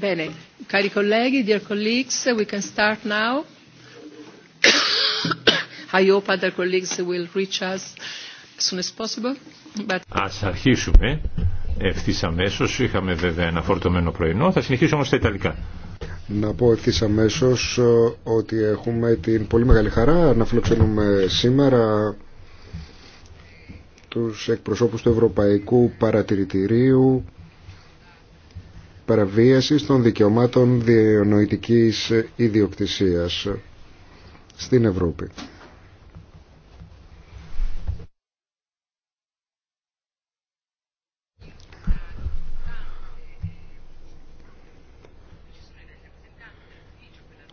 Bene, Ας αρχίσουμε ευθύ αμέσω. Είχαμε βέβαια ένα φορτωμένο πρωινό. Θα συνεχίσουμε όμω στα Ιταλικά. Να πω ευθύ αμέσω ε, ότι έχουμε την πολύ μεγάλη χαρά να φιλοξενούμε σήμερα τους εκπροσώπους του Ευρωπαϊκού Παρατηρητηρίου παραβίασης των δικαιωμάτων διανοητικής ιδιοκτησίας στην Ευρώπη.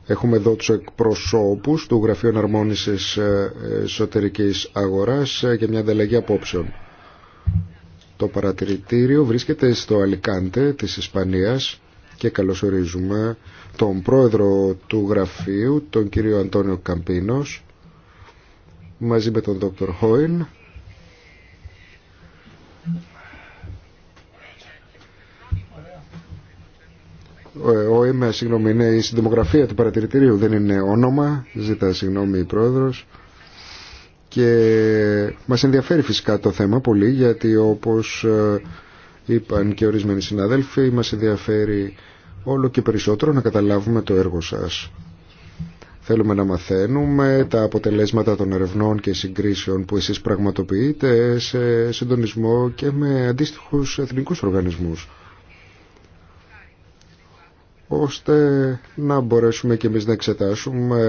Έχουμε εδώ τους εκπροσώπους του Γραφείου Αναρμόνησης Εσωτερικής Αγοράς ε, και μια ανταλλαγή απόψεων. Το παρατηρητήριο βρίσκεται στο Αλικάντε της Ισπανίας και καλωσορίζουμε τον πρόεδρο του γραφείου, τον κύριο Αντώνιο Καμπίνος, μαζί με τον Δόκτωρ Χόιν. Ε, ο ΕΜΕ, συγγνώμη, είναι η συνδημογραφία του παρατηρητηρίου, δεν είναι όνομα. Ζητά συγγνώμη η πρόεδρος. Και μας ενδιαφέρει φυσικά το θέμα πολύ γιατί όπως ε, είπαν και ορισμένοι συναδέλφοι μας ενδιαφέρει όλο και περισσότερο να καταλάβουμε το έργο σας. Θέλουμε να μαθαίνουμε τα αποτελέσματα των ερευνών και συγκρίσεων που εσείς πραγματοποιείτε σε συντονισμό και με αντίστοιχους εθνικούς οργανισμούς ώστε να μπορέσουμε και εμείς να εξετάσουμε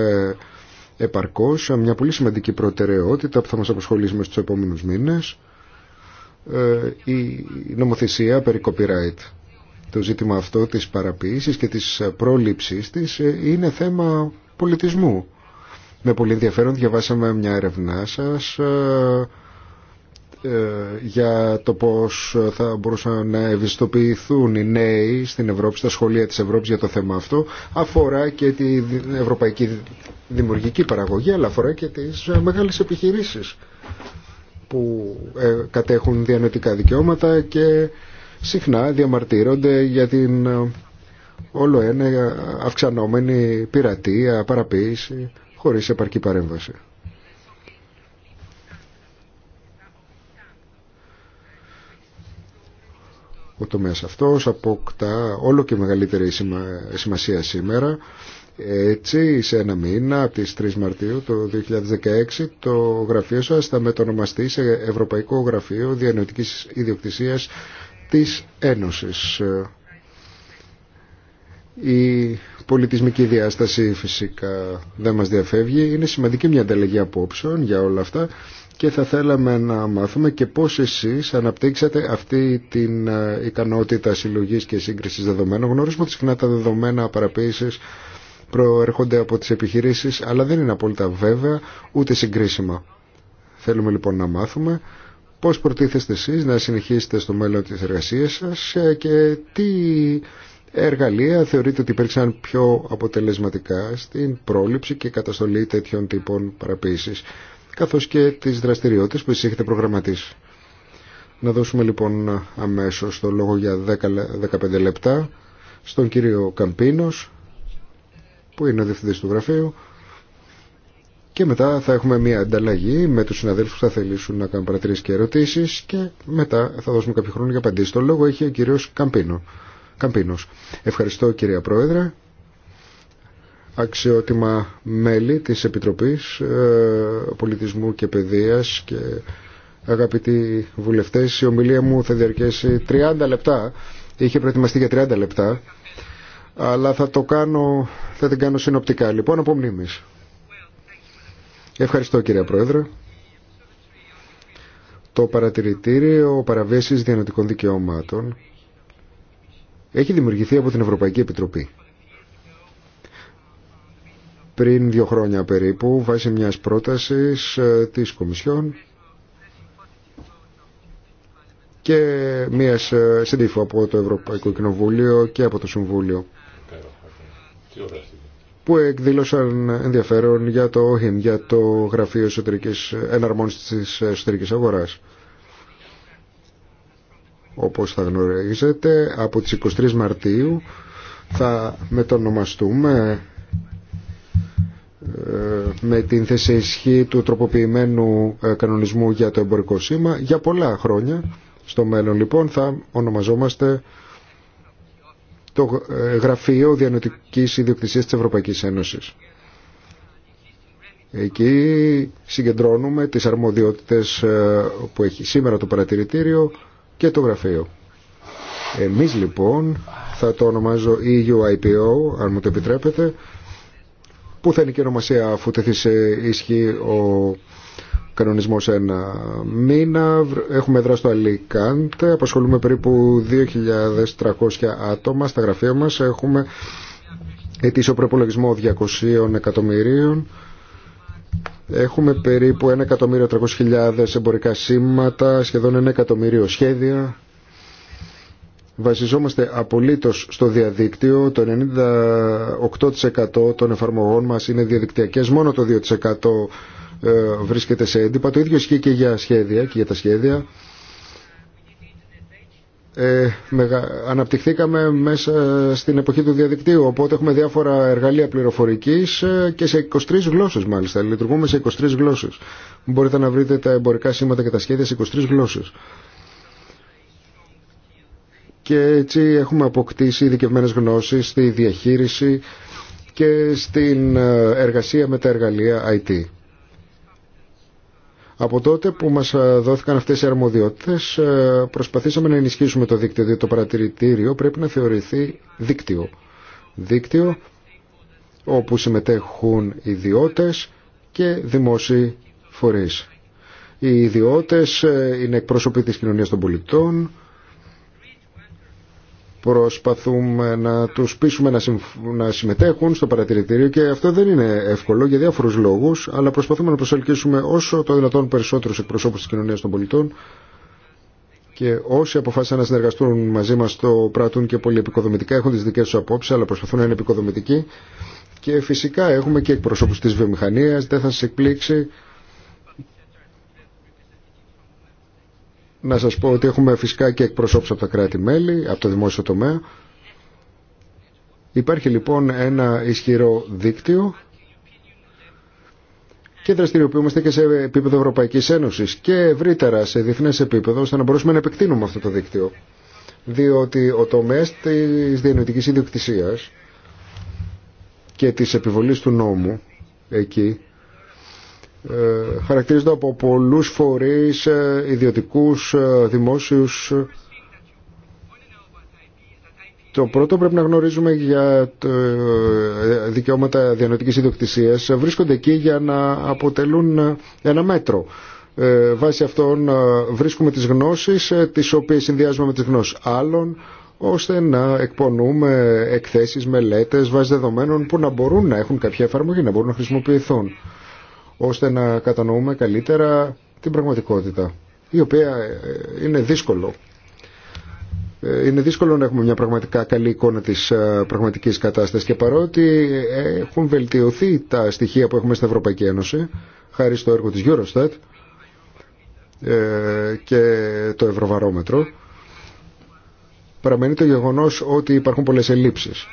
επαρκώς μια πολύ σημαντική προτεραιότητα που θα μας απασχολήσει στους επόμενους μήνες ε, η νομοθεσία περί copyright. Το ζήτημα αυτό της παραποίησης και της πρόληψης της ε, είναι θέμα πολιτισμού. Με πολύ ενδιαφέρον διαβάσαμε μια έρευνά σας ε, ε, για το πώς θα μπορούσαν να ευαισθητοποιηθούν οι νέοι στην Ευρώπη, στα σχολεία της Ευρώπης για το θέμα αυτό αφορά και την ευρωπαϊκή δημιουργική παραγωγή αλλά αφορά και τις μεγάλες επιχειρήσεις που ε, κατέχουν διανοητικά δικαιώματα και συχνά διαμαρτύρονται για την ε, όλο ένα αυξανόμενη πειρατεία, παραποίηση χωρίς επαρκή παρέμβαση. Ο τομέας αυτός αποκτά όλο και μεγαλύτερη σημασία σήμερα. Έτσι, σε ένα μήνα, από τις 3 Μαρτίου το 2016, το γραφείο σας θα μετονομαστεί σε Ευρωπαϊκό Γραφείο Διανοητικής Ιδιοκτησίας της Ένωσης. Η πολιτισμική διάσταση φυσικά δεν μας διαφεύγει. Είναι σημαντική μια ανταλλαγή απόψεων για όλα αυτά και θα θέλαμε να μάθουμε και πώς εσείς αναπτύξατε αυτή την ε, ικανότητα συλλογής και σύγκρισης δεδομένων. Γνωρίζουμε ότι συχνά τα δεδομένα παραποίησης προέρχονται από τις επιχειρήσεις, αλλά δεν είναι απόλυτα βέβαια ούτε συγκρίσιμα. Θέλουμε λοιπόν να μάθουμε πώς προτίθεστε εσείς να συνεχίσετε στο μέλλον της εργασίας σας ε, και τι εργαλεία θεωρείτε ότι υπήρξαν πιο αποτελεσματικά στην πρόληψη και καταστολή τέτοιων τύπων παραποίησης καθώς και τις δραστηριότητες που εσείς έχετε προγραμματίσει. Να δώσουμε λοιπόν αμέσως το λόγο για 10-15 λεπτά στον κύριο Καμπίνος που είναι ο διευθυντής του γραφείου και μετά θα έχουμε μια ανταλλαγή με τους συναδέλφους που θα θελήσουν να κάνουν παρατηρήσεις και ερωτήσεις και μετά θα δώσουμε κάποιο χρόνο για απαντήσεις. Το λόγο έχει ο κύριος Καμπίνο. Ευχαριστώ κυρία Πρόεδρε αξιότιμα μέλη της Επιτροπής ε, Πολιτισμού και Παιδείας και αγαπητοί βουλευτές. Η ομιλία μου θα διαρκέσει 30 λεπτά. Είχε προετοιμαστεί για 30 λεπτά. Αλλά θα, το κάνω, θα την κάνω συνοπτικά. Λοιπόν, από μνήμης. Ευχαριστώ κύριε Πρόεδρε. Το παρατηρητήριο παραβέσεις διανοτικών δικαιωμάτων έχει δημιουργηθεί από την Ευρωπαϊκή Επιτροπή πριν δύο χρόνια περίπου βάσει μιας πρότασης ε, της Κομισιόν και μιας ε, συντήφου από το Ευρωπαϊκό Κοινοβούλιο και από το Συμβούλιο που εκδήλωσαν ενδιαφέρον για το ΟΧΙΜ, για το Γραφείο Εσωτερικής Εναρμόνισης της Εσωτερικής Αγοράς. Όπως θα γνωρίζετε, από τις 23 Μαρτίου θα μετονομαστούμε ε, με την θέση ισχύ του τροποποιημένου ε, κανονισμού για το εμπορικό σήμα για πολλά χρόνια. Στο μέλλον λοιπόν θα ονομαζόμαστε το ε, Γραφείο Διανοητικής Ιδιοκτησίας της Ευρωπαϊκής Ένωσης. Εκεί συγκεντρώνουμε τις αρμοδιότητες που έχει σήμερα το παρατηρητήριο και το γραφείο. Εμείς λοιπόν θα το ονομάζω EUIPO, αν μου το επιτρέπετε, Πού θα είναι η ονομασία αφού τεθεί σε ισχύ ο κανονισμό ένα μήνα. Έχουμε δράσει στο Αλικάντε, απασχολούμε περίπου 2.300 άτομα στα γραφεία μας. Έχουμε ετήσιο προπολογισμό 200 εκατομμυρίων. Έχουμε περίπου 1.300.000 εμπορικά σήματα, σχεδόν 1 εκατομμύριο σχέδια. Βασιζόμαστε απολύτως στο διαδίκτυο. Το 98% των εφαρμογών μας είναι διαδικτυακές. Μόνο το 2% ε, βρίσκεται σε έντυπα. Το ίδιο ισχύει και για σχέδια και για τα σχέδια. Ε, αναπτυχθήκαμε μέσα στην εποχή του διαδικτύου οπότε έχουμε διάφορα εργαλεία πληροφορικής ε, και σε 23 γλώσσες μάλιστα λειτουργούμε σε 23 γλώσσες μπορείτε να βρείτε τα εμπορικά σήματα και τα σχέδια σε 23 γλώσσες και έτσι έχουμε αποκτήσει ειδικευμένες γνώσεις στη διαχείριση και στην ε, εργασία με τα εργαλεία IT. Από τότε που μας ε, δόθηκαν αυτές οι αρμοδιότητες ε, προσπαθήσαμε να ενισχύσουμε το δίκτυο διότι το παρατηρητήριο πρέπει να θεωρηθεί δίκτυο. Δίκτυο όπου συμμετέχουν ιδιώτες και δημόσιοι φορείς. Οι ιδιώτες είναι εκπρόσωποι της κοινωνίας των πολιτών, προσπαθούμε να τους πείσουμε να, συμμετέχουν στο παρατηρητήριο και αυτό δεν είναι εύκολο για διάφορους λόγους αλλά προσπαθούμε να προσελκύσουμε όσο το δυνατόν περισσότερους εκπροσώπους της κοινωνίας των πολιτών και όσοι αποφάσισαν να συνεργαστούν μαζί μας το πράττουν και πολύ επικοδομητικά έχουν τις δικές τους απόψεις αλλά προσπαθούν να είναι επικοδομητικοί και φυσικά έχουμε και εκπροσώπους της βιομηχανίας δεν θα σας εκπλήξει να σας πω ότι έχουμε φυσικά και εκπροσώπους από τα κράτη-μέλη, από το δημόσιο τομέα. Υπάρχει λοιπόν ένα ισχυρό δίκτυο και δραστηριοποιούμαστε και σε επίπεδο Ευρωπαϊκής Ένωσης και ευρύτερα σε διεθνές επίπεδο ώστε να μπορέσουμε να επεκτείνουμε αυτό το δίκτυο. Διότι ο τομέας της διανοητικής ιδιοκτησίας και της επιβολής του νόμου εκεί ε, χαρακτηρίζονται από πολλούς φορείς, ε, ιδιωτικούς, ε, δημόσιους. Το πρώτο πρέπει να γνωρίζουμε για δικαιώματα διανοητικής ιδιοκτησίας. Βρίσκονται εκεί για να αποτελούν ένα μέτρο. Βάσει αυτών βρίσκουμε τις γνώσεις, τις οποίες συνδυάζουμε με τις γνώσεις άλλων, ώστε να εκπονούμε εκθέσεις, μελέτες, βάσει δεδομένων που να μπορούν να έχουν κάποια εφαρμογή, να μπορούν να χρησιμοποιηθούν ώστε να κατανοούμε καλύτερα την πραγματικότητα, η οποία ε, είναι δύσκολο. Ε, είναι δύσκολο να έχουμε μια πραγματικά καλή εικόνα της ε, πραγματικής κατάστασης και παρότι έχουν βελτιωθεί τα στοιχεία που έχουμε στην Ευρωπαϊκή Ένωση, χάρη στο έργο της Eurostat και το Ευρωβαρόμετρο, παραμένει το γεγονός ότι υπάρχουν πολλές ελλείψεις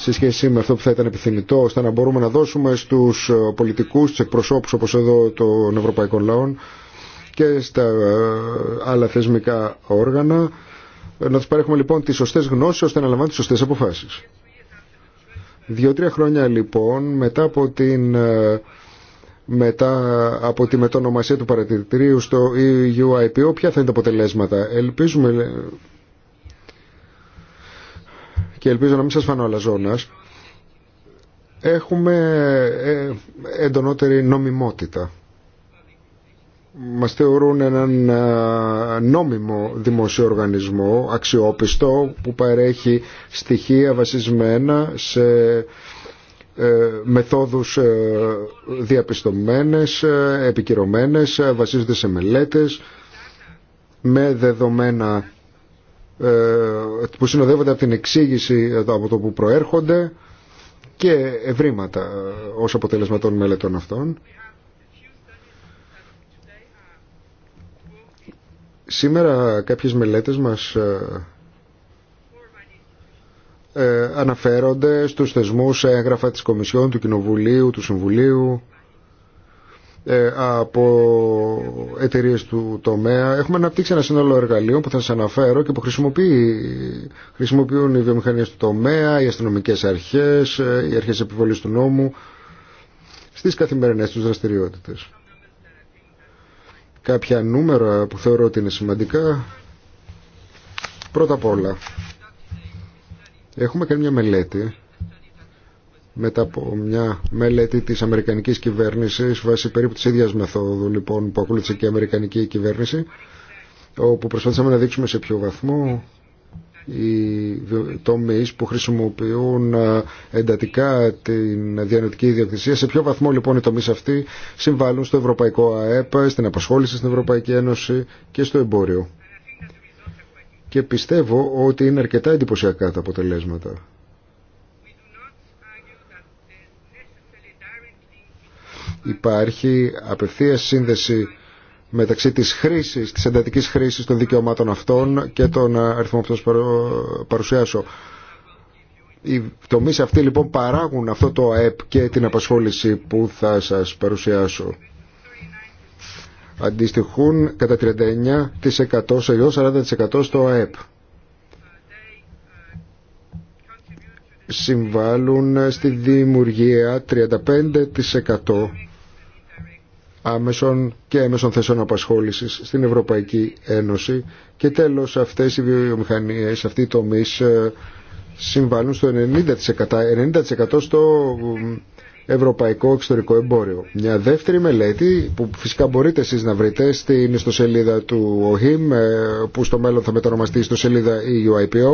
σε σχέση με αυτό που θα ήταν επιθυμητό ώστε να μπορούμε να δώσουμε στους ε, πολιτικούς, στους εκπροσώπους όπως εδώ των Ευρωπαϊκών Λαών και στα ε, άλλα θεσμικά όργανα ε, να τους παρέχουμε λοιπόν τις σωστές γνώσεις ώστε να λαμβάνουν τις σωστές αποφάσεις. Δύο-τρία χρόνια λοιπόν μετά από την μετά από τη μετονομασία του παρατηρητηρίου στο EUIPO ποια θα είναι τα αποτελέσματα. Ελπίζουμε και ελπίζω να μην σας φανώ αλαζόνας, έχουμε ε, εντονότερη νομιμότητα. Μας θεωρούν έναν ε, νόμιμο δημοσιο οργανισμό, αξιόπιστο, που παρέχει στοιχεία βασισμένα σε ε, μεθόδους διαπιστωμένες, επικυρωμένες, βασίζονται σε μελέτες, με δεδομένα ε, που συνοδεύονται από την εξήγηση από το που προέρχονται και ευρήματα ε, ως αποτέλεσμα των μελετών αυτών. Σήμερα κάποιες μελέτες μας ε, αναφέρονται στους θεσμούς έγγραφα της Κομισιόν, του Κοινοβουλίου, του Συμβουλίου ε, από εταιρείε του τομέα. Έχουμε αναπτύξει ένα σύνολο εργαλείων που θα σα αναφέρω και που χρησιμοποιούν οι βιομηχανίε του τομέα, οι αστυνομικέ αρχέ, ε, οι αρχέ επιβολή του νόμου στι καθημερινέ του δραστηριότητε. Κάποια νούμερα που θεωρώ ότι είναι σημαντικά. Πρώτα απ' όλα, έχουμε κάνει μια μελέτη μετά από μια μελέτη της Αμερικανικής κυβέρνησης βάσει περίπου της ίδιας μεθόδου λοιπόν, που ακολούθησε και η Αμερικανική κυβέρνηση όπου προσπαθήσαμε να δείξουμε σε ποιο βαθμό οι τομείς που χρησιμοποιούν ε, εντατικά την διανοητική ιδιοκτησία Σε ποιο βαθμό λοιπόν οι τομείς αυτοί συμβάλλουν στο Ευρωπαϊκό ΑΕΠ, στην απασχόληση στην Ευρωπαϊκή Ένωση και στο εμπόριο. Και πιστεύω ότι είναι αρκετά εντυπωσιακά τα αποτελέσματα. υπάρχει απευθεία σύνδεση μεταξύ της χρήσης, της εντατικής χρήσης των δικαιωμάτων αυτών και των ε, αριθμών που σας παρουσιάσω. Οι τομείς αυτοί λοιπόν παράγουν αυτό το ΑΕΠ και την απασχόληση που θα σας παρουσιάσω. Αντιστοιχούν κατά 39% σε 40% στο ΑΕΠ. Συμβάλλουν στη δημιουργία 35% άμεσων και έμεσων θέσεων απασχόλησης στην Ευρωπαϊκή Ένωση και τέλος αυτές οι βιομηχανίες, αυτοί οι τομείς ε, συμβάλλουν στο 90%, 90 στο ευρωπαϊκό εξωτερικό εμπόριο. Μια δεύτερη μελέτη που φυσικά μπορείτε εσείς να βρείτε στην ιστοσελίδα του ΟΧΙΜ ε, που στο μέλλον θα μετανομαστεί σελίδα EUIPO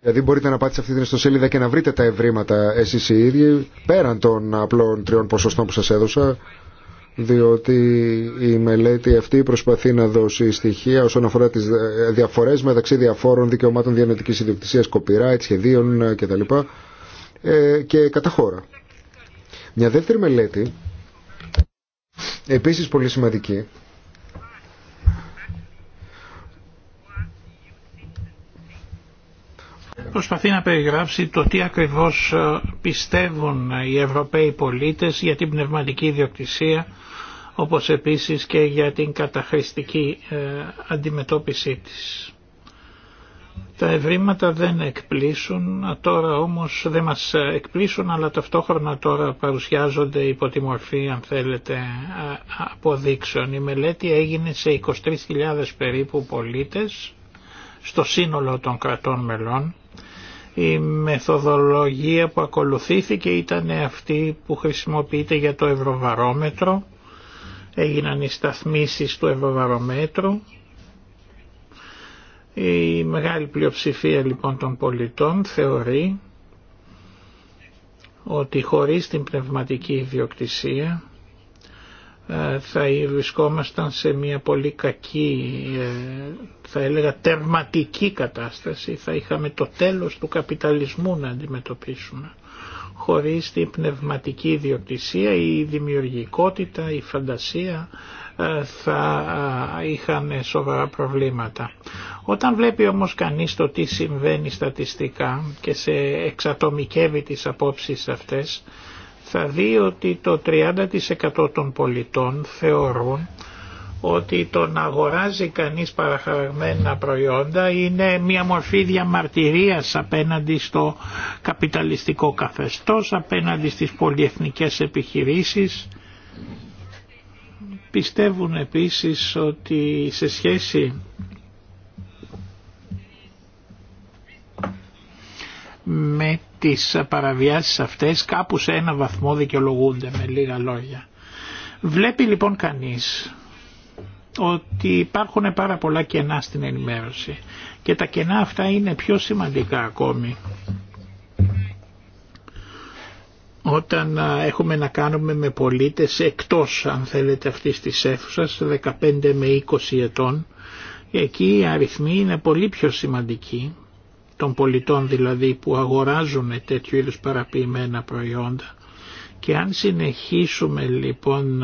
Δηλαδή μπορείτε να πάτε σε αυτή την ιστοσελίδα και να βρείτε τα ευρήματα εσείς οι ίδιοι πέραν των απλών τριών ποσοστών που σας έδωσα διότι η μελέτη αυτή προσπαθεί να δώσει στοιχεία όσον αφορά τις διαφορές μεταξύ διαφόρων δικαιωμάτων διανοητικής ιδιοκτησίας, copyright, σχεδίων κτλ. Ε, και κατά χώρα. Μια δεύτερη μελέτη, επίσης πολύ σημαντική, προσπαθεί να περιγράψει το τι ακριβώς ε, πιστεύουν οι Ευρωπαίοι πολίτες για την πνευματική ιδιοκτησία όπως επίσης και για την καταχρηστική ε, αντιμετώπιση της. Τα ευρήματα δεν εκπλήσουν, τώρα όμως δεν μας εκπλήσουν αλλά ταυτόχρονα τώρα παρουσιάζονται υπό τη μορφή αν θέλετε ε, αποδείξεων. Η μελέτη έγινε σε 23.000 περίπου πολίτες στο σύνολο των κρατών μελών η μεθοδολογία που ακολουθήθηκε ήταν αυτή που χρησιμοποιείται για το ευρωβαρόμετρο. Έγιναν οι σταθμίσεις του ευρωβαρομέτρου. Η μεγάλη πλειοψηφία λοιπόν των πολιτών θεωρεί ότι χωρίς την πνευματική ιδιοκτησία ε, θα βρισκόμασταν σε μια πολύ κακή, ε, θα έλεγα τερματική κατάσταση, θα είχαμε το τέλος του καπιταλισμού να αντιμετωπίσουμε χωρίς την πνευματική ιδιοκτησία, η δημιουργικότητα, η φαντασία ε, θα είχαν σοβαρά προβλήματα. Όταν βλέπει όμως κανείς το τι συμβαίνει στατιστικά και σε εξατομικεύει τις απόψεις αυτές, θα δει ότι το 30% των πολιτών θεωρούν ότι το να αγοράζει κανείς παραχαραγμένα προϊόντα είναι μια μορφή διαμαρτυρίας απέναντι στο καπιταλιστικό καθεστώς, απέναντι στις πολυεθνικές επιχειρήσεις. Πιστεύουν επίσης ότι σε σχέση με τις παραβιάσεις αυτές κάπου σε ένα βαθμό δικαιολογούνται με λίγα λόγια. Βλέπει λοιπόν κανείς ότι υπάρχουν πάρα πολλά κενά στην ενημέρωση και τα κενά αυτά είναι πιο σημαντικά ακόμη όταν έχουμε να κάνουμε με πολίτες εκτός αν θέλετε αυτής της αίθουσας 15 με 20 ετών εκεί οι αριθμοί είναι πολύ πιο σημαντικοί των πολιτών δηλαδή που αγοράζουν τέτοιου είδους παραποιημένα προϊόντα και αν συνεχίσουμε λοιπόν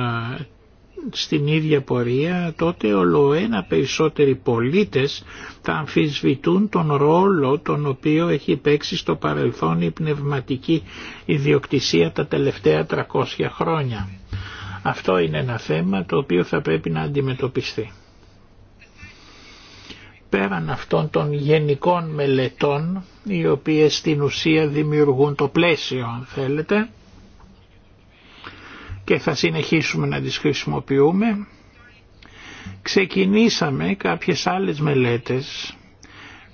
στην ίδια πορεία τότε ολοένα περισσότεροι πολίτες θα αμφισβητούν τον ρόλο τον οποίο έχει παίξει στο παρελθόν η πνευματική ιδιοκτησία τα τελευταία 300 χρόνια. Αυτό είναι ένα θέμα το οποίο θα πρέπει να αντιμετωπιστεί πέραν αυτών των γενικών μελετών οι οποίες στην ουσία δημιουργούν το πλαίσιο αν θέλετε και θα συνεχίσουμε να τις χρησιμοποιούμε ξεκινήσαμε κάποιες άλλες μελέτες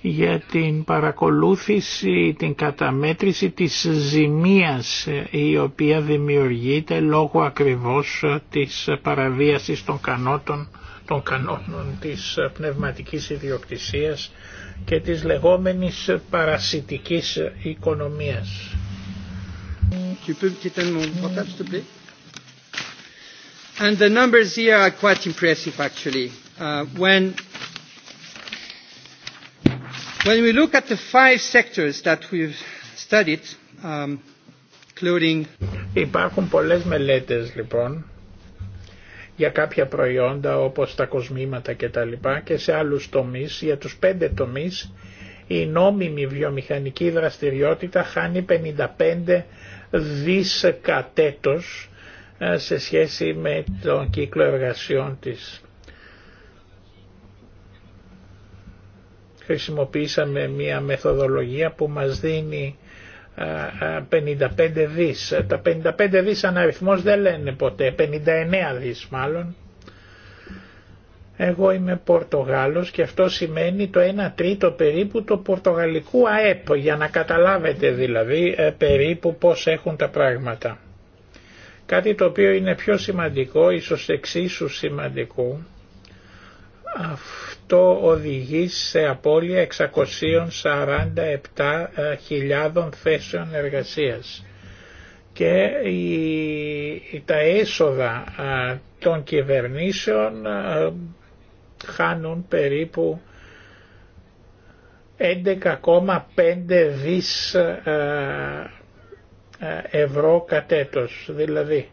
για την παρακολούθηση, την καταμέτρηση της ζημίας η οποία δημιουργείται λόγω ακριβώς της παραβίασης των κανότων των κανόνων της πνευματικής ιδιοκτησίας και της λεγόμενης παρασιτικής οικονομίας. And the numbers here are quite impressive actually. Uh, when, when we look at the five sectors that we've studied, um, Υπάρχουν πολλές μελέτες λοιπόν για κάποια προϊόντα όπως τα κοσμήματα και τα λοιπά και σε άλλους τομείς, για τους πέντε τομείς, η νόμιμη βιομηχανική δραστηριότητα χάνει 55 δις ε, σε σχέση με τον κύκλο εργασιών της. Χρησιμοποίησαμε μία μεθοδολογία που μας δίνει 55 δις. Τα 55 δις σαν δεν λένε ποτέ, 59 δις μάλλον. Εγώ είμαι Πορτογάλος και αυτό σημαίνει το 1 τρίτο περίπου το πορτογαλικού ΑΕΠ, για να καταλάβετε δηλαδή ε, περίπου πώς έχουν τα πράγματα. Κάτι το οποίο είναι πιο σημαντικό, ίσως εξίσου σημαντικό, το οδηγεί σε απώλεια 647.000 θέσεων εργασίας και τα έσοδα των κυβερνήσεων χάνουν περίπου 11,5 δις ευρώ κατέτος, δηλαδή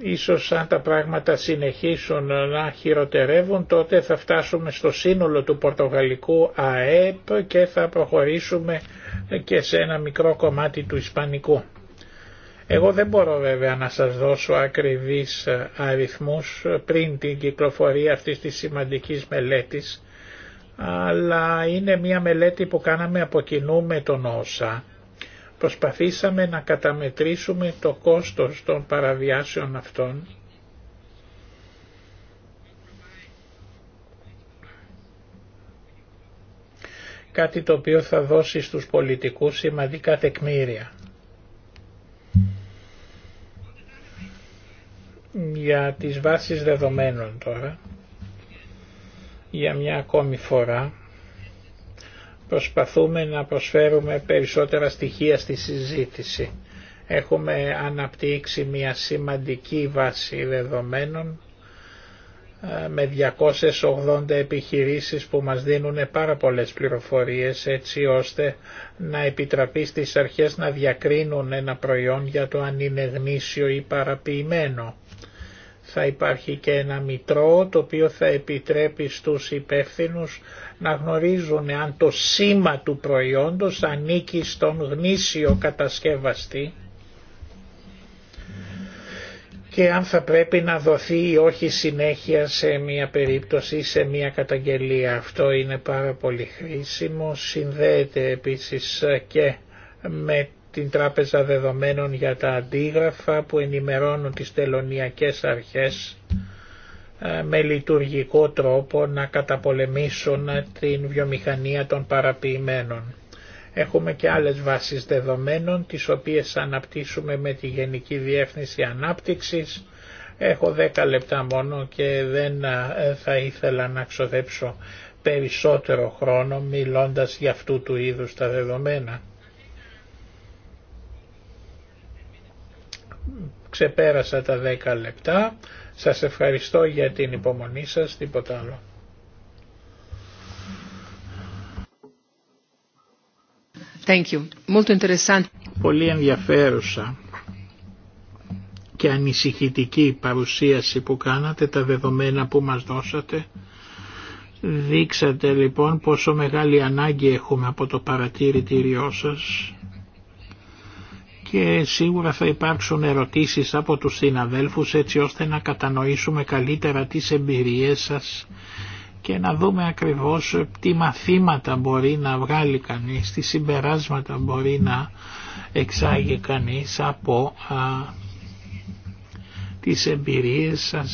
Ίσως αν τα πράγματα συνεχίσουν να χειροτερεύουν τότε θα φτάσουμε στο σύνολο του πορτογαλικού ΑΕΠ και θα προχωρήσουμε και σε ένα μικρό κομμάτι του ισπανικού. Εγώ δεν μπορώ βέβαια να σας δώσω ακριβείς αριθμούς πριν την κυκλοφορία αυτής της σημαντικής μελέτης, αλλά είναι μια μελέτη που κάναμε από κοινού με τον ΩΣΑ Προσπαθήσαμε να καταμετρήσουμε το κόστος των παραβιάσεων αυτών κάτι το οποίο θα δώσει στους πολιτικούς σημαντικά τεκμήρια. Για τις βάσεις δεδομένων τώρα, για μια ακόμη φορά, Προσπαθούμε να προσφέρουμε περισσότερα στοιχεία στη συζήτηση. Έχουμε αναπτύξει μια σημαντική βάση δεδομένων ε, με 280 επιχειρήσεις που μας δίνουν πάρα πολλές πληροφορίες έτσι ώστε να επιτραπεί στις αρχές να διακρίνουν ένα προϊόν για το αν είναι γνήσιο ή παραποιημένο θα υπάρχει και ένα μητρό το οποίο θα επιτρέπει στους υπεύθυνους να γνωρίζουν αν το σήμα του προϊόντος ανήκει στον γνήσιο κατασκευαστή και αν θα πρέπει να δοθεί ή όχι συνέχεια σε μια περίπτωση ή σε μια καταγγελία. Αυτό είναι πάρα πολύ χρήσιμο, συνδέεται επίσης και με την Τράπεζα Δεδομένων για τα Αντίγραφα που ενημερώνουν τις τελωνιακές αρχές ε, με λειτουργικό τρόπο να καταπολεμήσουν την βιομηχανία των παραποιημένων. Έχουμε και άλλες βάσεις δεδομένων, τις οποίες αναπτύσσουμε με τη Γενική Διεύθυνση Ανάπτυξης. Έχω 10 λεπτά μόνο και δεν ε, θα ήθελα να ξοδέψω περισσότερο χρόνο μιλώντας για αυτού του είδους τα δεδομένα. ξεπέρασα τα 10 λεπτά. Σας ευχαριστώ για την υπομονή σας, τίποτα άλλο. Thank you. Molto Πολύ ενδιαφέρουσα και ανησυχητική παρουσίαση που κάνατε, τα δεδομένα που μας δώσατε. Δείξατε λοιπόν πόσο μεγάλη ανάγκη έχουμε από το παρατηρητήριό σας και σίγουρα θα υπάρξουν ερωτήσεις από τους συναδέλφους έτσι ώστε να κατανοήσουμε καλύτερα τις εμπειρίες σας και να δούμε ακριβώς τι μαθήματα μπορεί να βγάλει κανείς, τι συμπεράσματα μπορεί να εξάγει κανείς από α, τις εμπειρίες σας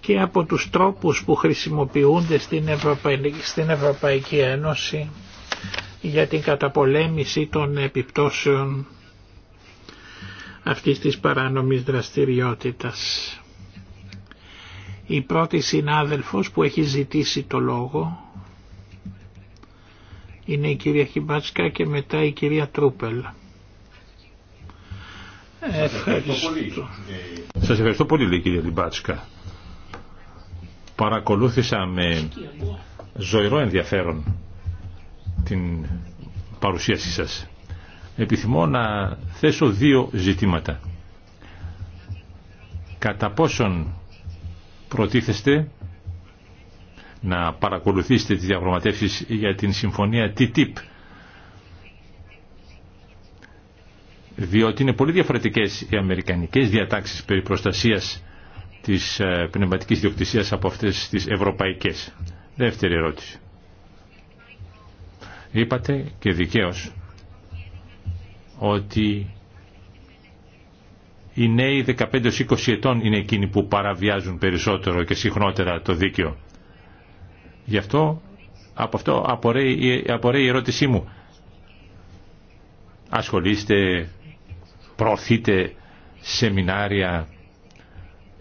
και από τους τρόπους που χρησιμοποιούνται στην Ευρωπαϊκή, στην Ευρωπαϊκή Ένωση για την καταπολέμηση των επιπτώσεων αυτής της παράνομης δραστηριότητας. Η πρώτη συνάδελφος που έχει ζητήσει το λόγο είναι η κυρία Χιμπάτσκα και μετά η κυρία Τρούπελ. Ευχαριστώ. Σας ευχαριστώ πολύ λέει κυρία Λιμπάτσκα. Παρακολούθησα με ζωηρό ενδιαφέρον την παρουσίασή σας. Επιθυμώ να θέσω δύο ζητήματα. Κατά πόσον προτίθεστε να παρακολουθήσετε τις διαπραγματεύσεις για την συμφωνία TTIP διότι είναι πολύ διαφορετικές οι αμερικανικές διατάξεις περί προστασίας της ε, πνευματικής διοκτησίας από αυτές τις ευρωπαϊκές. Δεύτερη ερώτηση. Είπατε και δικαίως ότι οι νέοι 15-20 ετών είναι εκείνοι που παραβιάζουν περισσότερο και συχνότερα το δίκαιο. Γι' αυτό από αυτό απορρέει, απορρέει η ερώτησή μου. Ασχολείστε, προωθείτε σεμινάρια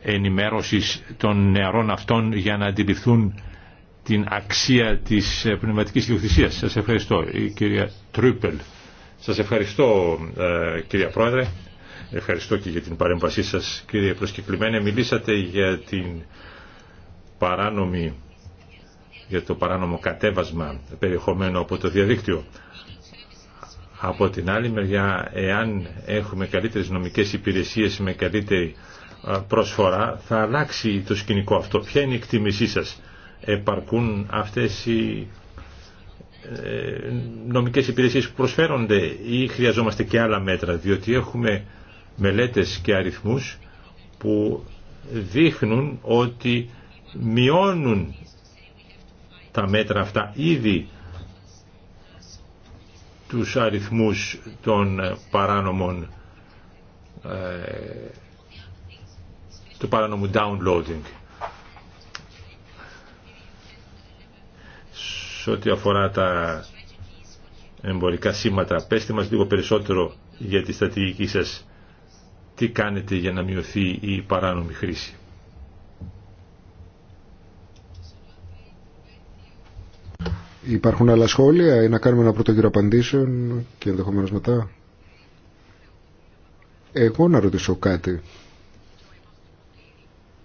ενημέρωσης των νεαρών αυτών για να αντιληφθούν την αξία της ε, πνευματικής ιδιοκτησίας. Σας ευχαριστώ, η κυρία τρύπελ Σας ευχαριστώ, ε, κυρία Πρόεδρε. Ευχαριστώ και για την παρέμβασή σας, κύριε προσκεκλημένη Μιλήσατε για την παράνομη για το παράνομο κατέβασμα περιεχομένου από το διαδίκτυο. Από την άλλη μεριά, εάν έχουμε καλύτερες νομικές υπηρεσίες με καλύτερη ε, προσφορά, θα αλλάξει το σκηνικό αυτό. Ποια είναι η εκτίμησή σας επαρκούν αυτές οι ε, νομικές υπηρεσίες που προσφέρονται ή χρειαζόμαστε και άλλα μέτρα διότι έχουμε μελέτες και αριθμούς που δείχνουν ότι μειώνουν τα μέτρα αυτά ήδη τους αριθμούς των παράνομων ε, του παράνομου downloading. ό,τι αφορά τα εμπορικά σήματα. Πέστε μας λίγο περισσότερο για τη στρατηγική σας. Τι κάνετε για να μειωθεί η παράνομη χρήση. Υπάρχουν άλλα σχόλια ή να κάνουμε ένα πρώτο γύρο απαντήσεων και ενδεχομένω μετά. Εγώ να ρωτήσω κάτι.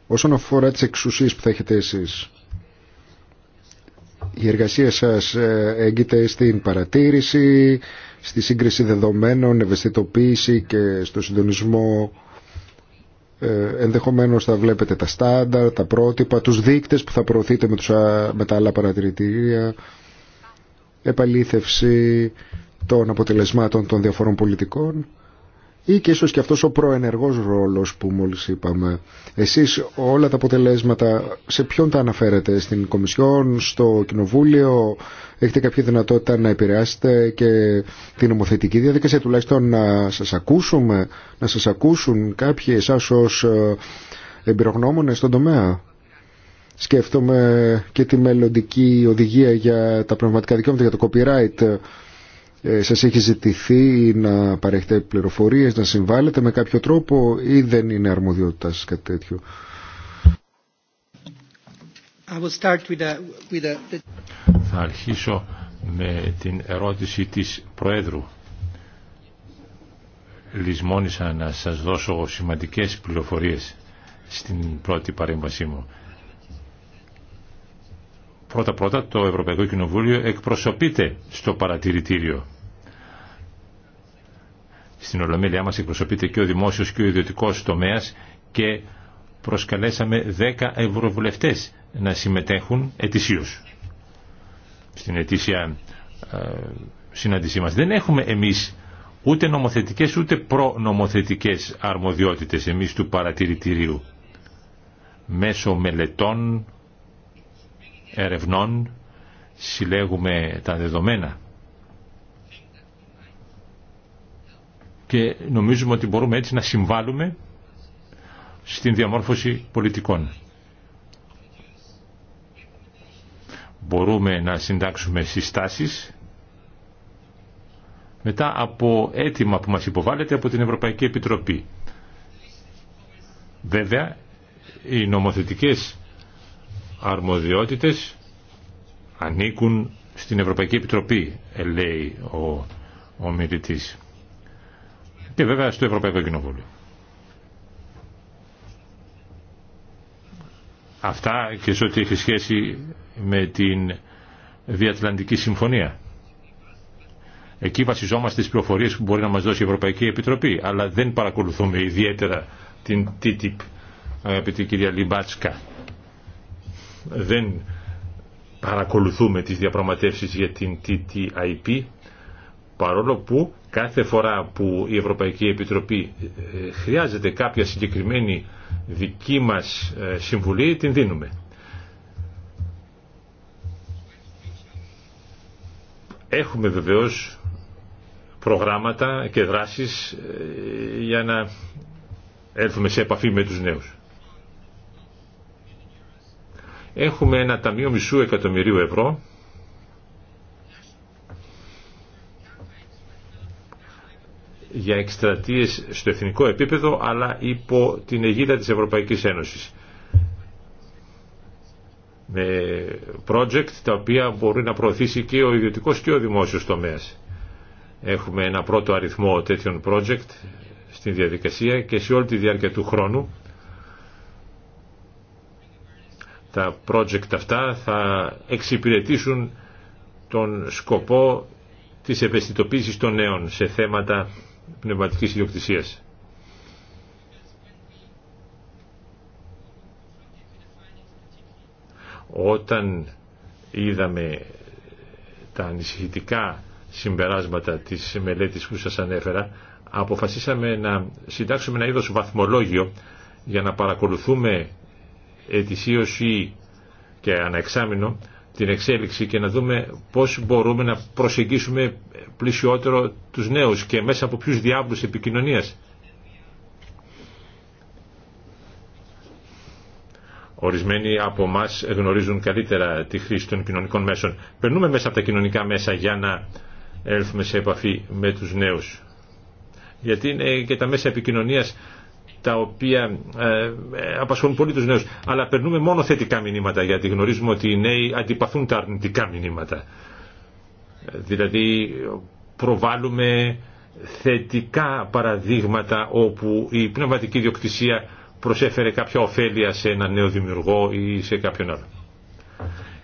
Όσον αφορά τις εξουσίες που θα έχετε εσείς, η εργασία σας ε, έγκυται στην παρατήρηση, στη σύγκριση δεδομένων, ευαισθητοποίηση και στο συντονισμό ε, ενδεχομένως θα βλέπετε τα στάνταρ, τα πρότυπα, τους δείκτες που θα προωθείτε με, τους, με τα άλλα παρατηρητήρια, επαλήθευση των αποτελεσμάτων των διαφορών πολιτικών ή και ίσως και αυτός ο προενεργός ρόλος που μόλις είπαμε. Εσείς όλα τα αποτελέσματα σε ποιον τα αναφέρετε, στην Κομισιόν, στο Κοινοβούλιο, έχετε κάποια δυνατότητα να επηρεάσετε και την νομοθετική διαδικασία, τουλάχιστον να σας ακούσουμε, να σας ακούσουν κάποιοι εσάς ως ε, εμπειρογνώμονες στον τομέα. Σκέφτομαι και τη μελλοντική οδηγία για τα πνευματικά δικαιώματα, για το copyright, ε, σας έχει ζητηθεί να παρέχετε πληροφορίες, να συμβάλλετε με κάποιο τρόπο ή δεν είναι αρμοδιότητά σας κάτι τέτοιο. Θα αρχίσω με την ερώτηση της Προέδρου. Λυσμόνησα να σας δώσω σημαντικές πληροφορίες στην πρώτη παρέμβασή μου. Πρώτα-πρώτα το Ευρωπαϊκό Κοινοβούλιο εκπροσωπείται στο παρατηρητήριο στην Ολομέλειά μας εκπροσωπείται και ο δημόσιος και ο ιδιωτικός τομέας και προσκαλέσαμε 10 ευρωβουλευτές να συμμετέχουν ετησίως στην ετήσια ε, συνάντησή μας. Δεν έχουμε εμείς ούτε νομοθετικές ούτε προνομοθετικές αρμοδιότητες εμείς του παρατηρητηρίου. Μέσω μελετών, ερευνών, συλλέγουμε τα δεδομένα και νομίζουμε ότι μπορούμε έτσι να συμβάλλουμε στην διαμόρφωση πολιτικών. Μπορούμε να συντάξουμε συστάσεις μετά από αίτημα που μας υποβάλλεται από την Ευρωπαϊκή Επιτροπή. Βέβαια, οι νομοθετικές αρμοδιότητες ανήκουν στην Ευρωπαϊκή Επιτροπή, λέει ο ομιλητής και βέβαια στο Ευρωπαϊκό Κοινοβούλιο. Αυτά και σε ό,τι έχει σχέση με την Διατλαντική Συμφωνία. Εκεί βασιζόμαστε στις πληροφορίες που μπορεί να μας δώσει η Ευρωπαϊκή Επιτροπή, αλλά δεν παρακολουθούμε ιδιαίτερα την TTIP, αγαπητή κυρία Λιμπάτσκα. Δεν παρακολουθούμε τις διαπραγματεύσεις για την TTIP, παρόλο που Κάθε φορά που η Ευρωπαϊκή Επιτροπή ε, χρειάζεται κάποια συγκεκριμένη δική μας ε, συμβουλή, την δίνουμε. Έχουμε βεβαίως προγράμματα και δράσεις ε, για να έρθουμε σε επαφή με τους νέους. Έχουμε ένα ταμείο μισού εκατομμυρίου ευρώ για εκστρατείες στο εθνικό επίπεδο αλλά υπό την αιγίδα της Ευρωπαϊκής Ένωσης με project τα οποία μπορεί να προωθήσει και ο ιδιωτικός και ο δημόσιος τομέας. Έχουμε ένα πρώτο αριθμό τέτοιων project στην διαδικασία και σε όλη τη διάρκεια του χρόνου τα project αυτά θα εξυπηρετήσουν τον σκοπό της ευαισθητοποίησης των νέων σε θέματα πνευματικής ιδιοκτησίας. Όταν είδαμε τα ανησυχητικά συμπεράσματα της μελέτης που σας ανέφερα, αποφασίσαμε να συντάξουμε ένα είδος βαθμολόγιο για να παρακολουθούμε ετησίως ή και αναεξάμεινο την εξέλιξη και να δούμε πώς μπορούμε να προσεγγίσουμε πλησιότερο τους νέους και μέσα από ποιους διάβλους επικοινωνίας. Ορισμένοι από εμά γνωρίζουν καλύτερα τη χρήση των κοινωνικών μέσων. Περνούμε μέσα από τα κοινωνικά μέσα για να έλθουμε σε επαφή με τους νέους. Γιατί είναι και τα μέσα επικοινωνίας τα οποία ε, ε, απασχολούν πολύ τους νέους. Αλλά περνούμε μόνο θετικά μηνύματα γιατί γνωρίζουμε ότι οι νέοι αντιπαθούν τα αρνητικά μηνύματα. Ε, δηλαδή προβάλλουμε θετικά παραδείγματα όπου η πνευματική διοκτησία προσέφερε κάποια ωφέλεια σε έναν νέο δημιουργό ή σε κάποιον άλλο.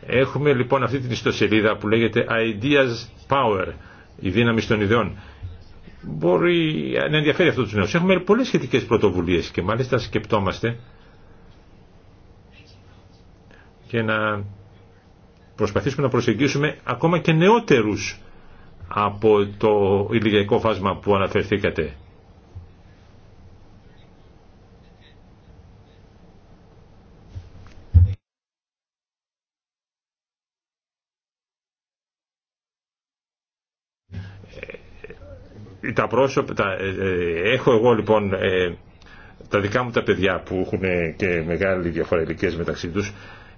Έχουμε λοιπόν αυτή την ιστοσελίδα που λέγεται Ideas Power, η δύναμη των ιδεών μπορεί να ενδιαφέρει αυτό του νέου. Έχουμε πολλές σχετικέ πρωτοβουλίες και μάλιστα σκεπτόμαστε και να προσπαθήσουμε να προσεγγίσουμε ακόμα και νεότερους από το ηλικιακό φάσμα που αναφερθήκατε. τα πρόσωπα, τα, ε, ε, έχω εγώ λοιπόν ε, τα δικά μου τα παιδιά που έχουν και μεγάλη διαφορά μεταξύ τους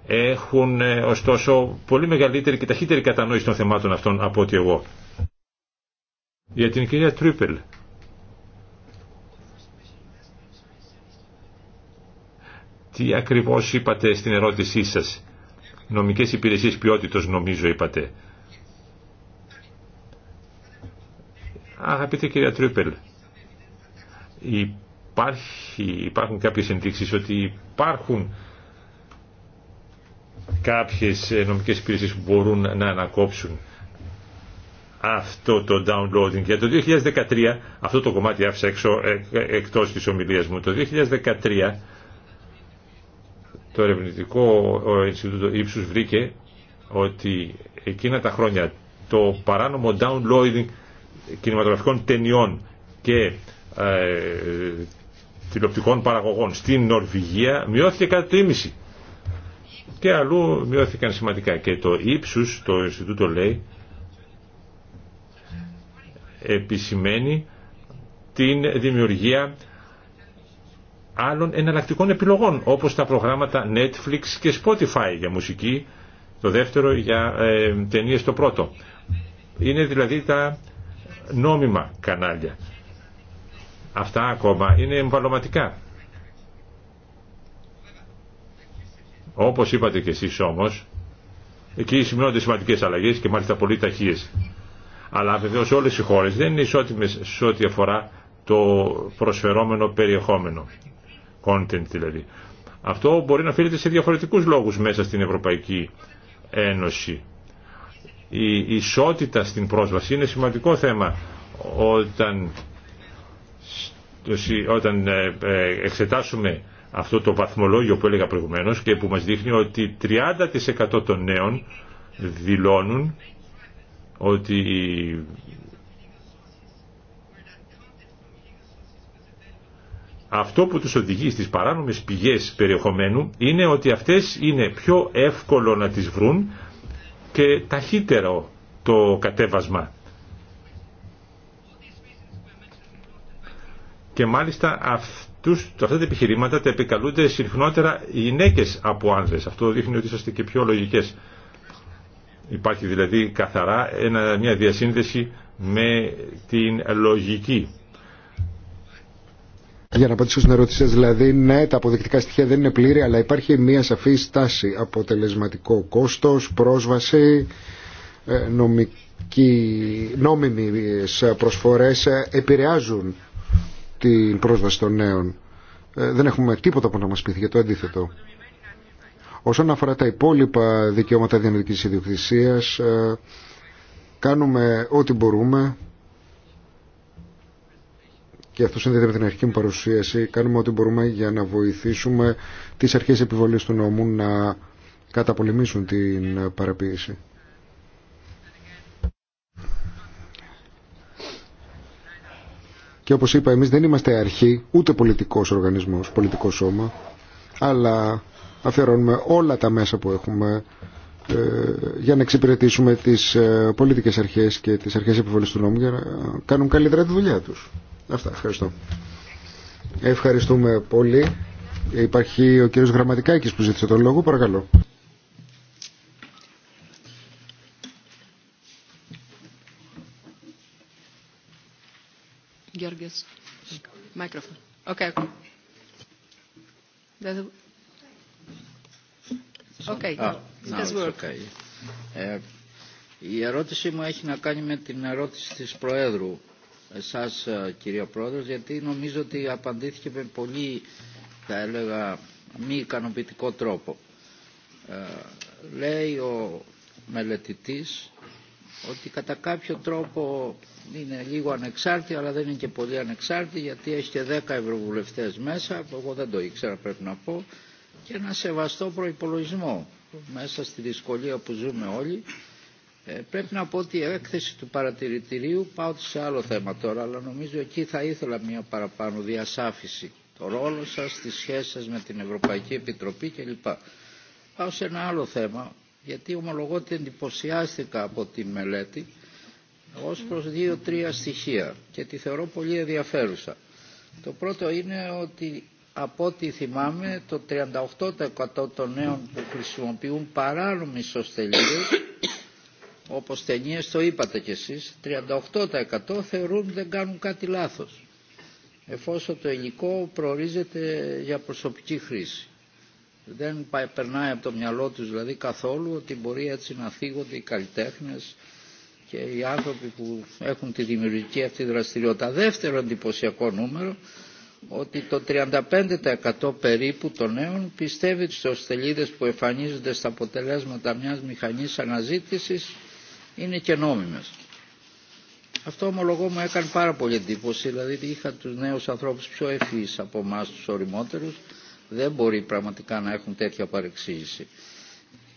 έχουν ωστόσο πολύ μεγαλύτερη και ταχύτερη κατανόηση των θεμάτων αυτών από ότι εγώ. Για την κυρία Τρίπελ. Τι ακριβώς είπατε στην ερώτησή σας. Νομικές υπηρεσίες ποιότητος νομίζω είπατε. Αγαπητή κυρία Τρίπελ, υπάρχει, υπάρχουν κάποιες ενδείξεις ότι υπάρχουν κάποιες ε, νομικές υπηρεσίες που μπορούν να ανακόψουν αυτό το downloading. Για το 2013, αυτό το κομμάτι άφησα έξω, ε, εκτός της ομιλίας μου, το 2013 το ερευνητικό Ινστιτούτο Ήψους βρήκε ότι εκείνα τα χρόνια το παράνομο downloading κινηματογραφικών ταινιών και ε, τηλεοπτικών παραγωγών στην Νορβηγία μειώθηκε κατά το ίμιση. Και αλλού μειώθηκαν σημαντικά. Και το ύψους, το Ινστιτούτο λέει, επισημαίνει την δημιουργία άλλων εναλλακτικών επιλογών, όπως τα προγράμματα Netflix και Spotify για μουσική, το δεύτερο για ε, ταινίες το πρώτο. Είναι δηλαδή τα νόμιμα κανάλια. Αυτά ακόμα είναι εμβαλωματικά. Όπως είπατε και εσείς όμως, εκεί σημειώνονται σημαντικές αλλαγές και μάλιστα πολύ ταχείες. Αλλά βεβαίως όλες οι χώρες δεν είναι ισότιμες σε ό,τι αφορά το προσφερόμενο περιεχόμενο. Content δηλαδή. Αυτό μπορεί να φέρεται σε διαφορετικούς λόγους μέσα στην Ευρωπαϊκή Ένωση. Η ισότητα στην πρόσβαση είναι σημαντικό θέμα όταν, όταν ε, ε, εξετάσουμε αυτό το βαθμολόγιο που έλεγα προηγουμένως και που μας δείχνει ότι 30% των νέων δηλώνουν ότι αυτό που τους οδηγεί στις παράνομες πηγές περιεχομένου είναι ότι αυτές είναι πιο εύκολο να τις βρουν και ταχύτερο το κατέβασμα. Και μάλιστα αυτούς, αυτά τα επιχειρήματα τα επικαλούνται συχνότερα γυναίκες από άνδρες. Αυτό δείχνει ότι είσαστε και πιο λογικές. Υπάρχει δηλαδή καθαρά μια διασύνδεση με την λογική. Για να απαντήσω στην ερώτησή δηλαδή, ναι, τα αποδεικτικά στοιχεία δεν είναι πλήρη, αλλά υπάρχει μια σαφή στάση. Αποτελεσματικό κόστος, πρόσβαση, ε, νομική, νόμιμες προσφορές ε, επηρεάζουν την πρόσβαση των νέων. Ε, δεν έχουμε τίποτα που να μας πείθει για το αντίθετο. Όσον αφορά τα υπόλοιπα δικαιώματα διανοητικής ιδιοκτησίας, κάνουμε ό,τι μπορούμε και αυτό συνδέεται με την αρχική μου παρουσίαση, κάνουμε ό,τι μπορούμε για να βοηθήσουμε τις αρχές επιβολής του νόμου να καταπολεμήσουν την παραποίηση. Και όπως είπα, εμείς δεν είμαστε αρχή, ούτε πολιτικός οργανισμός, πολιτικό σώμα, αλλά αφιερώνουμε όλα τα μέσα που έχουμε ε, για να εξυπηρετήσουμε τις ε, πολιτικές αρχές και τις αρχές επιβολής του νόμου για να κάνουν καλύτερα τη δουλειά τους. Αυτά, ευχαριστώ. Ευχαριστούμε πολύ. Υπάρχει ο κύριος Γραμματικάκης που ζήτησε τον λόγο, παρακαλώ. Γιώργης, μικρόφωνο. Okay. Οκ. Οκ. Ε, η ερώτησή μου έχει να κάνει με την ερώτηση της Προέδρου εσάς ε, κυρία Πρόεδρος γιατί νομίζω ότι απαντήθηκε με πολύ θα έλεγα μη ικανοποιητικό τρόπο. Ε, λέει ο μελετητής ότι κατά κάποιο τρόπο είναι λίγο ανεξάρτητη αλλά δεν είναι και πολύ ανεξάρτητη γιατί έχει και 10 ευρωβουλευτές μέσα εγώ δεν το ήξερα πρέπει να πω και ένα σεβαστό προϋπολογισμό μέσα στη δυσκολία που ζούμε όλοι ε, πρέπει να πω ότι η έκθεση του παρατηρητηρίου πάω σε άλλο θέμα τώρα, αλλά νομίζω εκεί θα ήθελα μια παραπάνω διασάφηση. Το ρόλο σας, τις σχέσεις σας με την Ευρωπαϊκή Επιτροπή κλπ. Πάω σε ένα άλλο θέμα, γιατί ομολογώ ότι εντυπωσιάστηκα από τη μελέτη ως προς δύο-τρία στοιχεία και τη θεωρώ πολύ ενδιαφέρουσα. Το πρώτο είναι ότι από ό,τι θυμάμαι το 38% των νέων που χρησιμοποιούν παράνομη ιστοσελίδες όπως ταινίε το είπατε κι εσείς, 38% θεωρούν δεν κάνουν κάτι λάθος, εφόσον το υλικό προορίζεται για προσωπική χρήση. Δεν περνάει από το μυαλό τους δηλαδή καθόλου ότι μπορεί έτσι να θίγονται οι καλλιτέχνες και οι άνθρωποι που έχουν τη δημιουργική αυτή δραστηριότητα. Δεύτερο εντυπωσιακό νούμερο, ότι το 35% περίπου των νέων πιστεύει στους θελίδες που εμφανίζονται στα αποτελέσματα μιας μηχανής αναζήτησης είναι και νόμιμες. Αυτό ομολογώ μου έκανε πάρα πολύ εντύπωση, δηλαδή είχα τους νέους ανθρώπους πιο ευφύς από εμά τους οριμότερους, δεν μπορεί πραγματικά να έχουν τέτοια παρεξήγηση.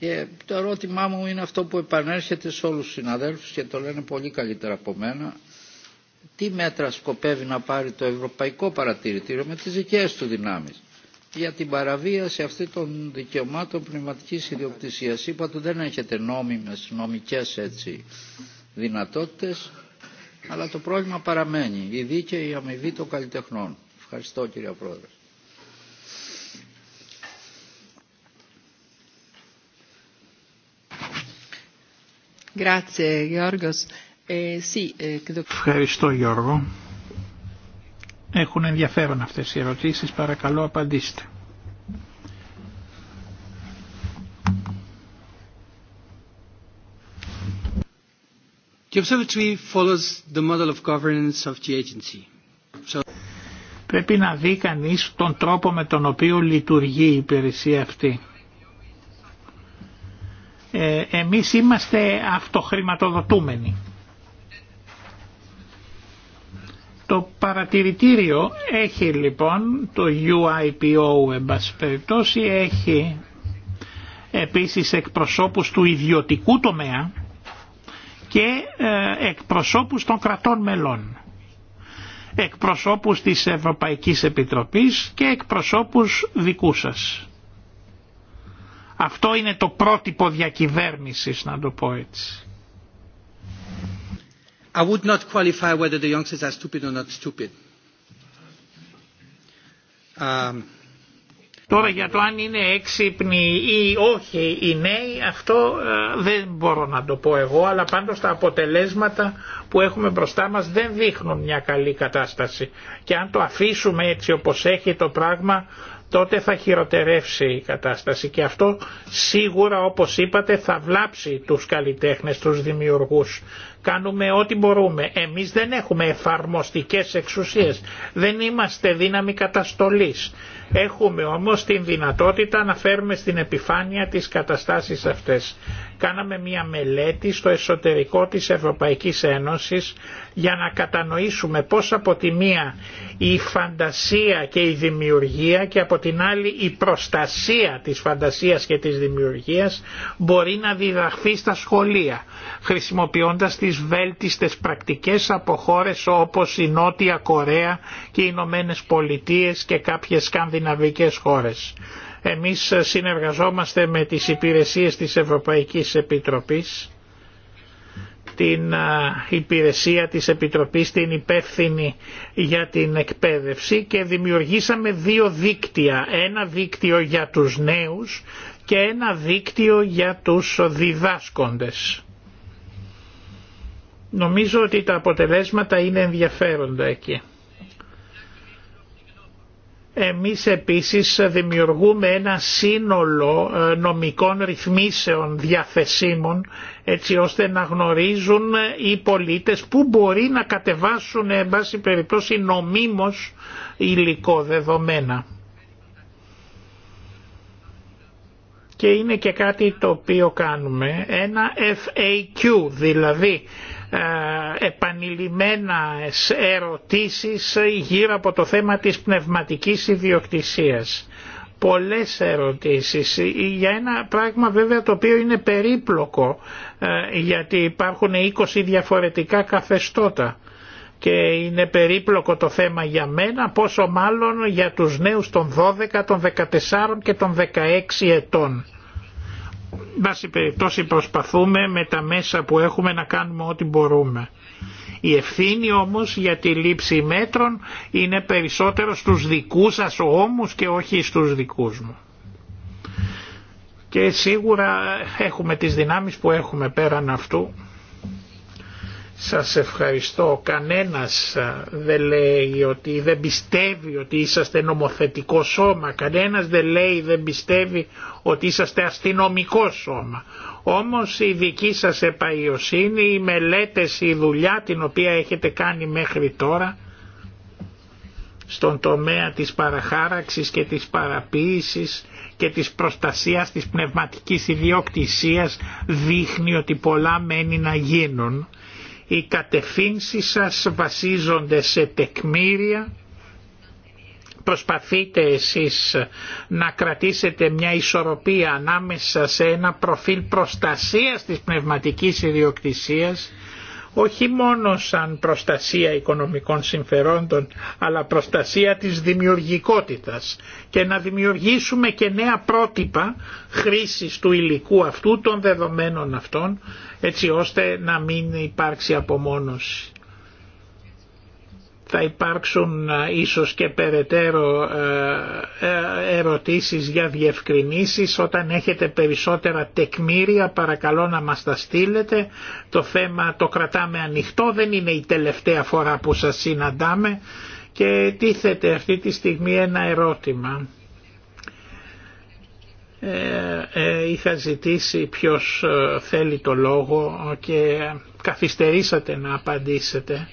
Και το ερώτημά μου είναι αυτό που επανέρχεται σε όλους τους συναδέλφους και το λένε πολύ καλύτερα από μένα. Τι μέτρα σκοπεύει να πάρει το Ευρωπαϊκό Παρατηρητήριο με τις δικές του δυνάμεις για την παραβίαση αυτή των δικαιωμάτων πνευματικής ιδιοκτησίας. Είπα ότι δεν έχετε νόμιμες, νομικές έτσι δυνατότητες, αλλά το πρόβλημα παραμένει. Η δίκαιη αμοιβή των καλλιτεχνών. Ευχαριστώ κύριε Πρόεδρε. Ε, ε, Ευχαριστώ Γιώργο. Έχουν ενδιαφέρον αυτές οι ερωτήσεις, παρακαλώ απαντήστε. The observatory follows the model of governance of the agency. Πρέπει να δει κανείς τον τρόπο με τον οποίο λειτουργεί η υπηρεσία αυτή. Ε, εμείς είμαστε αυτοχρηματοδοτούμενοι. Το παρατηρητήριο έχει λοιπόν, το UIPO έχει επίσης εκπροσώπους του ιδιωτικού τομέα και ε, εκπροσώπους των κρατών μελών εκπροσώπους της Ευρωπαϊκής Επιτροπής και εκπροσώπους δικού σας. Αυτό είναι το πρότυπο διακυβέρνησης να το πω έτσι. I would not qualify whether the youngsters are stupid or not um, Τώρα για το αν είναι έξυπνοι ή όχι οι νέοι αυτό ε, δεν μπορώ να το πω εγώ αλλά πάντως τα αποτελέσματα που έχουμε μπροστά μας δεν δείχνουν μια καλή κατάσταση και αν το αφήσουμε έτσι όπως έχει το πράγμα τότε θα χειροτερεύσει η κατάσταση και αυτό σίγουρα όπως είπατε θα βλάψει τους καλλιτέχνες, τους δημιουργούς Κάνουμε ό,τι μπορούμε. Εμείς δεν έχουμε εφαρμοστικές εξουσίες. Δεν είμαστε δύναμη καταστολής. Έχουμε όμως την δυνατότητα να φέρουμε στην επιφάνεια τις καταστάσεις αυτές. Κάναμε μια μελέτη στο εσωτερικό της Ευρωπαϊκής Ένωσης για να κατανοήσουμε πώς από τη μία η φαντασία και η δημιουργία και από την άλλη η προστασία της φαντασίας και της δημιουργίας μπορεί να διδαχθεί στα σχολεία χρησιμοποιώντας τις τις βέλτιστες πρακτικές από χώρες όπως η Νότια Κορέα και οι Ηνωμένε Πολιτείε και κάποιες σκανδιναβικές χώρες. Εμείς συνεργαζόμαστε με τις υπηρεσίες της Ευρωπαϊκής Επιτροπής την υπηρεσία της Επιτροπής την υπεύθυνη για την εκπαίδευση και δημιουργήσαμε δύο δίκτυα. Ένα δίκτυο για τους νέους και ένα δίκτυο για τους διδάσκοντες. Νομίζω ότι τα αποτελέσματα είναι ενδιαφέροντα εκεί. Εμείς επίσης δημιουργούμε ένα σύνολο ε, νομικών ρυθμίσεων διαθεσίμων έτσι ώστε να γνωρίζουν ε, οι πολίτες που μπορεί να κατεβάσουν ε, εν πάση περιπτώσει νομίμως υλικό δεδομένα. Και είναι και κάτι το οποίο κάνουμε, ένα FAQ δηλαδή ε, επανειλημμένα ερωτήσεις γύρω από το θέμα της πνευματικής ιδιοκτησίας. Πολλές ερωτήσεις για ένα πράγμα βέβαια το οποίο είναι περίπλοκο ε, γιατί υπάρχουν 20 διαφορετικά καθεστώτα και είναι περίπλοκο το θέμα για μένα πόσο μάλλον για τους νέους των 12, των 14 και των 16 ετών βάση περιπτώσει προσπαθούμε με τα μέσα που έχουμε να κάνουμε ό,τι μπορούμε. Η ευθύνη όμως για τη λήψη μέτρων είναι περισσότερο στους δικούς σας όμως και όχι στους δικούς μου. Και σίγουρα έχουμε τις δυνάμεις που έχουμε πέραν αυτού σας ευχαριστώ. Κανένας δεν λέει ότι δεν πιστεύει ότι είσαστε νομοθετικό σώμα. Κανένας δεν λέει δεν πιστεύει ότι είσαστε αστυνομικό σώμα. Όμως η δική σας επαϊωσύνη, οι μελέτες, η δουλειά την οποία έχετε κάνει μέχρι τώρα στον τομέα της παραχάραξης και της παραποίησης και της προστασίας της πνευματικής ιδιοκτησίας δείχνει ότι πολλά μένει να γίνουν οι κατευθύνσεις σας βασίζονται σε τεκμήρια. Προσπαθείτε εσείς να κρατήσετε μια ισορροπία ανάμεσα σε ένα προφίλ προστασίας της πνευματικής ιδιοκτησίας όχι μόνο σαν προστασία οικονομικών συμφερόντων, αλλά προστασία της δημιουργικότητας και να δημιουργήσουμε και νέα πρότυπα χρήσης του υλικού αυτού των δεδομένων αυτών έτσι ώστε να μην υπάρξει απομόνωση. Θα υπάρξουν ε, ίσως και περαιτέρω ε, ε, ερωτήσεις για διευκρινήσεις. Όταν έχετε περισσότερα τεκμήρια παρακαλώ να μας τα στείλετε. Το θέμα το κρατάμε ανοιχτό, δεν είναι η τελευταία φορά που σας συναντάμε και τίθεται αυτή τη στιγμή ένα ερώτημα ε, ε, είχα ζητήσει ποιος ε, θέλει το λόγο και καθυστερήσατε να απαντήσετε.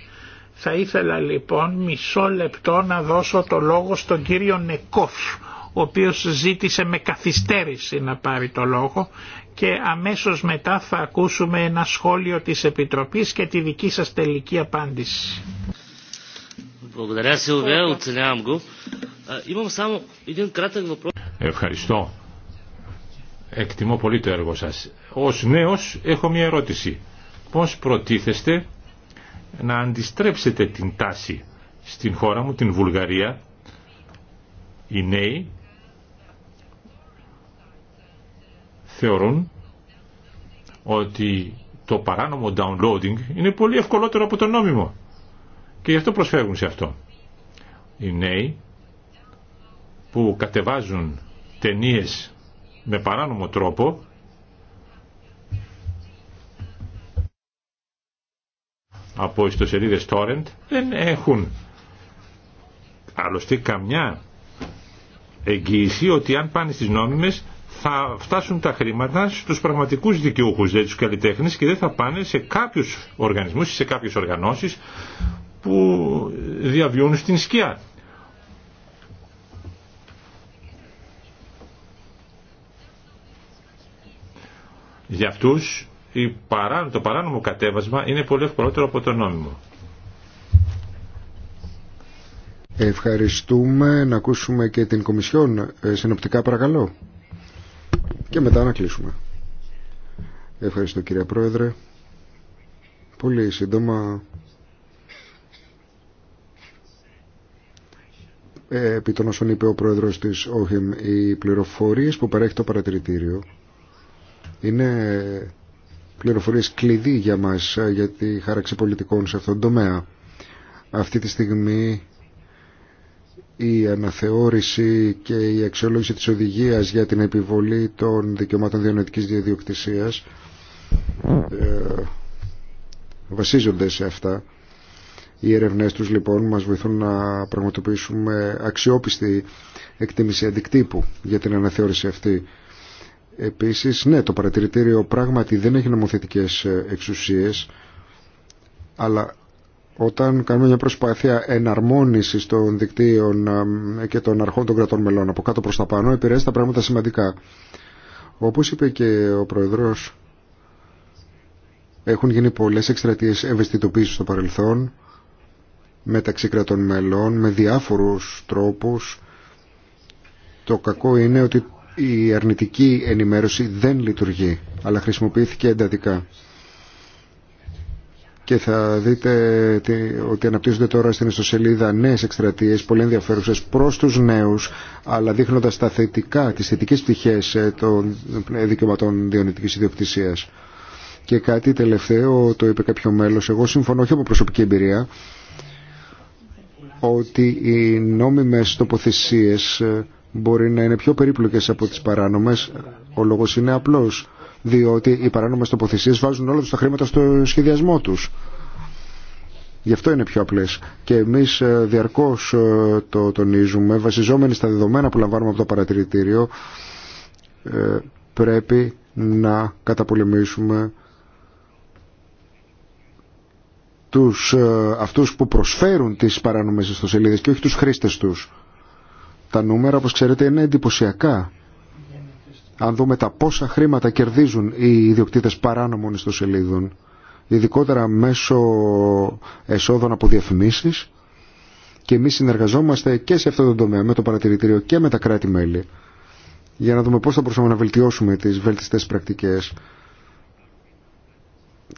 Θα ήθελα λοιπόν μισό λεπτό να δώσω το λόγο στον κύριο Νεκόφ, ο οποίος ζήτησε με καθυστέρηση να πάρει το λόγο και αμέσως μετά θα ακούσουμε ένα σχόλιο της Επιτροπής και τη δική σας τελική απάντηση. Ευχαριστώ. Εκτιμώ πολύ το έργο σας. Ως νέος έχω μια ερώτηση. Πώς προτίθεστε να αντιστρέψετε την τάση στην χώρα μου, την Βουλγαρία, οι νέοι θεωρούν ότι το παράνομο downloading είναι πολύ ευκολότερο από το νόμιμο και γι' αυτό προσφέρουν σε αυτό. Οι νέοι που κατεβάζουν ταινίες με παράνομο τρόπο από ιστοσελίδες torrent δεν έχουν άλλωστε καμιά εγγύηση ότι αν πάνε στις νόμιμες θα φτάσουν τα χρήματα στους πραγματικούς δικαιούχους, δηλαδή τους καλλιτέχνες και δεν θα πάνε σε κάποιους οργανισμούς ή σε κάποιες οργανώσεις που διαβιώνουν στην σκιά. Για αυτούς το παράνομο κατέβασμα είναι πολύ ευκολότερο από το νόμιμο. Ευχαριστούμε. Να ακούσουμε και την Κομισιόν. Ε, συνοπτικά παρακαλώ. Και μετά να κλείσουμε. Ευχαριστώ κύριε Πρόεδρε. Πολύ σύντομα. Ε, επί των όσων είπε ο Πρόεδρος της ΟΧΕΜ, οι πληροφορίες που παρέχει το παρατηρητήριο είναι πληροφορίες κλειδί για μας ε, για τη χάραξη πολιτικών σε αυτόν τον τομέα. Αυτή τη στιγμή η αναθεώρηση και η αξιολόγηση της οδηγίας για την επιβολή των δικαιωμάτων διανοητικής διαδιοκτησίας ε, βασίζονται σε αυτά. Οι ερευνές τους λοιπόν μας βοηθούν να πραγματοποιήσουμε αξιόπιστη εκτίμηση αντικτύπου για την αναθεώρηση αυτή. Επίσης, ναι, το παρατηρητήριο πράγματι δεν έχει νομοθετικές ε, εξουσίες, αλλά όταν κάνουμε μια προσπάθεια εναρμόνισης των δικτύων ε, και των αρχών των κρατών μελών από κάτω προς τα πάνω, επηρεάζει τα πράγματα σημαντικά. Όπως είπε και ο Πρόεδρος, έχουν γίνει πολλές εκστρατείες ευαισθητοποίησης στο παρελθόν, μεταξύ κρατών μελών, με διάφορους τρόπους. Το κακό είναι ότι η αρνητική ενημέρωση δεν λειτουργεί, αλλά χρησιμοποιήθηκε εντατικά. Και θα δείτε ότι αναπτύσσονται τώρα στην ιστοσελίδα νέε εκστρατείε, πολύ ενδιαφέρουσε προ του νέου, αλλά δείχνοντα τα θετικά, τι θετικέ πτυχέ ε, των ε, δικαιωματών διονυτική ιδιοκτησία. Και κάτι τελευταίο, το είπε κάποιο μέλο, εγώ συμφωνώ όχι από προσωπική εμπειρία, ότι οι νόμιμε τοποθεσίε. Ε, μπορεί να είναι πιο περίπλοκες από τις παράνομες. Ο λόγος είναι απλός, διότι οι παράνομες τοποθεσίες βάζουν όλα τους τα χρήματα στο σχεδιασμό τους. Γι' αυτό είναι πιο απλές. Και εμείς ε, διαρκώς ε, το τονίζουμε, βασιζόμενοι στα δεδομένα που λαμβάνουμε από το παρατηρητήριο, ε, πρέπει να καταπολεμήσουμε τους, αυτούς που προσφέρουν τις παράνομες ιστοσελίδες και όχι τους χρήστες τους. Τα νούμερα, όπως ξέρετε, είναι εντυπωσιακά. Αν δούμε τα πόσα χρήματα κερδίζουν οι ιδιοκτήτες παράνομων ιστοσελίδων, ειδικότερα μέσω εσόδων από διαφημίσεις, και εμείς συνεργαζόμαστε και σε αυτό το τομέα με το παρατηρητήριο και με τα κράτη-μέλη για να δούμε πώς θα μπορούσαμε να βελτιώσουμε τις βελτιστές πρακτικές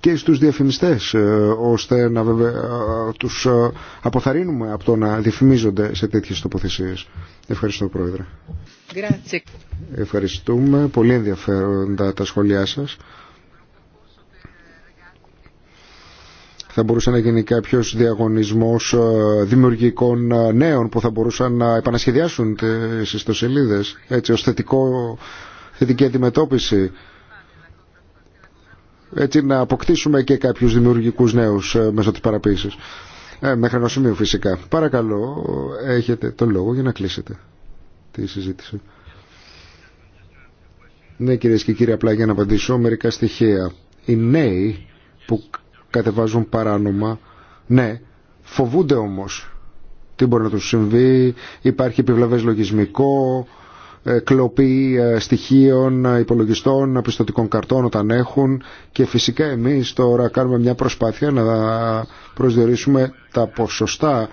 και στους διαφημιστές ε, ώστε να βέβαια, ε, τους ε, αποθαρρύνουμε από το να διαφημίζονται σε τέτοιες τοποθεσίες. Ευχαριστώ Πρόεδρε. Ευχαριστούμε. Πολύ ενδιαφέροντα τα σχόλιά σας. θα μπορούσε να γίνει κάποιο διαγωνισμό δημιουργικών νέων που θα μπορούσαν να επανασχεδιάσουν τι ιστοσελίδε έτσι ω θετική αντιμετώπιση έτσι να αποκτήσουμε και κάποιους δημιουργικούς νέους ε, μέσω της παραποίησης. Ε, μέχρι ένα σημείο φυσικά. Παρακαλώ, έχετε τον λόγο για να κλείσετε τη συζήτηση. Ναι κυρίες και κύριοι, απλά για να απαντήσω μερικά στοιχεία. Οι νέοι που κατεβάζουν παράνομα, ναι, φοβούνται όμως τι μπορεί να τους συμβεί, υπάρχει επιβλαβές λογισμικό, ε, κλοπή ε, στοιχείων, ε, υπολογιστών, πιστοτικών καρτών όταν έχουν και φυσικά εμείς τώρα κάνουμε μια προσπάθεια να προσδιορίσουμε τα ποσοστά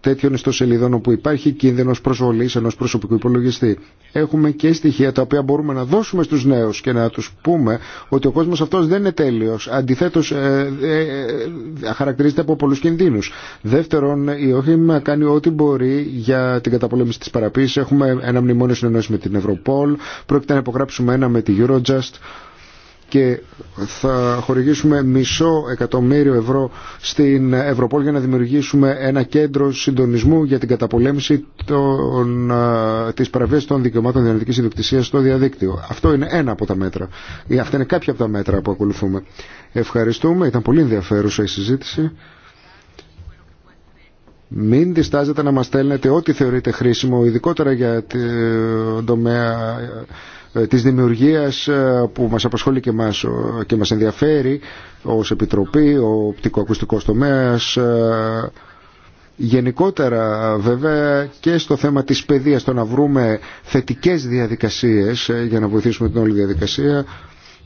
τέτοιων ιστοσελίδων όπου υπάρχει κίνδυνος προσβολής ενός προσωπικού υπολογιστή. Έχουμε και στοιχεία τα οποία μπορούμε να δώσουμε στους νέους και να τους πούμε ότι ο κόσμος αυτός δεν είναι τέλειος. Αντιθέτως ε, ε, ε χαρακτηρίζεται από πολλούς κινδύνους. Δεύτερον, η ΟΧΙΜ κάνει ό,τι μπορεί για την καταπολέμηση της παραποίησης. Έχουμε ένα μνημόνιο συνεννόηση με την Ευρωπόλ. Πρόκειται να υπογράψουμε ένα με τη Eurojust και θα χορηγήσουμε μισό εκατομμύριο ευρώ στην Ευρωπόλ για να δημιουργήσουμε ένα κέντρο συντονισμού για την καταπολέμηση των, της παραβίασης των δικαιωμάτων διανοητικής ιδιοκτησίας στο διαδίκτυο. Αυτό είναι ένα από τα μέτρα. Αυτά είναι κάποια από τα μέτρα που ακολουθούμε. Ευχαριστούμε. Ήταν πολύ ενδιαφέρουσα η συζήτηση. Μην διστάζετε να μας στέλνετε ό,τι θεωρείτε χρήσιμο, ειδικότερα για τον τομέα ε, της δημιουργίας ε, που μας απασχολεί και μας, και μας ενδιαφέρει ως Επιτροπή, ο οπτικοακουστικός τομέας, ε, γενικότερα βέβαια και στο θέμα της παιδείας το να βρούμε θετικές διαδικασίες για να βοηθήσουμε την όλη διαδικασία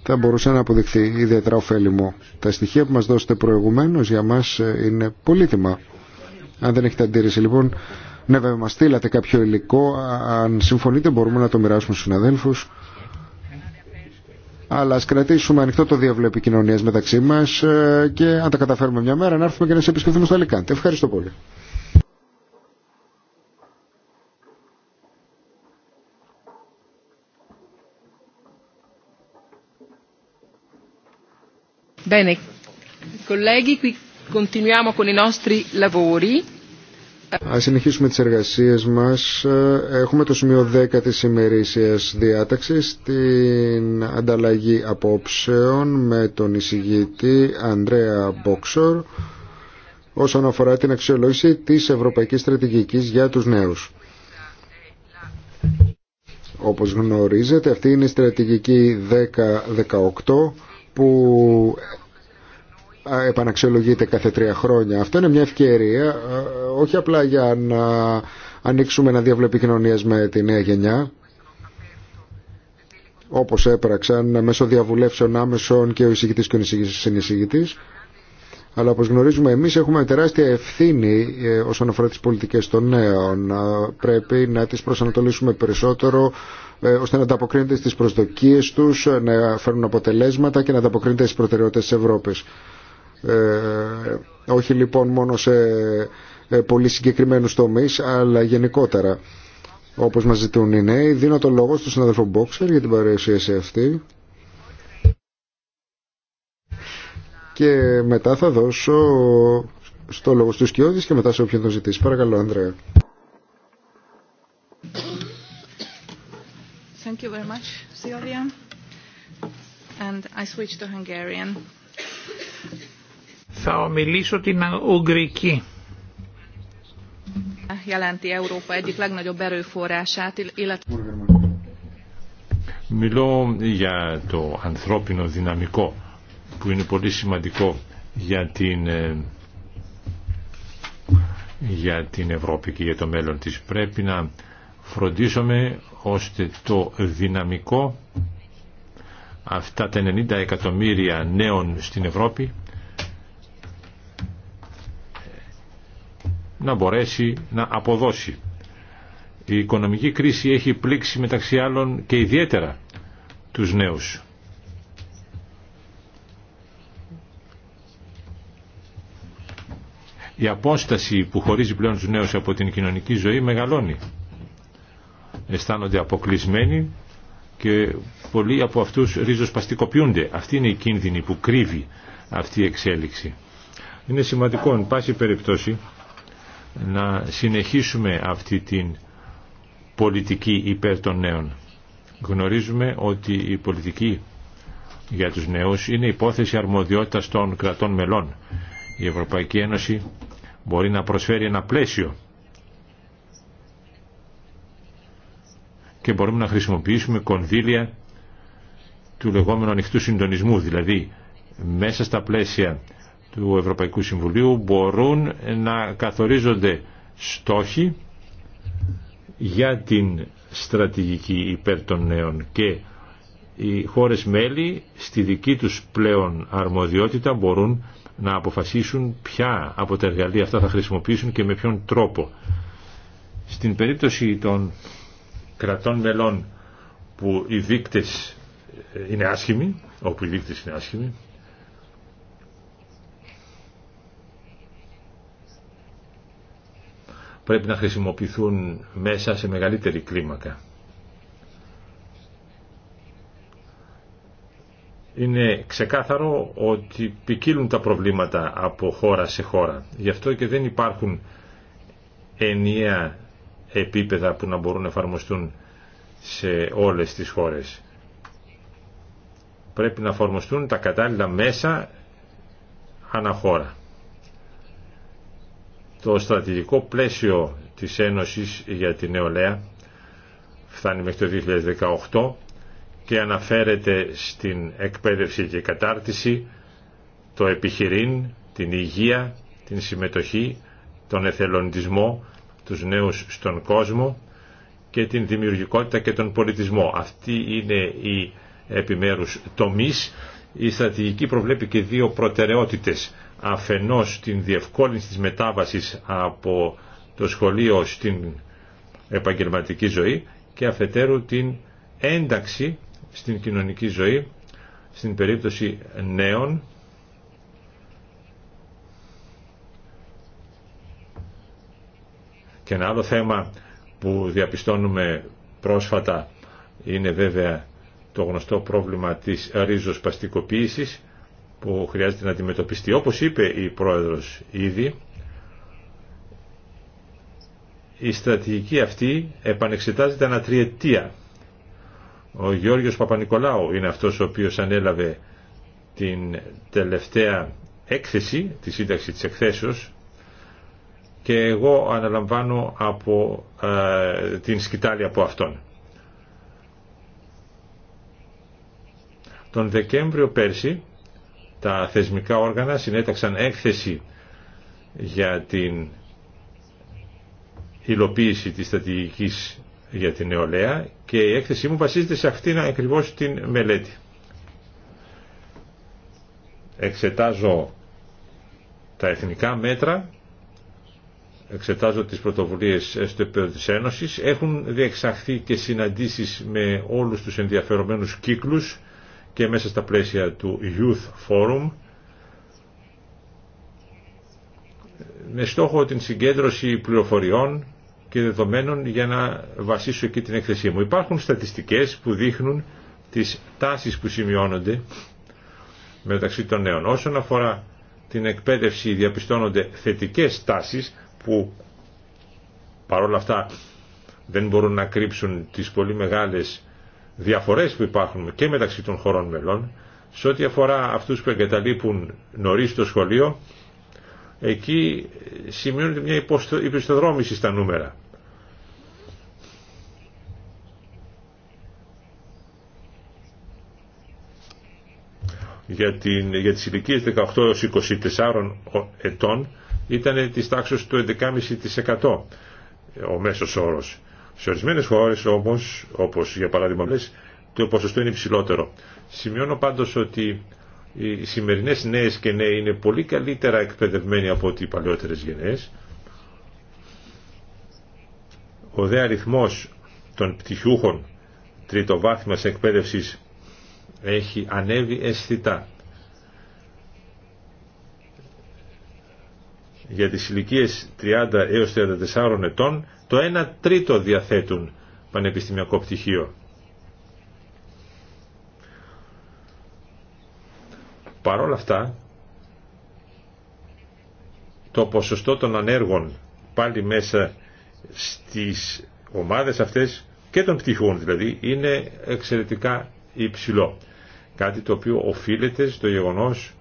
θα μπορούσε να αποδειχθεί ιδιαίτερα ωφέλιμο. Τα στοιχεία που μας δώσετε προηγουμένως για μας είναι πολύτιμα. Αν δεν έχετε αντίρρηση λοιπόν ναι, βέβαια, μα στείλατε κάποιο υλικό. Αν συμφωνείτε, μπορούμε να το μοιράσουμε στου συναδέλφου. Αλλά α κρατήσουμε ανοιχτό το διαβλό επικοινωνία μεταξύ μα ε, και αν τα καταφέρουμε μια μέρα να έρθουμε και να σε επισκεφθούμε στο Αλικάντε. Ευχαριστώ πολύ. Bene, colleghi, qui continuiamo con i nostri lavori. Ας συνεχίσουμε τις εργασίες μας. Έχουμε το σημείο 10 της ημερήσιας διάταξης, την ανταλλαγή απόψεων με τον εισηγητή Ανδρέα Μπόξορ όσον αφορά την αξιολόγηση της Ευρωπαϊκής Στρατηγικής για τους νέους. Όπως γνωρίζετε, αυτή είναι η στρατηγική 10-18 που επαναξιολογείται κάθε τρία χρόνια. Αυτό είναι μια ευκαιρία ε, όχι απλά για να ανοίξουμε ένα διάβλο επικοινωνία με τη νέα γενιά όπως έπραξαν μέσω διαβουλεύσεων άμεσων και ο εισηγητής και ο συνεισηγητής αλλά όπως γνωρίζουμε εμείς έχουμε τεράστια ευθύνη ε, όσον αφορά τις πολιτικές των νέων. Ε, πρέπει να τις προσανατολίσουμε περισσότερο ώστε να ανταποκρίνεται στις προσδοκίες τους, να φέρουν αποτελέσματα και να ανταποκρίνεται στις προτεραιότητες της Ευρώπης. Ε, όχι λοιπόν μόνο σε ε, πολύ συγκεκριμένους τομείς, αλλά γενικότερα. Όπως μας ζητούν οι νέοι, δίνω το λόγο στον συναδελφό Μπόξερ για την παρουσίαση αυτή. Και μετά θα δώσω στο λόγο στους Κιώδης και μετά σε όποιον τον ζητήσει. Παρακαλώ, Ανδρέα. Thank you very much, And I switch to Hungarian. Θα ομιλήσω την Ουγγρική. Μιλώ για το ανθρώπινο δυναμικό που είναι πολύ σημαντικό για την, ε, για την Ευρώπη και για το μέλλον της. Πρέπει να φροντίσουμε ώστε το δυναμικό αυτά τα 90 εκατομμύρια νέων στην Ευρώπη να μπορέσει να αποδώσει. Η οικονομική κρίση έχει πλήξει μεταξύ άλλων και ιδιαίτερα τους νέους. Η απόσταση που χωρίζει πλέον τους νέους από την κοινωνική ζωή μεγαλώνει. Αισθάνονται αποκλεισμένοι και πολλοί από αυτούς ριζοσπαστικοποιούνται. Αυτή είναι η κίνδυνη που κρύβει αυτή η εξέλιξη. Είναι σημαντικό, εν πάση περιπτώσει, να συνεχίσουμε αυτή την πολιτική υπέρ των νέων. Γνωρίζουμε ότι η πολιτική για τους νέους είναι υπόθεση αρμοδιότητας των κρατών μελών. Η Ευρωπαϊκή Ένωση μπορεί να προσφέρει ένα πλαίσιο και μπορούμε να χρησιμοποιήσουμε κονδύλια του λεγόμενου ανοιχτού συντονισμού, δηλαδή μέσα στα πλαίσια του Ευρωπαϊκού Συμβουλίου μπορούν να καθορίζονται στόχοι για την στρατηγική υπέρ των νέων και οι χώρες μέλη στη δική τους πλέον αρμοδιότητα μπορούν να αποφασίσουν ποια από τα εργαλεία αυτά θα χρησιμοποιήσουν και με ποιον τρόπο. Στην περίπτωση των κρατών μελών που οι δείκτες ε, είναι άσχημοι, όπου οι δείκτες είναι άσχημοι, πρέπει να χρησιμοποιηθούν μέσα σε μεγαλύτερη κλίμακα. Είναι ξεκάθαρο ότι ποικίλουν τα προβλήματα από χώρα σε χώρα. Γι' αυτό και δεν υπάρχουν ενιαία επίπεδα που να μπορούν να εφαρμοστούν σε όλες τις χώρες. Πρέπει να εφαρμοστούν τα κατάλληλα μέσα ανα αναχώρα. Το στρατηγικό πλαίσιο της Ένωσης για την νεολαία φτάνει μέχρι το 2018 και αναφέρεται στην εκπαίδευση και κατάρτιση, το επιχειρήν, την υγεία, την συμμετοχή, τον εθελοντισμό, τους νέους στον κόσμο και την δημιουργικότητα και τον πολιτισμό. Αυτή είναι η επιμέρους τομείς. Η στρατηγική προβλέπει και δύο προτεραιότητες αφενός την διευκόλυνση της μετάβασης από το σχολείο στην επαγγελματική ζωή και αφετέρου την ένταξη στην κοινωνική ζωή στην περίπτωση νέων και ένα άλλο θέμα που διαπιστώνουμε πρόσφατα είναι βέβαια το γνωστό πρόβλημα της ρίζος που χρειάζεται να αντιμετωπιστεί. Όπως είπε η Πρόεδρος ήδη, η στρατηγική αυτή επανεξετάζεται ανά τριετία. Ο Γιώργος Παπανικολάου είναι αυτός ο οποίος ανέλαβε την τελευταία έκθεση, τη σύνταξη της εκθέσεως και εγώ αναλαμβάνω από ε, την σκητάλη από αυτόν. Τον Δεκέμβριο πέρσι τα θεσμικά όργανα συνέταξαν έκθεση για την υλοποίηση της στρατηγικής για την νεολαία και η έκθεσή μου βασίζεται σε αυτήν ακριβώς την μελέτη. Εξετάζω τα εθνικά μέτρα, εξετάζω τις πρωτοβουλίες στο επίπεδο της Ένωσης, έχουν διεξαχθεί και συναντήσεις με όλους τους ενδιαφερομένους κύκλους, και μέσα στα πλαίσια του Youth Forum με στόχο την συγκέντρωση πληροφοριών και δεδομένων για να βασίσω εκεί την έκθεσή μου. Υπάρχουν στατιστικές που δείχνουν τις τάσεις που σημειώνονται μεταξύ των νέων. Όσον αφορά την εκπαίδευση διαπιστώνονται θετικές τάσεις που παρόλα αυτά δεν μπορούν να κρύψουν τις πολύ μεγάλες διαφορές που υπάρχουν και μεταξύ των χωρών μελών σε ό,τι αφορά αυτούς που εγκαταλείπουν νωρίς το σχολείο εκεί σημειώνεται μια υπιστοδρόμηση στα νούμερα. Για, την, για τις ηλικίες 18-24 ετών ήταν της τάξης του 11,5% ο μέσος όρος. Σε ορισμένε χώρε όμω, όπω για παράδειγμα λε, το ποσοστό είναι υψηλότερο. Σημειώνω πάντω ότι οι σημερινέ νέε και νέοι είναι πολύ καλύτερα εκπαιδευμένοι από ότι οι παλαιότερε γενναίε. Ο δε αριθμό των πτυχιούχων τριτοβάθμιας εκπαίδευσης έχει ανέβει αισθητά. Για τις ηλικίε 30 έως 34 ετών το 1 τρίτο διαθέτουν πανεπιστημιακό πτυχίο. Παρ' όλα αυτά, το ποσοστό των ανέργων πάλι μέσα στις ομάδες αυτές και των πτυχών δηλαδή είναι εξαιρετικά υψηλό. Κάτι το οποίο οφείλεται στο γεγονός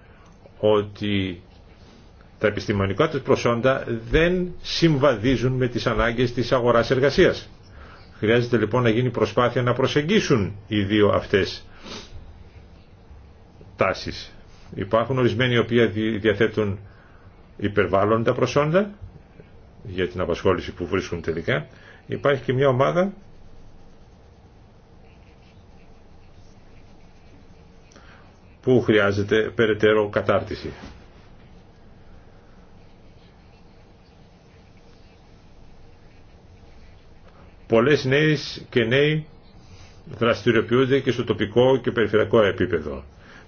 ότι τα επιστημονικά τους προσόντα δεν συμβαδίζουν με τις ανάγκες της αγοράς εργασίας. Χρειάζεται λοιπόν να γίνει προσπάθεια να προσεγγίσουν οι δύο αυτές τάσεις. Υπάρχουν ορισμένοι οι οποίοι διαθέτουν υπερβάλλοντα προσόντα για την απασχόληση που βρίσκουν τελικά. Υπάρχει και μια ομάδα που χρειάζεται περαιτέρω κατάρτιση. πολλές νέες και νέοι δραστηριοποιούνται και στο τοπικό και περιφερειακό επίπεδο.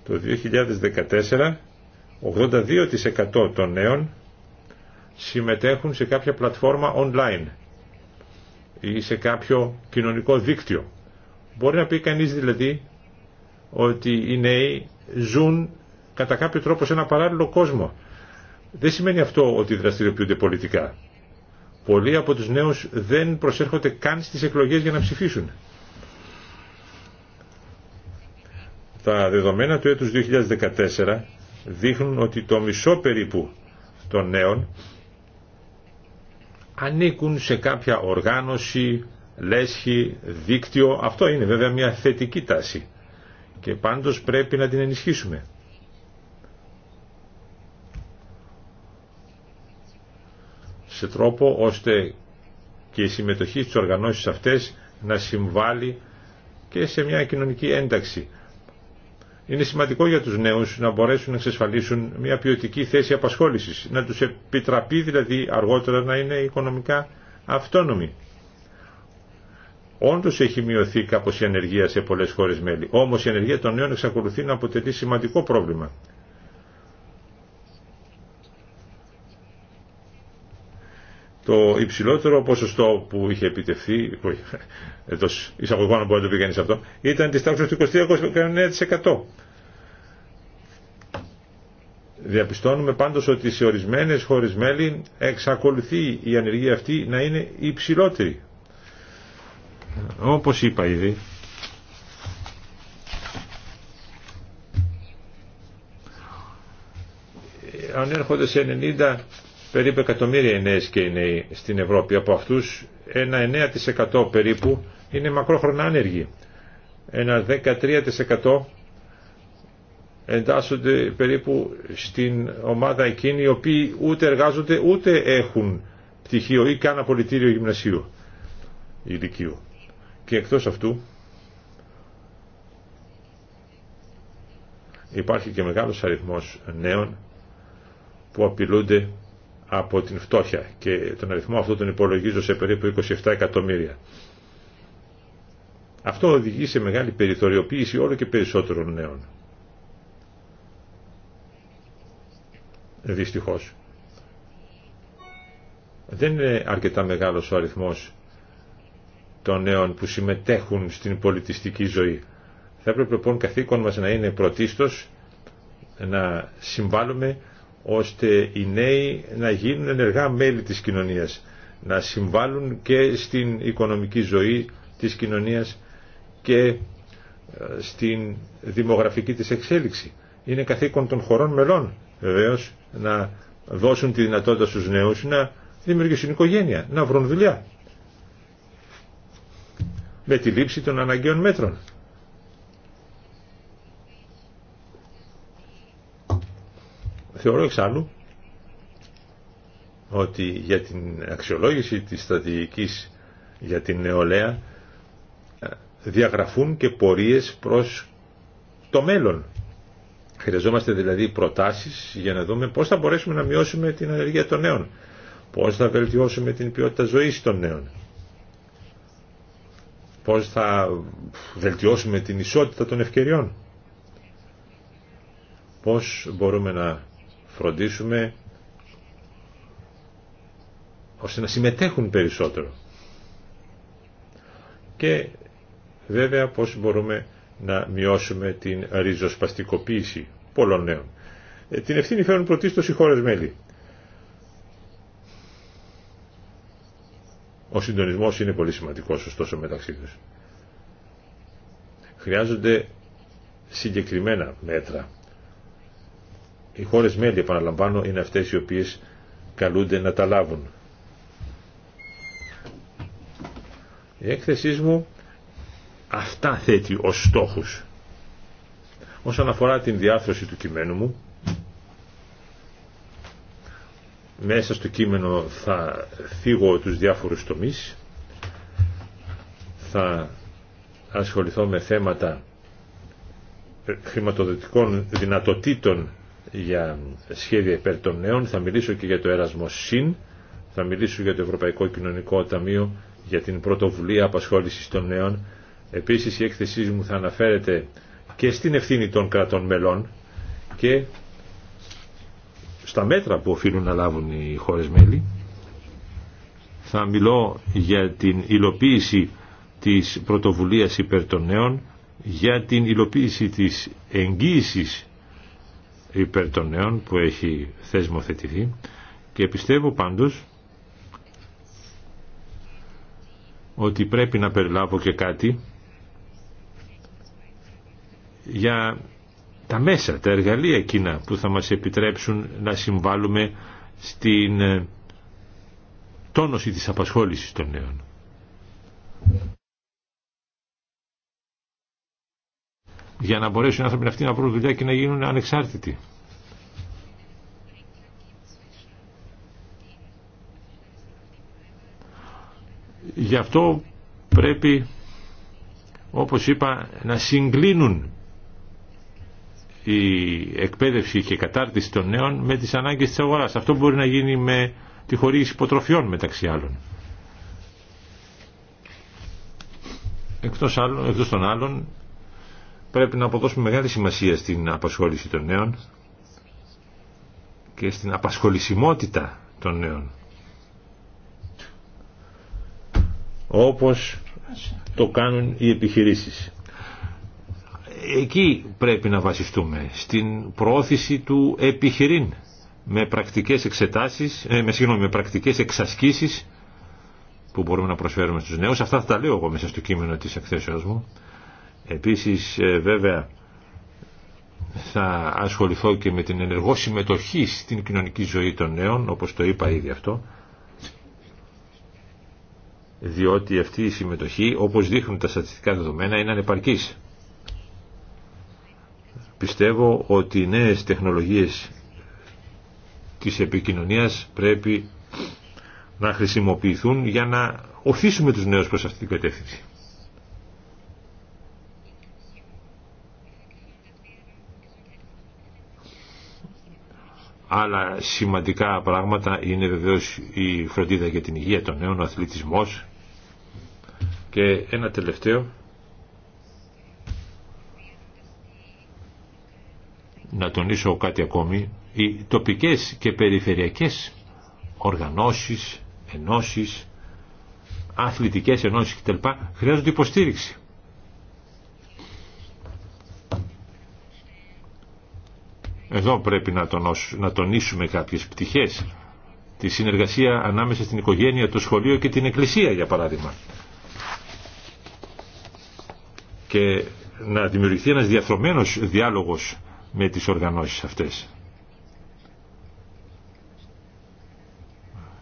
Το 2014 82% των νέων συμμετέχουν σε κάποια πλατφόρμα online ή σε κάποιο κοινωνικό δίκτυο. Μπορεί να πει κανείς δηλαδή ότι οι νέοι ζουν κατά κάποιο τρόπο σε ένα παράλληλο κόσμο. Δεν σημαίνει αυτό ότι δραστηριοποιούνται πολιτικά. Πολλοί από τους νέους δεν προσέρχονται καν στις εκλογές για να ψηφίσουν. Τα δεδομένα του έτους 2014 δείχνουν ότι το μισό περίπου των νέων ανήκουν σε κάποια οργάνωση, λέσχη, δίκτυο. Αυτό είναι βέβαια μια θετική τάση και πάντως πρέπει να την ενισχύσουμε. σε τρόπο ώστε και η συμμετοχή στις οργανώσεις αυτές να συμβάλλει και σε μια κοινωνική ένταξη. Είναι σημαντικό για τους νέους να μπορέσουν να εξασφαλίσουν μια ποιοτική θέση απασχόλησης, να τους επιτραπεί δηλαδή αργότερα να είναι οικονομικά αυτόνομοι. Όντω έχει μειωθεί κάπω η ανεργία σε πολλέ χώρε μέλη. Όμω η ανεργία των νέων εξακολουθεί να αποτελεί σημαντικό πρόβλημα. το υψηλότερο ποσοστό που είχε επιτευχθεί, που εντό εισαγωγικών μπορεί να το πηγαίνει αυτό, ήταν τη τάξη του 23,9%. Διαπιστώνουμε πάντως ότι σε ορισμένες χώρες μέλη εξακολουθεί η ανεργία αυτή να είναι υψηλότερη. Όπως είπα ήδη, ανέρχονται σε 90 περίπου εκατομμύρια οι νέες και οι νέοι στην Ευρώπη. Από αυτούς ένα 9% περίπου είναι μακρόχρονα άνεργοι. Ένα 13% εντάσσονται περίπου στην ομάδα εκείνη οι οποίοι ούτε εργάζονται ούτε έχουν πτυχίο ή καν απολυτήριο γυμνασίου ηλικίου. Και εκτός αυτού υπάρχει και μεγάλος αριθμός νέων που απειλούνται από την φτώχεια και τον αριθμό αυτό τον υπολογίζω σε περίπου 27 εκατομμύρια. Αυτό οδηγεί σε μεγάλη περιθωριοποίηση όλο και περισσότερων νέων. Δυστυχώς. Δεν είναι αρκετά μεγάλος ο αριθμός των νέων που συμμετέχουν στην πολιτιστική ζωή. Θα έπρεπε λοιπόν καθήκον μας να είναι πρωτίστως να συμβάλλουμε ώστε οι νέοι να γίνουν ενεργά μέλη της κοινωνίας, να συμβάλλουν και στην οικονομική ζωή της κοινωνίας και ε, στην δημογραφική της εξέλιξη. Είναι καθήκον των χωρών μελών βεβαίω να δώσουν τη δυνατότητα στους νέους να δημιουργήσουν οικογένεια, να βρουν δουλειά με τη λήψη των αναγκαίων μέτρων. Θεωρώ εξάλλου ότι για την αξιολόγηση της στρατηγικής για την νεολαία ε, διαγραφούν και πορείες προς το μέλλον. Χρειαζόμαστε δηλαδή προτάσεις για να δούμε πώς θα μπορέσουμε να μειώσουμε την ανεργία των νέων, πώς θα βελτιώσουμε την ποιότητα ζωής των νέων, πώς θα βελτιώσουμε την ισότητα των ευκαιριών, πώς μπορούμε να φροντίσουμε ώστε να συμμετέχουν περισσότερο. Και βέβαια πώς μπορούμε να μειώσουμε την ριζοσπαστικοποίηση πολλών νέων. Ε, την ευθύνη φέρουν πρωτίστως οι χώρες μέλη. Ο συντονισμός είναι πολύ σημαντικός ωστόσο μεταξύ τους. Χρειάζονται συγκεκριμένα μέτρα οι χώρες μέλη, επαναλαμβάνω, είναι αυτές οι οποίες καλούνται να τα λάβουν. Η έκθεσή μου αυτά θέτει ως στόχους. Όσον αφορά την διάρθρωση του κειμένου μου, μέσα στο κείμενο θα φύγω τους διάφορους τομείς, θα ασχοληθώ με θέματα χρηματοδοτικών δυνατοτήτων για σχέδια υπέρ των νέων, θα μιλήσω και για το Erasmus ΣΥΝ, θα μιλήσω για το Ευρωπαϊκό Κοινωνικό Ταμείο, για την πρωτοβουλία απασχόληση των νέων. Επίσης η έκθεσή μου θα αναφέρεται και στην ευθύνη των κρατών μελών και στα μέτρα που οφείλουν να λάβουν οι χώρες μέλη. Θα μιλώ για την υλοποίηση της πρωτοβουλίας υπέρ των νέων, για την υλοποίηση της εγγύησης υπέρ των νέων που έχει θεσμοθετηθεί και πιστεύω πάντως ότι πρέπει να περιλάβω και κάτι για τα μέσα, τα εργαλεία εκείνα που θα μας επιτρέψουν να συμβάλλουμε στην τόνωση της απασχόλησης των νέων. για να μπορέσουν οι άνθρωποι αυτοί να βρουν δουλειά και να γίνουν ανεξάρτητοι. Γι' αυτό πρέπει, όπως είπα, να συγκλίνουν η εκπαίδευση και η κατάρτιση των νέων με τις ανάγκες της αγοράς. Αυτό μπορεί να γίνει με τη χορήγηση υποτροφιών μεταξύ άλλων. Εκτός, άλλων, εκτός των άλλων πρέπει να αποδώσουμε μεγάλη σημασία στην απασχόληση των νέων και στην απασχολησιμότητα των νέων. Όπως το κάνουν οι επιχειρήσεις. Εκεί πρέπει να βασιστούμε, στην προώθηση του επιχειρήν, με πρακτικές εξετάσεις, ε, με, συγγνώμη, με πρακτικές εξασκήσεις που μπορούμε να προσφέρουμε στους νέους. Αυτά θα τα λέω εγώ μέσα στο κείμενο της εκθέσεως μου. Επίσης ε, βέβαια θα ασχοληθώ και με την ενεργό συμμετοχή στην κοινωνική ζωή των νέων, όπως το είπα ήδη αυτό, διότι αυτή η συμμετοχή, όπως δείχνουν τα στατιστικά δεδομένα, είναι ανεπαρκής. Πιστεύω ότι οι νέες τεχνολογίες της επικοινωνίας πρέπει να χρησιμοποιηθούν για να οθήσουμε τους νέους προς αυτή την κατεύθυνση. Άλλα σημαντικά πράγματα είναι βεβαίως η φροντίδα για την υγεία των νέων, ο και ένα τελευταίο να τονίσω κάτι ακόμη οι τοπικές και περιφερειακές οργανώσεις, ενώσεις αθλητικές ενώσεις κτλ χρειάζονται υποστήριξη Εδώ πρέπει να, να τονίσουμε κάποιες πτυχές. Τη συνεργασία ανάμεσα στην οικογένεια, το σχολείο και την εκκλησία, για παράδειγμα. Και να δημιουργηθεί ένας διαθρωμένος διάλογος με τις οργανώσεις αυτές.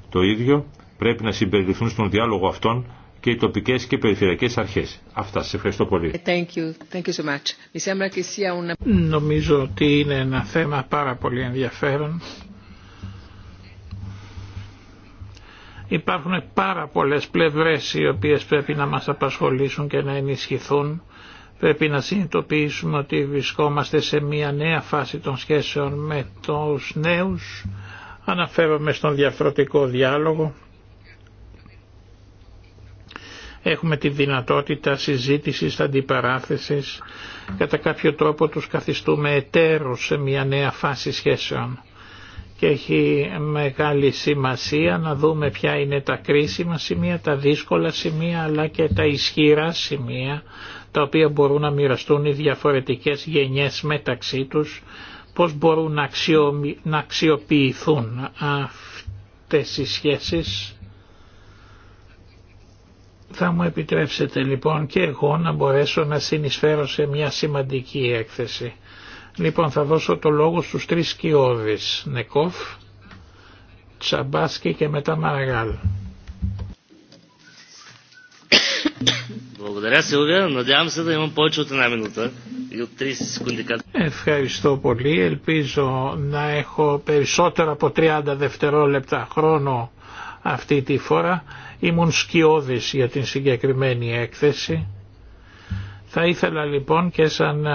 Το ίδιο πρέπει να συμπεριληφθούν στον διάλογο αυτών και οι τοπικές και περιφερειακές αρχές. Αυτά. Σας ευχαριστώ πολύ. Thank you. Thank you so much. Νομίζω ότι είναι ένα θέμα πάρα πολύ ενδιαφέρον. Υπάρχουν πάρα πολλές πλευρές οι οποίες πρέπει να μας απασχολήσουν και να ενισχυθούν. Πρέπει να συνειδητοποιήσουμε ότι βρισκόμαστε σε μια νέα φάση των σχέσεων με τους νέους. Αναφέρομαι στον διαφορετικό διάλογο έχουμε τη δυνατότητα συζήτησης, αντιπαράθεσης, κατά κάποιο τρόπο τους καθιστούμε εταίρους σε μια νέα φάση σχέσεων. Και έχει μεγάλη σημασία να δούμε ποια είναι τα κρίσιμα σημεία, τα δύσκολα σημεία αλλά και τα ισχυρά σημεία τα οποία μπορούν να μοιραστούν οι διαφορετικές γενιές μεταξύ τους, πώς μπορούν να, αξιοποιηθούν αυτές οι σχέσεις θα μου επιτρέψετε λοιπόν και εγώ να μπορέσω να συνεισφέρω σε μια σημαντική έκθεση. Λοιπόν θα δώσω το λόγο στους τρεις σκιώδεις, Νεκόφ, Τσαμπάσκι και μετά Μαραγάλ. Ευχαριστώ πολύ. Ελπίζω να έχω περισσότερο από 30 δευτερόλεπτα χρόνο αυτή τη φορά ήμουν σκιώδης για την συγκεκριμένη έκθεση. Θα ήθελα λοιπόν και σαν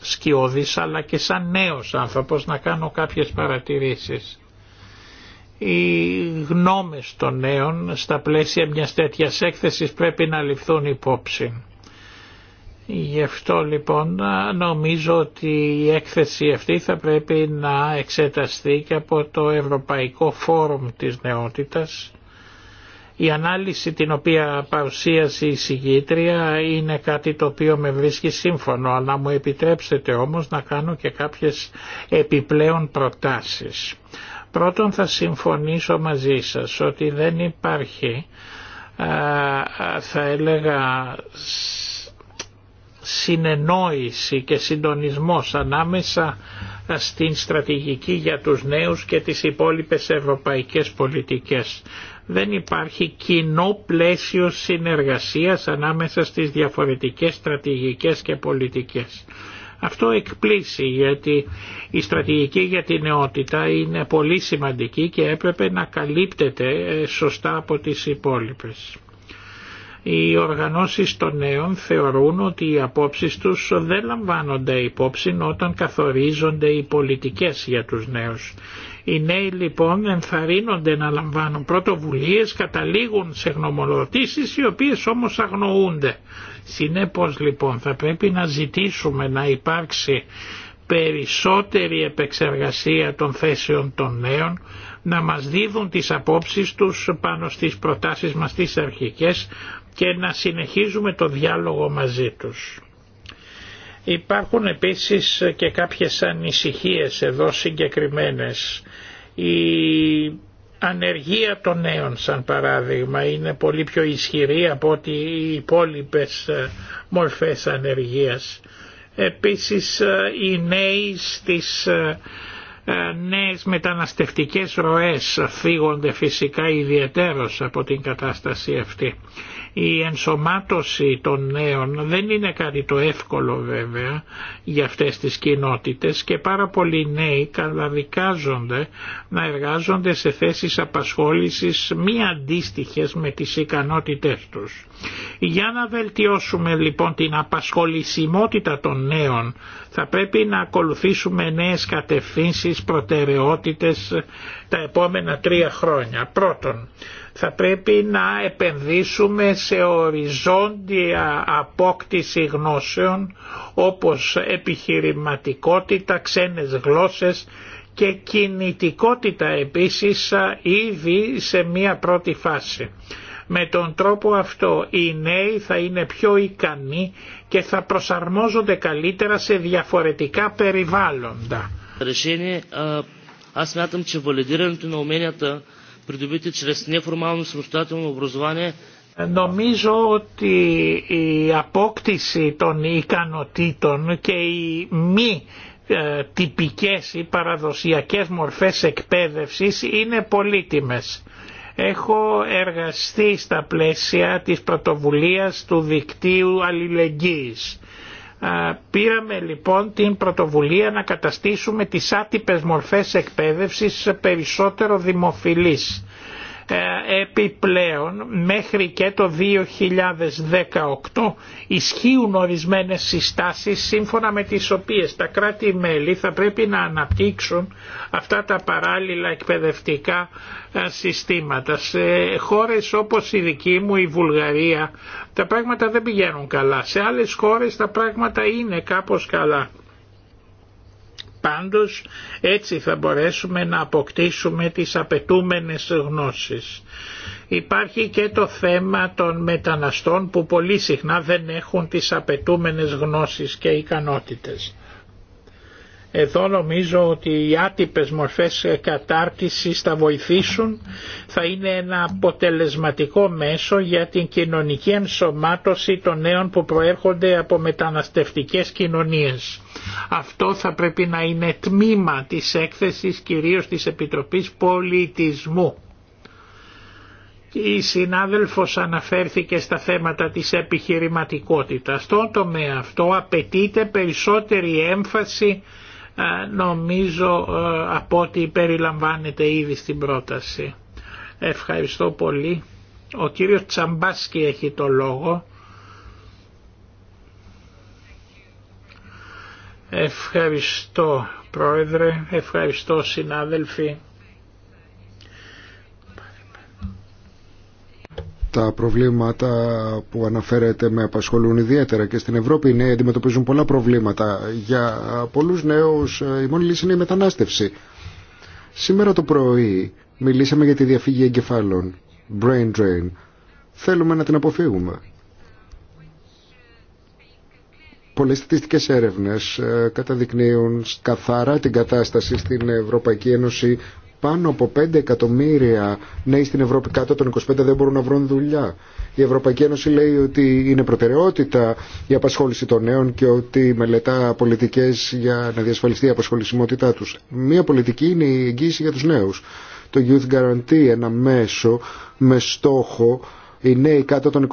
σκιώδης αλλά και σαν νέος άνθρωπος να κάνω κάποιες παρατηρήσεις. Οι γνώμες των νέων στα πλαίσια μιας τέτοιας έκθεσης πρέπει να ληφθούν υπόψη. Γι' αυτό λοιπόν νομίζω ότι η έκθεση αυτή θα πρέπει να εξεταστεί και από το Ευρωπαϊκό Φόρουμ της Νεότητας. Η ανάλυση την οποία παρουσίασε η συγκήτρια είναι κάτι το οποίο με βρίσκει σύμφωνο, αλλά μου επιτρέψετε όμως να κάνω και κάποιες επιπλέον προτάσεις. Πρώτον θα συμφωνήσω μαζί σας ότι δεν υπάρχει θα έλεγα συνεννόηση και συντονισμός ανάμεσα στην στρατηγική για τους νέους και τις υπόλοιπες ευρωπαϊκές πολιτικές. Δεν υπάρχει κοινό πλαίσιο συνεργασίας ανάμεσα στις διαφορετικές στρατηγικές και πολιτικές. Αυτό εκπλήσει γιατί η στρατηγική για τη νεότητα είναι πολύ σημαντική και έπρεπε να καλύπτεται ε, σωστά από τις υπόλοιπες. Οι οργανώσεις των νέων θεωρούν ότι οι απόψεις τους δεν λαμβάνονται υπόψη όταν καθορίζονται οι πολιτικές για τους νέους. Οι νέοι λοιπόν ενθαρρύνονται να λαμβάνουν πρωτοβουλίες, καταλήγουν σε γνωμοδοτήσεις οι οποίες όμως αγνοούνται. Συνέπως λοιπόν θα πρέπει να ζητήσουμε να υπάρξει περισσότερη επεξεργασία των θέσεων των νέων, να μας δίδουν τις απόψεις τους πάνω στις προτάσεις μας τις αρχικές, και να συνεχίζουμε το διάλογο μαζί τους. Υπάρχουν επίσης και κάποιες ανησυχίες εδώ συγκεκριμένες. Η ανεργία των νέων σαν παράδειγμα είναι πολύ πιο ισχυρή από ότι οι υπόλοιπες ε, μορφές ανεργίας. Επίσης ε, οι νέοι στις ε, νέες μεταναστευτικές ροές φύγονται φυσικά ιδιαίτερως από την κατάσταση αυτή. Η ενσωμάτωση των νέων δεν είναι κάτι το εύκολο βέβαια για αυτές τις κοινότητες και πάρα πολλοί νέοι καταδικάζονται να εργάζονται σε θέσεις απασχόλησης μη αντίστοιχες με τις ικανότητές τους. Για να βελτιώσουμε λοιπόν την απασχολησιμότητα των νέων θα πρέπει να ακολουθήσουμε νέες κατευθύνσεις, προτεραιότητες τα επόμενα τρία χρόνια. Πρώτον, θα πρέπει να επενδύσουμε σε οριζόντια απόκτηση γνώσεων όπως επιχειρηματικότητα, ξένες γλώσσες και κινητικότητα επίσης ήδη σε μία πρώτη φάση. Με τον τρόπο αυτό οι νέοι θα είναι πιο ικανοί και θα προσαρμόζονται καλύτερα σε διαφορετικά περιβάλλοντα. Νομίζω ότι η απόκτηση των ικανοτήτων και οι μη ε, τυπικές ή παραδοσιακές μορφές εκπαίδευσης είναι πολύτιμες. Έχω εργαστεί στα πλαίσια της πρωτοβουλίας του δικτύου αλληλεγγύης Πήραμε λοιπόν την πρωτοβουλία να καταστήσουμε τις άτυπες μορφές εκπαίδευσης περισσότερο δημοφιλείς επιπλέον μέχρι και το 2018 ισχύουν ορισμένες συστάσεις σύμφωνα με τις οποίες τα κράτη-μέλη θα πρέπει να αναπτύξουν αυτά τα παράλληλα εκπαιδευτικά ε, συστήματα. Σε χώρες όπως η δική μου η Βουλγαρία τα πράγματα δεν πηγαίνουν καλά. Σε άλλες χώρες τα πράγματα είναι κάπως καλά. Πάντως έτσι θα μπορέσουμε να αποκτήσουμε τις απαιτούμενες γνώσεις. Υπάρχει και το θέμα των μεταναστών που πολύ συχνά δεν έχουν τις απαιτούμενες γνώσεις και ικανότητες. Εδώ νομίζω ότι οι άτυπες μορφές κατάρτισης θα βοηθήσουν, θα είναι ένα αποτελεσματικό μέσο για την κοινωνική ενσωμάτωση των νέων που προέρχονται από μεταναστευτικές κοινωνίες. Αυτό θα πρέπει να είναι τμήμα της έκθεσης κυρίως της Επιτροπής Πολιτισμού. Η συνάδελφος αναφέρθηκε στα θέματα της επιχειρηματικότητας. Στον τομέα αυτό απαιτείται περισσότερη έμφαση ε, νομίζω ε, από ό,τι περιλαμβάνεται ήδη στην πρόταση. Ευχαριστώ πολύ. Ο κύριος Τσαμπάσκι έχει το λόγο. Ευχαριστώ πρόεδρε, ευχαριστώ συνάδελφοι. τα προβλήματα που αναφέρεται με απασχολούν ιδιαίτερα και στην Ευρώπη οι ναι, νέοι αντιμετωπίζουν πολλά προβλήματα. Για πολλούς νέους ε, η μόνη λύση είναι η μετανάστευση. Σήμερα το πρωί μιλήσαμε για τη διαφύγη εγκεφάλων, brain drain. Θέλουμε να την αποφύγουμε. Πολλές στατιστικές έρευνες ε, καταδεικνύουν καθαρά την κατάσταση στην Ευρωπαϊκή Ένωση πάνω από 5 εκατομμύρια νέοι στην Ευρώπη κάτω των 25 δεν μπορούν να βρουν δουλειά. Η Ευρωπαϊκή Ένωση λέει ότι είναι προτεραιότητα η απασχόληση των νέων και ότι μελετά πολιτικέ για να διασφαλιστεί η απασχολησιμότητά του. Μία πολιτική είναι η εγγύηση για του νέου. Το Youth Guarantee, ένα μέσο με στόχο οι νέοι κάτω των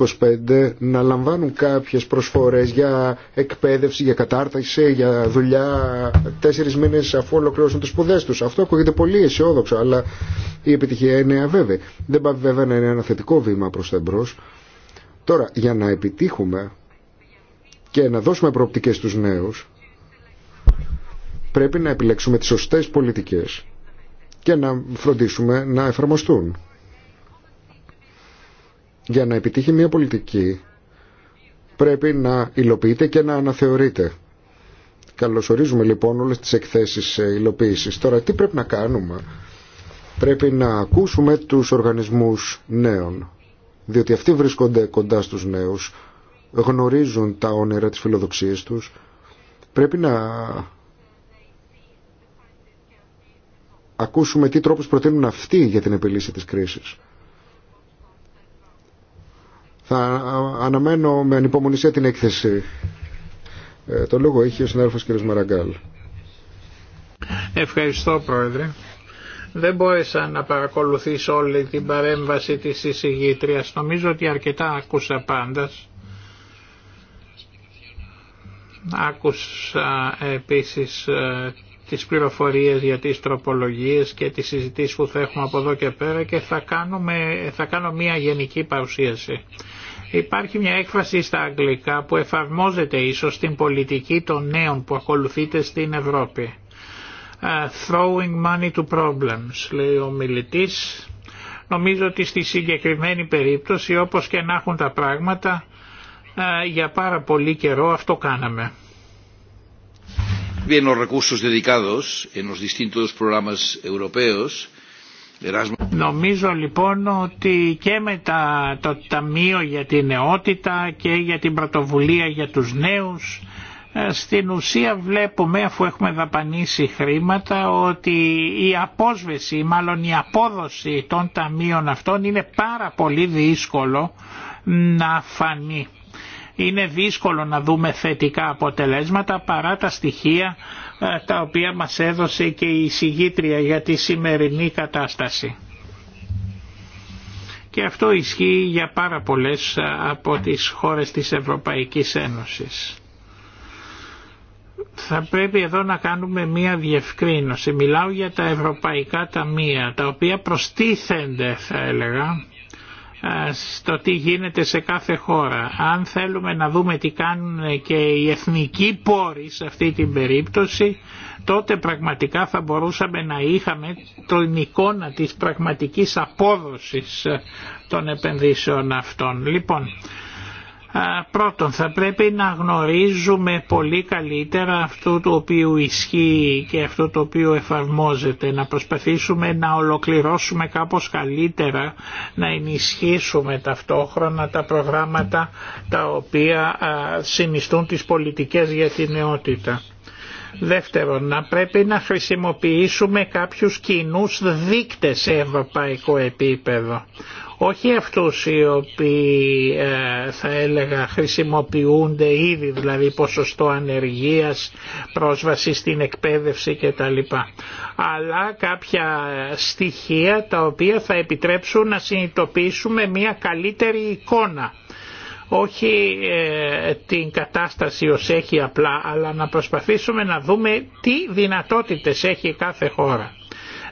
25 να λαμβάνουν κάποιες προσφορές για εκπαίδευση, για κατάρτιση, για δουλειά τέσσερις μήνες αφού ολοκληρώσουν τις σπουδές τους. Αυτό ακούγεται πολύ αισιόδοξο, αλλά η επιτυχία είναι αβέβαιη. Δεν πάει βέβαια να είναι ένα θετικό βήμα προς τα εμπρός. Τώρα, για να επιτύχουμε και να δώσουμε προοπτικές στους νέους, πρέπει να επιλέξουμε τις σωστές πολιτικές και να φροντίσουμε να εφαρμοστούν. Για να επιτύχει μια πολιτική πρέπει να υλοποιείται και να αναθεωρείται. Καλωσορίζουμε λοιπόν όλες τις εκθέσεις ε, υλοποίησης. Τώρα τι πρέπει να κάνουμε. Πρέπει να ακούσουμε τους οργανισμούς νέων. Διότι αυτοί βρίσκονται κοντά στους νέους, γνωρίζουν τα όνειρα της φιλοδοξίας τους. Πρέπει να ακούσουμε τι τρόπους προτείνουν αυτοί για την επιλύση της κρίσης. Θα αναμένω με ανυπομονησία την έκθεση. Ε, το λόγο έχει ο συνάδελφος κ. Μαραγκάλ. Ευχαριστώ Πρόεδρε. Δεν μπόρεσα να παρακολουθήσω όλη την παρέμβαση της εισηγήτριας. Νομίζω ότι αρκετά άκουσα πάντας. Άκουσα επίσης ε, τις πληροφορίες για τις τροπολογίες και τις συζητήσεις που θα έχουμε από εδώ και πέρα και θα, κάνουμε, θα κάνω μια γενική παρουσίαση. Υπάρχει μια έκφραση στα αγγλικά που εφαρμόζεται ίσως στην πολιτική των νέων που ακολουθείται στην Ευρώπη. Throwing money to problems, λέει ο μιλητής. Νομίζω ότι στη συγκεκριμένη περίπτωση όπως και να έχουν τα πράγματα για πάρα πολύ καιρό αυτό κάναμε. Νομίζω λοιπόν ότι και με τα, το Ταμείο για την Νεότητα και για την Πρωτοβουλία για τους Νέους ε, στην ουσία βλέπουμε αφού έχουμε δαπανίσει χρήματα ότι η απόσβεση, μάλλον η απόδοση των ταμείων αυτών είναι πάρα πολύ δύσκολο να φανεί είναι δύσκολο να δούμε θετικά αποτελέσματα παρά τα στοιχεία ε, τα οποία μας έδωσε και η συγγήτρια για τη σημερινή κατάσταση. Και αυτό ισχύει για πάρα πολλές ε, από τις χώρες της Ευρωπαϊκής Ένωσης. Θα πρέπει εδώ να κάνουμε μία διευκρίνωση. Μιλάω για τα ευρωπαϊκά ταμεία, τα οποία προστίθενται θα έλεγα στο τι γίνεται σε κάθε χώρα. Αν θέλουμε να δούμε τι κάνουν και οι εθνικοί πόροι σε αυτή την περίπτωση, τότε πραγματικά θα μπορούσαμε να είχαμε την εικόνα της πραγματικής απόδοσης των επενδύσεων αυτών. Λοιπόν, Πρώτον, θα πρέπει να γνωρίζουμε πολύ καλύτερα αυτό το οποίο ισχύει και αυτό το οποίο εφαρμόζεται, να προσπαθήσουμε να ολοκληρώσουμε κάπως καλύτερα, να ενισχύσουμε ταυτόχρονα τα προγράμματα τα οποία συνιστούν τις πολιτικές για την νεότητα. Δεύτερον, να πρέπει να χρησιμοποιήσουμε κάποιους κοινούς δείκτες σε ευρωπαϊκό επίπεδο. Όχι αυτούς οι οποίοι ε, θα έλεγα χρησιμοποιούνται ήδη, δηλαδή ποσοστό ανεργίας, πρόσβαση στην εκπαίδευση κτλ. Αλλά κάποια στοιχεία τα οποία θα επιτρέψουν να συνειδητοποιήσουμε μια καλύτερη εικόνα όχι ε, την κατάσταση ως έχει απλά, αλλά να προσπαθήσουμε να δούμε τι δυνατότητες έχει κάθε χώρα.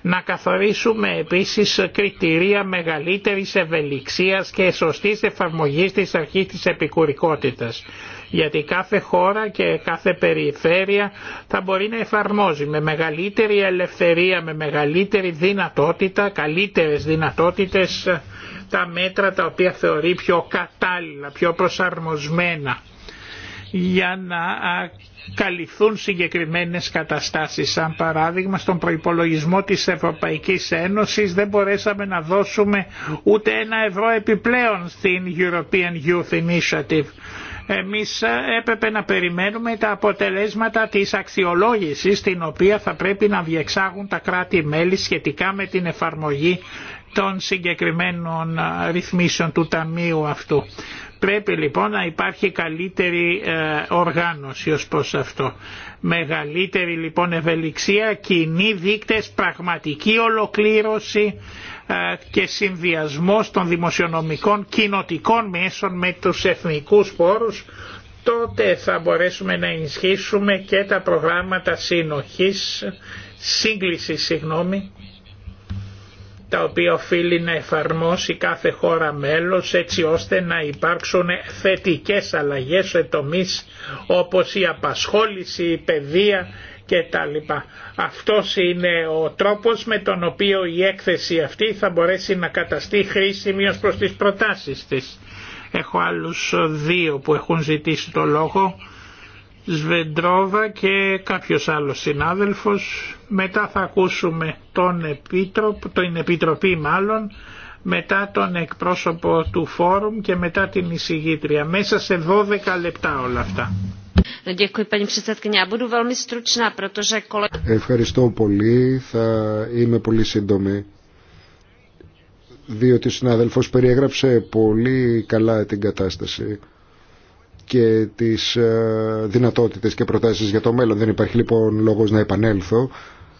Να καθορίσουμε επίσης κριτηρία μεγαλύτερης ευελιξίας και σωστής εφαρμογής της αρχής της επικουρικότητας. Γιατί κάθε χώρα και κάθε περιφέρεια θα μπορεί να εφαρμόζει με μεγαλύτερη ελευθερία, με μεγαλύτερη δυνατότητα, καλύτερες δυνατότητες τα μέτρα τα οποία θεωρεί πιο κατάλληλα, πιο προσαρμοσμένα για να καλυφθούν συγκεκριμένες καταστάσεις. Σαν παράδειγμα στον προϋπολογισμό της Ευρωπαϊκής Ένωσης δεν μπορέσαμε να δώσουμε ούτε ένα ευρώ επιπλέον στην European Youth Initiative. Εμείς έπρεπε να περιμένουμε τα αποτελέσματα της αξιολόγησης την οποία θα πρέπει να διεξάγουν τα κράτη-μέλη σχετικά με την εφαρμογή των συγκεκριμένων ρυθμίσεων του ταμείου αυτού. Πρέπει λοιπόν να υπάρχει καλύτερη ε, οργάνωση ως προς αυτό. Μεγαλύτερη λοιπόν ευελιξία, κοινοί δείκτες, πραγματική ολοκλήρωση ε, και συνδυασμός των δημοσιονομικών κοινοτικών μέσων με τους εθνικούς πόρους τότε θα μπορέσουμε να ενισχύσουμε και τα προγράμματα συνοχής, σύγκλησης συγγνώμη, τα οποία οφείλει να εφαρμόσει κάθε χώρα μέλος έτσι ώστε να υπάρξουν θετικές αλλαγές σε τομείς όπως η απασχόληση, η παιδεία κτλ. Αυτός είναι ο τρόπος με τον οποίο η έκθεση αυτή θα μπορέσει να καταστεί χρήσιμη ως προς τις προτάσεις της. Έχω άλλους δύο που έχουν ζητήσει το λόγο. Σβεντρόβα και κάποιος άλλος συνάδελφος μετά θα ακούσουμε τον Επίτροπο, την Επιτροπή μάλλον, μετά τον εκπρόσωπο του Φόρουμ και μετά την εισηγήτρια. Μέσα σε 12 λεπτά όλα αυτά. Ευχαριστώ πολύ. Θα είμαι πολύ σύντομη διότι ο συνάδελφος περιέγραψε πολύ καλά την κατάσταση και τις ε, δυνατότητες και προτάσεις για το μέλλον. Δεν υπάρχει λοιπόν λόγος να επανέλθω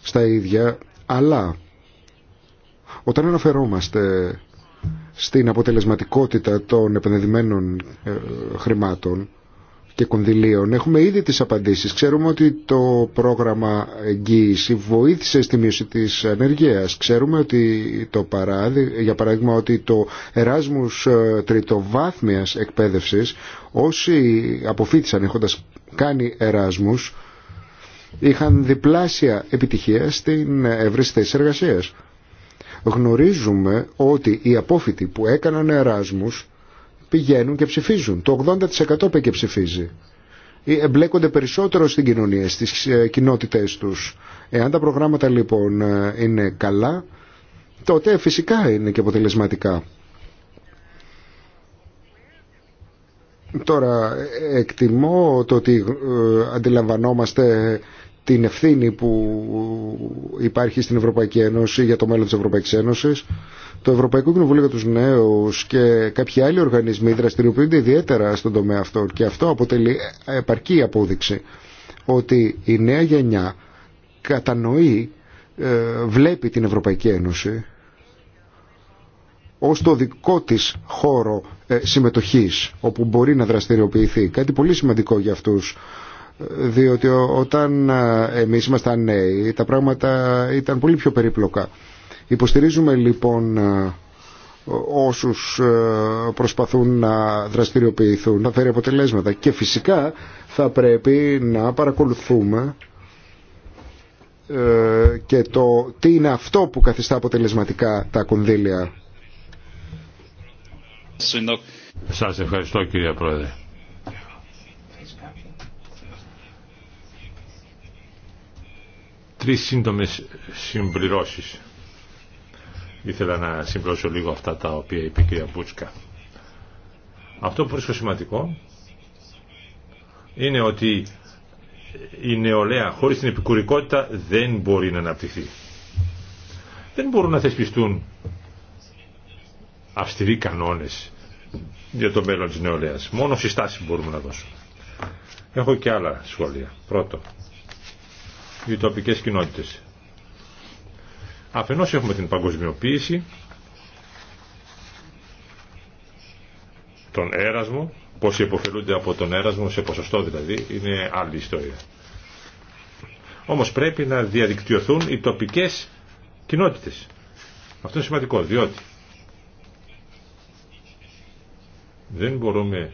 στα ίδια, αλλά όταν αναφερόμαστε στην αποτελεσματικότητα των επενδυμένων ε, χρημάτων και κονδυλίων, έχουμε ήδη τις απαντήσεις. Ξέρουμε ότι το πρόγραμμα εγγύηση βοήθησε στη μείωση της ανεργίας. Ξέρουμε ότι το για παράδειγμα ότι το Εράσμους τριτοβάθμιας εκπαίδευσης Όσοι αποφύτησαν έχοντας κάνει εράσμους είχαν διπλάσια επιτυχία στην ευρύς θέση εργασίας. Γνωρίζουμε ότι οι απόφοιτοι που έκαναν εράσμους πηγαίνουν και ψηφίζουν. Το 80% πήγε ψηφίζει. Εμπλέκονται περισσότερο στην κοινωνία, στις ε, κοινότητες τους. Εάν τα προγράμματα λοιπόν ε, είναι καλά, τότε φυσικά είναι και αποτελεσματικά. Τώρα, εκτιμώ το ότι ε, αντιλαμβανόμαστε την ευθύνη που υπάρχει στην Ευρωπαϊκή Ένωση για το μέλλον της Ευρωπαϊκής Ένωσης. Το Ευρωπαϊκό Κοινοβούλιο για τους Νέους και κάποιοι άλλοι οργανισμοί δραστηριοποιούνται ιδιαίτερα στον τομέα αυτό και αυτό αποτελεί επαρκή απόδειξη ότι η νέα γενιά κατανοεί, ε, βλέπει την Ευρωπαϊκή Ένωση ως το δικό της χώρο ε, συμμετοχή, όπου μπορεί να δραστηριοποιηθεί. Κάτι πολύ σημαντικό για αυτού, ε, διότι όταν ε, εμείς ήμασταν νέοι τα πράγματα ήταν πολύ πιο περίπλοκα. Υποστηρίζουμε λοιπόν όσους προσπαθούν να δραστηριοποιηθούν, να φέρει αποτελέσματα και φυσικά θα πρέπει να παρακολουθούμε και το τι είναι αυτό που καθιστά αποτελεσματικά τα κονδύλια σας ευχαριστώ κύριε Πρόεδρε. Τρεις σύντομες συμπληρώσεις. Ήθελα να συμπληρώσω λίγο αυτά τα οποία είπε η κυρία Μπούτσκα. Αυτό που βρίσκω σημαντικό είναι ότι η νεολαία χωρίς την επικουρικότητα δεν μπορεί να αναπτυχθεί. Δεν μπορούν να θεσπιστούν αυστηροί κανόνες για το μέλλον της νεολαίας. Μόνο συστάσεις μπορούμε να δώσουμε. Έχω και άλλα σχόλια. Πρώτο, οι τοπικές κοινότητες. Αφενός έχουμε την παγκοσμιοποίηση, τον έρασμο, πόσοι υποφελούνται από τον έρασμο, σε ποσοστό δηλαδή, είναι άλλη ιστορία. Όμως πρέπει να διαδικτυωθούν οι τοπικές κοινότητες. Αυτό είναι σημαντικό, διότι Δεν μπορούμε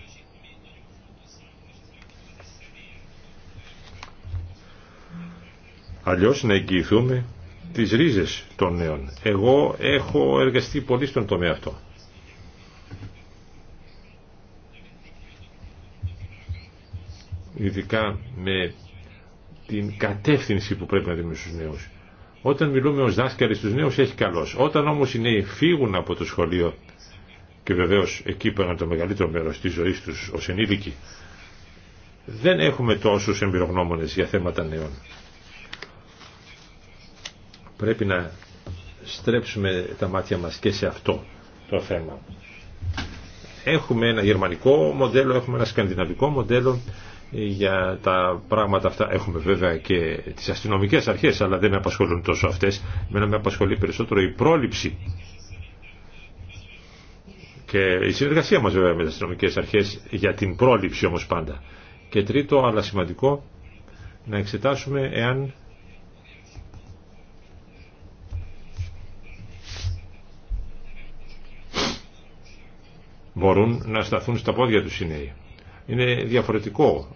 αλλιώς να εγγυηθούμε τις ρίζες των νέων. Εγώ έχω εργαστεί πολύ στον τομέα αυτό. Ειδικά με την κατεύθυνση που πρέπει να δούμε στους νέους. Όταν μιλούμε ως δάσκαλοι στους νέους έχει καλός. Όταν όμως οι νέοι φύγουν από το σχολείο και βεβαίω εκεί πέραν το μεγαλύτερο μέρο τη ζωή του ω ενήλικοι δεν έχουμε τόσους εμπειρογνώμονες για θέματα νέων. Πρέπει να στρέψουμε τα μάτια μας και σε αυτό το θέμα. Έχουμε ένα γερμανικό μοντέλο, έχουμε ένα σκανδιναβικό μοντέλο για τα πράγματα αυτά. Έχουμε βέβαια και τις αστυνομικές αρχές, αλλά δεν με απασχολούν τόσο αυτές. μένα με απασχολεί περισσότερο η πρόληψη και η συνεργασία μας βέβαια με τις αστυνομικές αρχές για την πρόληψη όμως πάντα. Και τρίτο, αλλά σημαντικό, να εξετάσουμε εάν μπορούν να σταθούν στα πόδια τους οι νέοι. Είναι διαφορετικό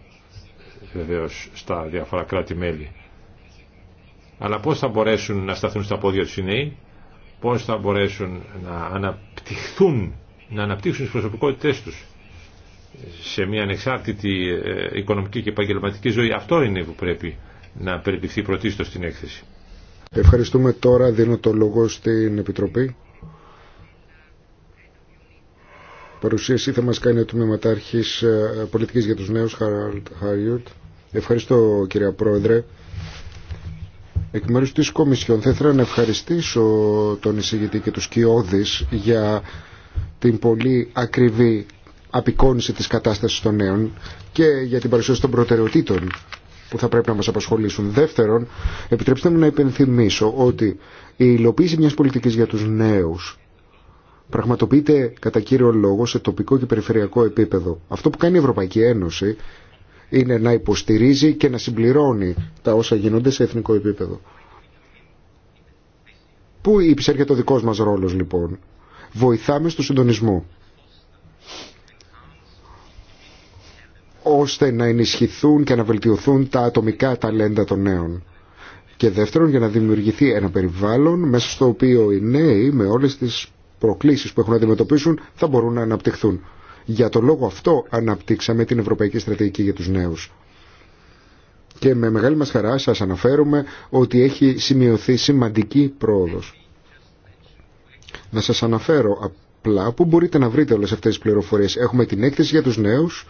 βεβαίως στα διάφορα κράτη-μέλη. Αλλά πώς θα μπορέσουν να σταθούν στα πόδια τους οι νέοι, πώς θα μπορέσουν να αναπτυχθούν να αναπτύξουν τις προσωπικότητές τους σε μια ανεξάρτητη ε, οικονομική και επαγγελματική ζωή. Αυτό είναι που πρέπει να περιληφθεί πρωτίστω στην έκθεση. Ευχαριστούμε τώρα. Δίνω το λόγο στην Επιτροπή. Παρουσίαση θα μας κάνει ο Τμήματάρχης ε, Πολιτικής για τους Νέους, Χαραλτ Χάριουτ. Ευχαριστώ κυρία Πρόεδρε. Εκ μέρους της Κομισιόν θα ήθελα να ευχαριστήσω τον εισηγητή και τους Κιώδης για την πολύ ακριβή απεικόνιση της κατάστασης των νέων και για την παρουσίαση των προτεραιοτήτων που θα πρέπει να μας απασχολήσουν. Δεύτερον, επιτρέψτε μου να υπενθυμίσω ότι η υλοποίηση μιας πολιτικής για τους νέους πραγματοποιείται κατά κύριο λόγο σε τοπικό και περιφερειακό επίπεδο. Αυτό που κάνει η Ευρωπαϊκή Ένωση είναι να υποστηρίζει και να συμπληρώνει τα όσα γίνονται σε εθνικό επίπεδο. Πού υπησέρχεται ο δικός μας ρόλος λοιπόν βοηθάμε στο συντονισμό ώστε να ενισχυθούν και να βελτιωθούν τα ατομικά ταλέντα των νέων. Και δεύτερον, για να δημιουργηθεί ένα περιβάλλον μέσα στο οποίο οι νέοι με όλες τις προκλήσεις που έχουν να αντιμετωπίσουν θα μπορούν να αναπτυχθούν. Για τον λόγο αυτό αναπτύξαμε την Ευρωπαϊκή Στρατηγική για τους Νέους. Και με μεγάλη μας χαρά σας αναφέρουμε ότι έχει σημειωθεί σημαντική πρόοδος. Να σας αναφέρω απλά που μπορείτε να βρείτε όλες αυτές τις πληροφορίες. Έχουμε την έκθεση για τους νέους,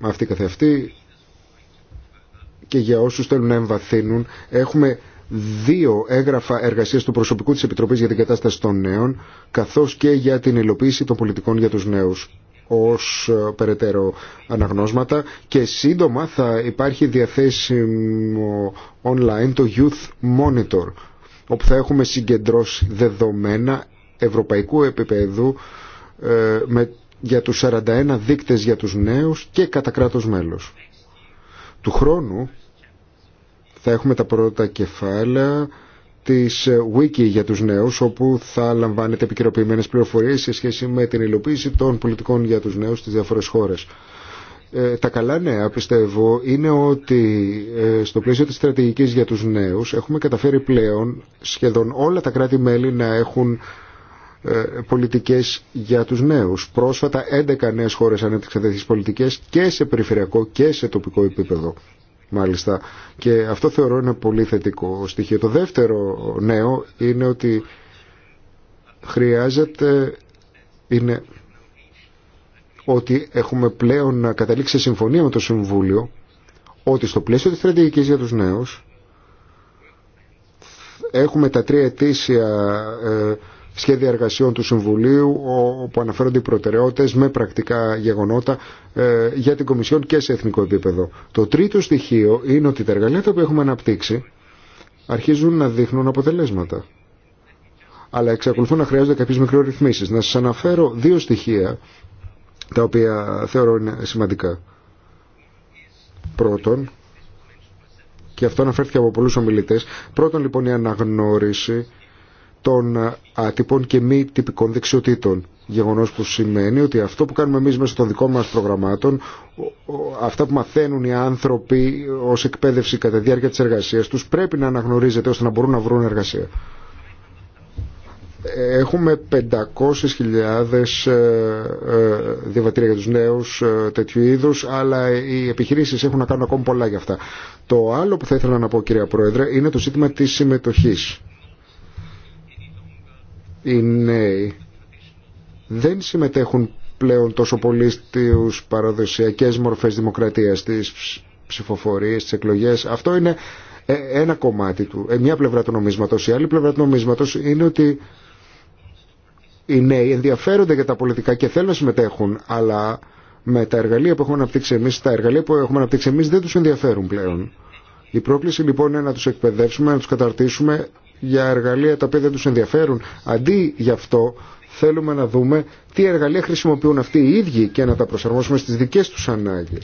αυτή καθεαυτή, και για όσους θέλουν να εμβαθύνουν. Έχουμε δύο έγγραφα εργασίας του προσωπικού της Επιτροπής για την κατάσταση των νέων, καθώς και για την υλοποίηση των πολιτικών για τους νέους ως ε, περαιτέρω αναγνώσματα και σύντομα θα υπάρχει διαθέσιμο online το Youth Monitor όπου θα έχουμε συγκεντρώσει δεδομένα ευρωπαϊκού επίπεδου ε, με, για τους 41 δείκτες για τους νέους και κατά κράτος μέλος. Του χρόνου θα έχουμε τα πρώτα κεφάλαια της ε, Wiki για τους νέους όπου θα λαμβάνετε επικαιροποιημένες πληροφορίες σε σχέση με την υλοποίηση των πολιτικών για τους νέους στις διάφορες χώρες. Ε, τα καλά νέα πιστεύω είναι ότι ε, στο πλαίσιο της στρατηγικής για τους νέους έχουμε καταφέρει πλέον σχεδόν όλα τα κράτη-μέλη να έχουν ε, πολιτικές για τους νέους. Πρόσφατα 11 νέες χώρες ανέπτυξαν τέτοιες πολιτικές και σε περιφερειακό και σε τοπικό επίπεδο. Μάλιστα. Και αυτό θεωρώ είναι πολύ θετικό στοιχείο. Το δεύτερο νέο είναι ότι χρειάζεται είναι ότι έχουμε πλέον καταλήξει σε συμφωνία με το Συμβούλιο ότι στο πλαίσιο της στρατηγικής για τους νέους έχουμε τα τρία ετήσια ε, σχέδια εργασιών του Συμβουλίου όπου αναφέρονται οι προτεραιότητες με πρακτικά γεγονότα ε, για την Κομισιόν και σε εθνικό επίπεδο. Το τρίτο στοιχείο είναι ότι τα εργαλεία που έχουμε αναπτύξει αρχίζουν να δείχνουν αποτελέσματα. Αλλά εξακολουθούν να χρειάζονται κάποιε μικρορυθμίσει. Να σα αναφέρω δύο στοιχεία τα οποία θεωρώ είναι σημαντικά. Πρώτον, και αυτό αναφέρθηκε από πολλούς ομιλητές, πρώτον λοιπόν η αναγνώριση των άτυπων και μη τυπικών δεξιοτήτων. Γεγονός που σημαίνει ότι αυτό που κάνουμε εμείς μέσα των δικών μας προγραμμάτων, αυτά που μαθαίνουν οι άνθρωποι ως εκπαίδευση κατά τη διάρκεια της εργασίας τους, πρέπει να αναγνωρίζεται ώστε να μπορούν να βρουν εργασία. Έχουμε 500.000 ε, ε, διαβατήρια για τους νέους ε, τέτοιου είδους, αλλά οι επιχειρήσεις έχουν να κάνουν ακόμα πολλά για αυτά. Το άλλο που θα ήθελα να πω, κυρία Πρόεδρε, είναι το ζήτημα της συμμετοχής. Οι νέοι δεν συμμετέχουν πλέον τόσο πολύ στις παραδοσιακές μορφές δημοκρατίας, στις ψηφοφορίες, στις εκλογές. Αυτό είναι ένα κομμάτι του, μια πλευρά του νομίσματος. Η άλλη πλευρά του νομίσματος είναι ότι οι νέοι ενδιαφέρονται για τα πολιτικά και θέλουν να συμμετέχουν, αλλά με τα εργαλεία που έχουμε αναπτύξει εμεί, τα εργαλεία που έχουμε αναπτύξει εμεί δεν του ενδιαφέρουν πλέον. Η πρόκληση λοιπόν είναι να του εκπαιδεύσουμε, να του καταρτήσουμε για εργαλεία τα οποία δεν του ενδιαφέρουν. Αντί γι' αυτό, θέλουμε να δούμε τι εργαλεία χρησιμοποιούν αυτοί οι ίδιοι και να τα προσαρμόσουμε στι δικέ του ανάγκε.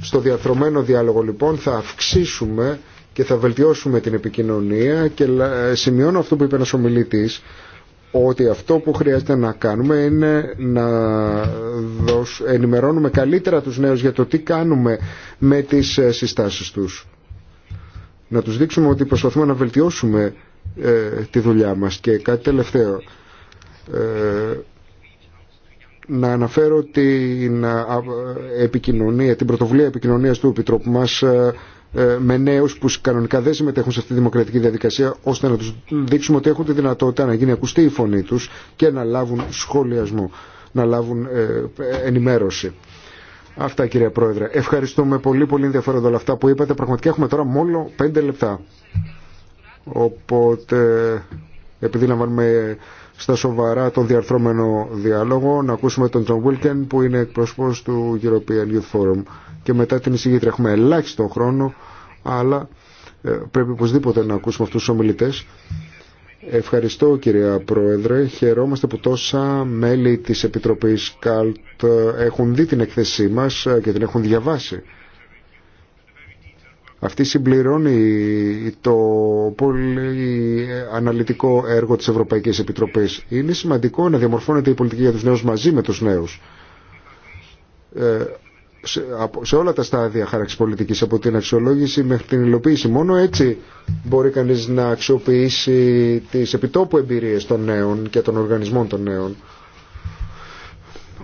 Στο διαθρωμένο διάλογο λοιπόν θα αυξήσουμε και θα βελτιώσουμε την επικοινωνία και ε, σημειώνω αυτό που είπε ένα ομιλητή ότι αυτό που χρειάζεται να κάνουμε είναι να ενημερώνουμε καλύτερα τους νέους για το τι κάνουμε με τις ε, συστάσεις τους. Να τους δείξουμε ότι προσπαθούμε να βελτιώσουμε ε, τη δουλειά μας. Και κάτι τελευταίο. Ε, να αναφέρω την επικοινωνία, την πρωτοβουλία επικοινωνίας του Επιτρόπου μας ε, με νέου που κανονικά δεν συμμετέχουν σε αυτή τη δημοκρατική διαδικασία ώστε να τους δείξουμε ότι έχουν τη δυνατότητα να γίνει ακουστή η φωνή τους και να λάβουν σχολιασμό, να λάβουν ε, ενημέρωση. Αυτά κύριε Πρόεδρε. Ευχαριστούμε πολύ πολύ ενδιαφέροντα όλα αυτά που είπατε. Πραγματικά έχουμε τώρα μόνο πέντε λεπτά. Οπότε επειδή λαμβάνουμε στα σοβαρά τον διαρθρώμενο διάλογο, να ακούσουμε τον Τζον Βίλκεν που είναι εκπρόσωπος του European Youth Forum και μετά την εισηγήτρια έχουμε ελάχιστο χρόνο, αλλά ε, πρέπει οπωσδήποτε να ακούσουμε αυτούς τους ομιλητές. Ευχαριστώ κυρία Πρόεδρε. Χαιρόμαστε που τόσα μέλη της Επιτροπής ΚΑΛΤ έχουν δει την εκθεσή μας ε, και την έχουν διαβάσει. Αυτή συμπληρώνει το πολύ αναλυτικό έργο της Ευρωπαϊκής Επιτροπής. Είναι σημαντικό να διαμορφώνεται η πολιτική για τους νέους μαζί με τους νέους. Ε, σε, όλα τα στάδια χάραξη πολιτικής, από την αξιολόγηση μέχρι την υλοποίηση. Μόνο έτσι μπορεί κανείς να αξιοποιήσει τις επιτόπου εμπειρίες των νέων και των οργανισμών των νέων.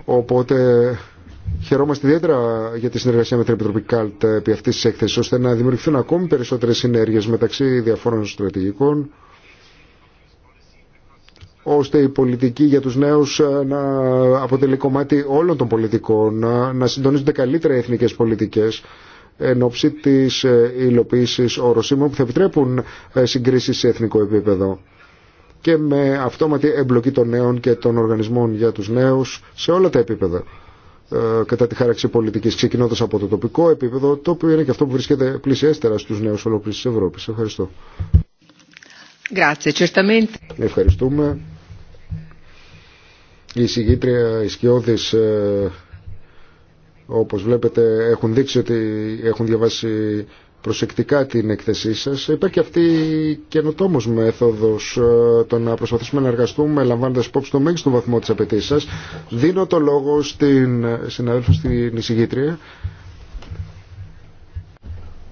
Οπότε Χαιρόμαστε ιδιαίτερα για τη συνεργασία με την Επιτροπή ΚΑΛΤ επί αυτή τη έκθεση, ώστε να δημιουργηθούν ακόμη περισσότερε συνέργειε μεταξύ διαφόρων στρατηγικών, ώστε η πολιτική για του νέου ε, να αποτελεί κομμάτι όλων των πολιτικών, να συντονίζονται καλύτερα οι εθνικέ πολιτικέ εν ώψη τη ε, υλοποίηση οροσύμων που θα επιτρέπουν ε, συγκρίσει σε εθνικό επίπεδο και με αυτόματη εμπλοκή των νέων και των οργανισμών για τους νέους σε όλα τα επίπεδα. Ε, κατά τη χάραξη πολιτική ξεκινώντας από το τοπικό επίπεδο το οποίο είναι και αυτό που βρίσκεται πλησιέστερα στους νέους ολόκληρης της Ευρώπης. Ευχαριστώ. Ευχαριστούμε. Η συγγήτρια, οι ε, όπως βλέπετε, έχουν δείξει ότι έχουν διαβάσει προσεκτικά την έκθεσή σας. Υπάρχει αυτή η μέθοδος ε, το να προσπαθήσουμε να εργαστούμε λαμβάνοντας υπόψη το μέγιστο βαθμό της απαιτής σας. Δίνω το λόγο στην συναδέλφω στην εισηγήτρια.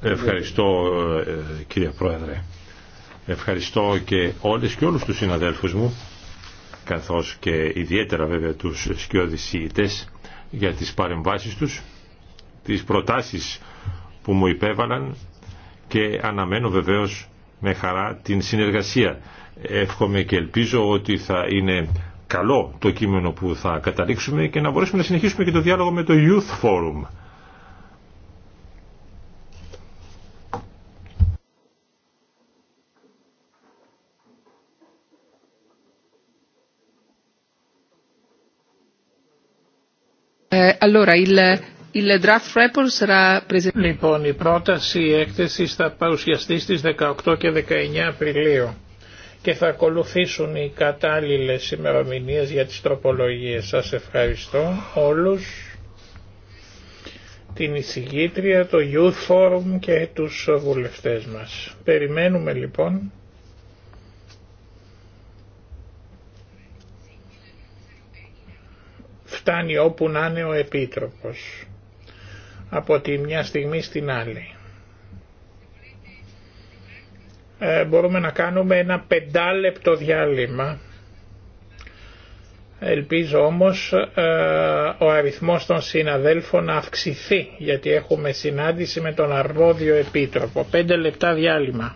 Ευχαριστώ ε, κύριε Πρόεδρε. Ευχαριστώ και όλες και όλους τους συναδέλφους μου καθώς και ιδιαίτερα βέβαια τους σκιοδισίτες για τις παρεμβάσεις τους, τις προτάσεις που μου υπέβαλαν και αναμένω βεβαίως με χαρά την συνεργασία. Εύχομαι και ελπίζω ότι θα είναι καλό το κείμενο που θα καταλήξουμε και να μπορέσουμε να συνεχίσουμε και το διάλογο με το Youth Forum. Eh, allora, il... Λοιπόν, η πρόταση η έκθεση θα παρουσιαστεί στις 18 και 19 Απριλίου και θα ακολουθήσουν οι κατάλληλες ημερομηνίες για τις τροπολογίες. Σας ευχαριστώ όλους, την εισηγήτρια, το Youth Forum και τους βουλευτές μας. Περιμένουμε λοιπόν φτάνει όπου να είναι ο Επίτροπος από τη μια στιγμή στην άλλη. Ε, μπορούμε να κάνουμε ένα πεντάλεπτο διάλειμμα. Ελπίζω όμως ε, ο αριθμός των συναδέλφων να αυξηθεί γιατί έχουμε συνάντηση με τον αρμόδιο επίτροπο. Πέντε λεπτά διάλειμμα.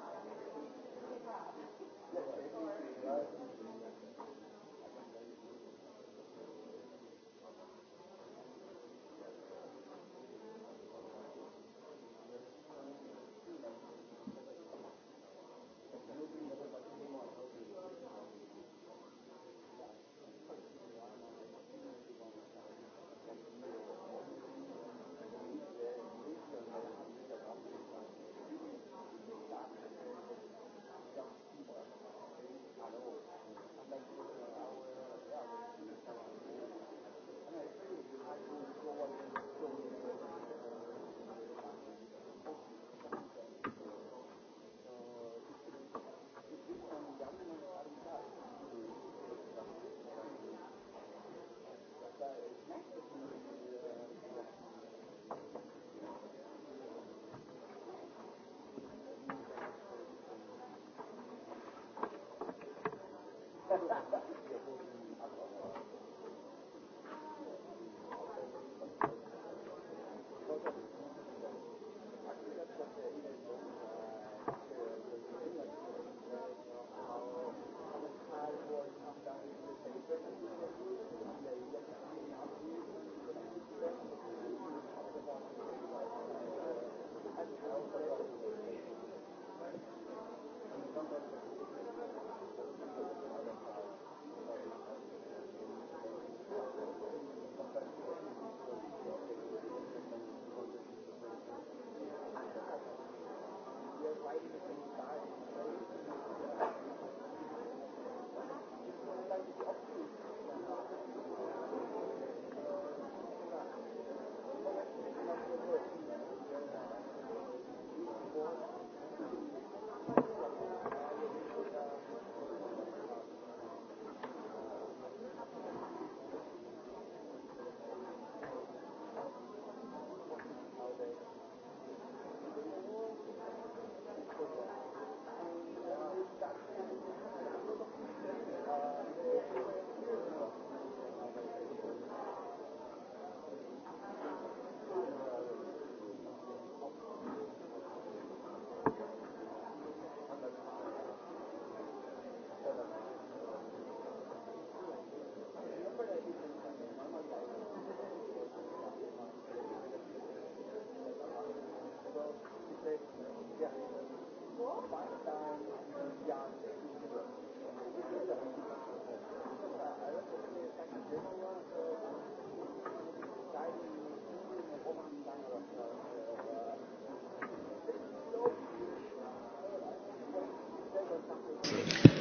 Thank you.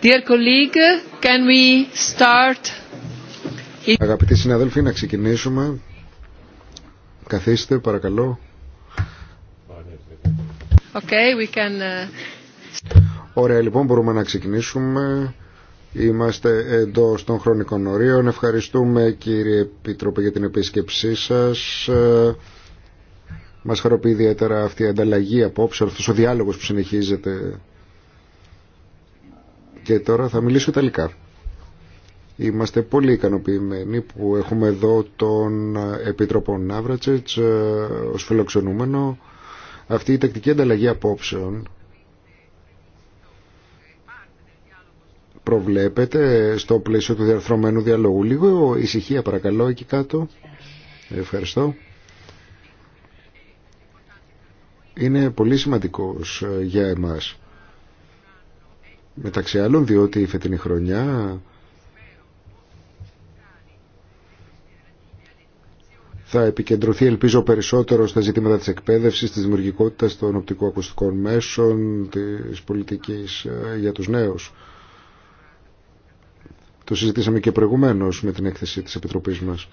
Dear colleague, Αγαπητοί συναδέλφοι, να ξεκινήσουμε. Καθίστε, παρακαλώ. Okay, uh, Ωραία, λοιπόν, μπορούμε να ξεκινήσουμε. Είμαστε εντό των χρονικών ορίων. Ευχαριστούμε, κύριε Επίτροπε, για την επίσκεψή σας. Μας χαροποιεί ιδιαίτερα αυτή η ανταλλαγή απόψε, αυτός ο διάλογος που συνεχίζεται και τώρα θα μιλήσω Ιταλικά. Είμαστε πολύ ικανοποιημένοι που έχουμε εδώ τον Επίτροπο Ναύρατσετς ε, ως φιλοξενούμενο. Αυτή η τακτική ανταλλαγή απόψεων προβλέπεται στο πλαίσιο του διαρθρωμένου διαλόγου. Λίγο ησυχία παρακαλώ εκεί κάτω. Ευχαριστώ. Είναι πολύ σημαντικός ε, για εμάς Μεταξύ άλλων διότι η φετινή χρονιά θα επικεντρωθεί ελπίζω περισσότερο στα ζητήματα της εκπαίδευσης, της δημιουργικότητας των οπτικοακουστικών μέσων, της πολιτικής ε, για τους νέους. Το συζητήσαμε και προηγουμένως με την έκθεση της Επιτροπής μας.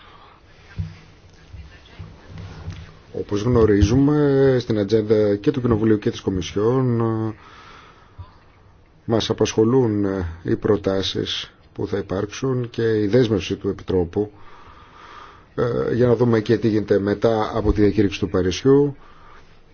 Όπως γνωρίζουμε στην ατζέντα και του Κοινοβουλίου και της Κομισιόν μας απασχολούν ε, οι προτάσεις που θα υπάρξουν και η δέσμευση του Επιτρόπου ε, για να δούμε και τι γίνεται μετά από τη διακήρυξη του Παρισιού.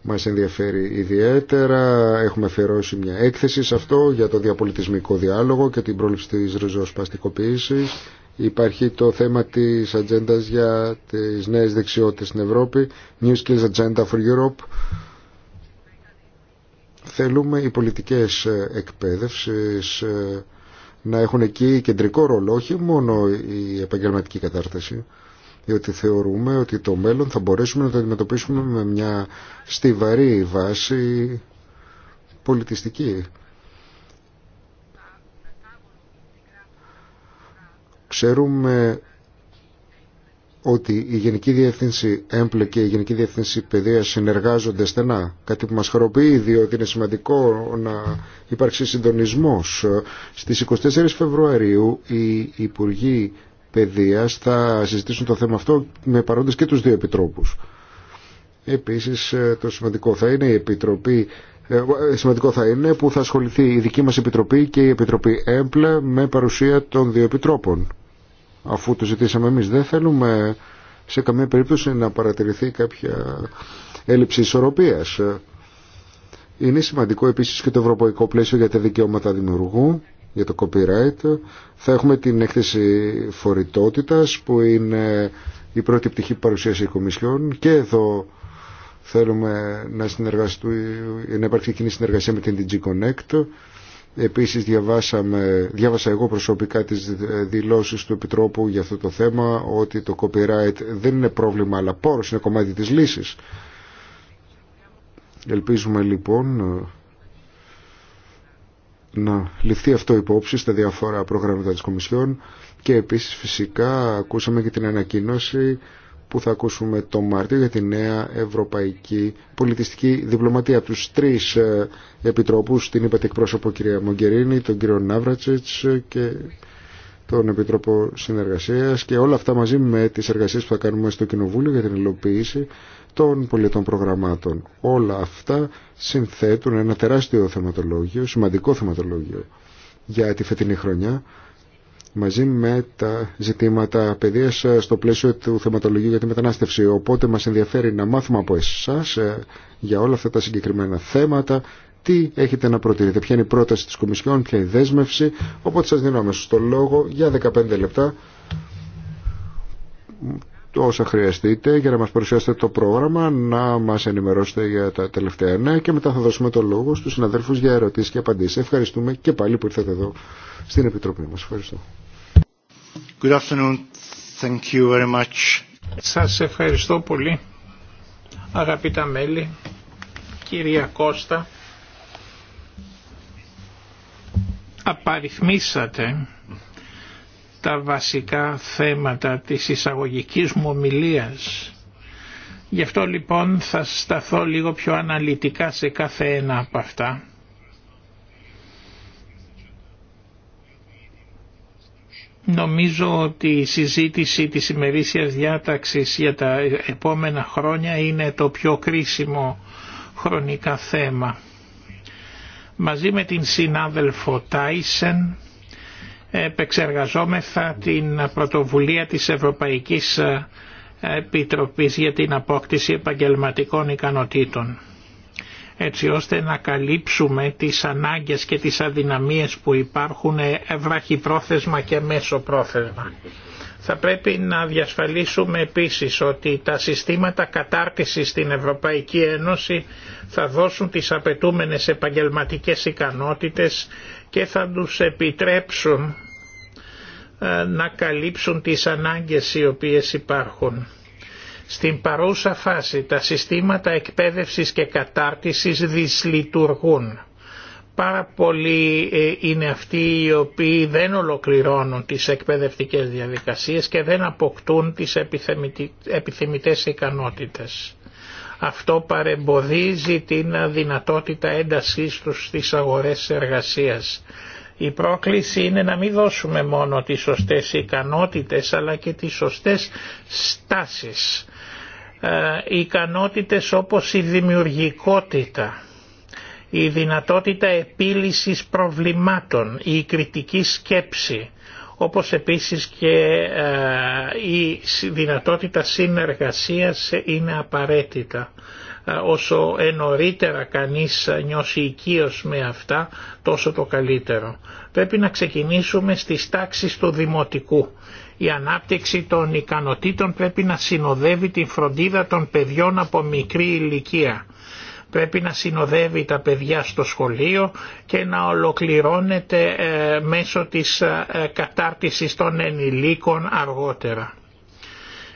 Μας ενδιαφέρει ιδιαίτερα. Έχουμε αφιερώσει μια έκθεση σε αυτό για το διαπολιτισμικό διάλογο και την πρόληψη της ριζοσπαστικοποίησης. Υπάρχει το θέμα της ατζέντα για τις νέες δεξιότητες στην Ευρώπη, New Skills Agenda for Europe, Θέλουμε οι πολιτικές εκπαίδευσης ε, να έχουν εκεί κεντρικό ρόλο, όχι μόνο η επαγγελματική κατάρτιση, διότι θεωρούμε ότι το μέλλον θα μπορέσουμε να το αντιμετωπίσουμε με μια στιβαρή βάση πολιτιστική. Ξέρουμε ότι η Γενική Διεύθυνση ΕΜΠΛΕ και η Γενική Διεύθυνση Παιδεία συνεργάζονται στενά. Κάτι που μα χαροποιεί, διότι είναι σημαντικό να υπάρξει συντονισμό. Στι 24 Φεβρουαρίου οι Υπουργοί Παιδεία θα συζητήσουν το θέμα αυτό με παρόντε και του δύο επιτρόπου. Επίση, το σημαντικό θα είναι η Επιτροπή. Ε, σημαντικό θα είναι που θα ασχοληθεί η δική μας Επιτροπή και η Επιτροπή ΕΜΠΛΕ με παρουσία των δύο επιτρόπων αφού το ζητήσαμε εμείς. Δεν θέλουμε σε καμία περίπτωση να παρατηρηθεί κάποια έλλειψη ισορροπίας. Είναι σημαντικό επίσης και το ευρωπαϊκό πλαίσιο για τα δικαιώματα δημιουργού, για το copyright. Θα έχουμε την έκθεση φορητότητας που είναι η πρώτη πτυχή παρουσίαση παρουσίασε και εδώ θέλουμε να, να υπάρξει κοινή συνεργασία με την DG Connect Επίσης διαβάσαμε, διάβασα εγώ προσωπικά τις δηλώσεις του Επιτρόπου για αυτό το θέμα ότι το copyright δεν είναι πρόβλημα αλλά πόρος είναι κομμάτι της λύσης. Ελπίζουμε λοιπόν να ληφθεί αυτό υπόψη στα διάφορα προγράμματα της Κομισιόν και επίσης φυσικά ακούσαμε και την ανακοίνωση που θα ακούσουμε το Μάρτιο για τη νέα ευρωπαϊκή πολιτιστική διπλωματία. Από τους τρεις ε, επιτρόπους, την είπατε εκπρόσωπο κυρία Μογκερίνη, τον κύριο Ναύρατσιτ και τον Επιτρόπο Συνεργασίας και όλα αυτά μαζί με τις εργασίες που θα κάνουμε στο Κοινοβούλιο για την υλοποίηση των πολιτών προγραμμάτων. Όλα αυτά συνθέτουν ένα τεράστιο θεματολόγιο, σημαντικό θεματολόγιο για τη φετινή χρονιά μαζί με τα ζητήματα παιδείας ε, στο πλαίσιο του θεματολογίου για τη μετανάστευση. Οπότε μας ενδιαφέρει να μάθουμε από εσάς ε, για όλα αυτά τα συγκεκριμένα θέματα, τι έχετε να προτείνετε, ποια είναι η πρόταση της Κομισιόν, ποια η δέσμευση. Οπότε σας δίνω αμέσως το λόγο για 15 λεπτά όσα χρειαστείτε για να μας παρουσιάσετε το πρόγραμμα, να μας ενημερώσετε για τα τελευταία νέα και μετά θα δώσουμε το λόγο στους συναδέλφους για ερωτήσεις και απαντήσεις. Ευχαριστούμε και πάλι που ήρθατε εδώ στην Επιτροπή μας. Ευχαριστώ. Σας ευχαριστώ πολύ. Αγαπητά μέλη, κυρία Κώστα, απαριθμίσατε τα βασικά θέματα της εισαγωγικής μου ομιλίας. Γι' αυτό λοιπόν θα σταθώ λίγο πιο αναλυτικά σε κάθε ένα από αυτά Νομίζω ότι η συζήτηση της ημερήσιας διάταξης για τα επόμενα χρόνια είναι το πιο κρίσιμο χρονικά θέμα. Μαζί με την συνάδελφο Τάισεν επεξεργαζόμεθα την πρωτοβουλία της Ευρωπαϊκής Επιτροπής για την απόκτηση επαγγελματικών ικανοτήτων έτσι ώστε να καλύψουμε τις ανάγκες και τις αδυναμίες που υπάρχουν ε, βραχυπρόθεσμα και μέσο πρόθεσμα. Θα πρέπει να διασφαλίσουμε επίσης ότι τα συστήματα κατάρτισης στην Ευρωπαϊκή Ένωση θα δώσουν τις απαιτούμενες επαγγελματικές ικανότητες και θα τους επιτρέψουν ε, να καλύψουν τις ανάγκες οι οποίες υπάρχουν. Στην παρούσα φάση τα συστήματα εκπαίδευσης και κατάρτισης δυσλειτουργούν. Πάρα πολλοί ε, είναι αυτοί οι οποίοι δεν ολοκληρώνουν τις εκπαιδευτικές διαδικασίες και δεν αποκτούν τις επιθυμητές ικανότητες. Αυτό παρεμποδίζει την δυνατότητα έντασής τους στις αγορές εργασίας. Η πρόκληση είναι να μην δώσουμε μόνο τις σωστές ικανότητες αλλά και τις σωστές στάσεις οι ε, ικανότητες όπως η δημιουργικότητα, η δυνατότητα επίλυσης προβλημάτων, η κριτική σκέψη, όπως επίσης και ε, η δυνατότητα συνεργασίας είναι απαραίτητα. Ε, όσο ενωρίτερα κανείς νιώσει οικείος με αυτά, τόσο το καλύτερο. Πρέπει να ξεκινήσουμε στις τάξεις του δημοτικού η ανάπτυξη των ικανοτήτων πρέπει να συνοδεύει την φροντίδα των παιδιών από μικρή ηλικία. Πρέπει να συνοδεύει τα παιδιά στο σχολείο και να ολοκληρώνεται ε, μέσω της ε, κατάρτισης των ενηλίκων αργότερα.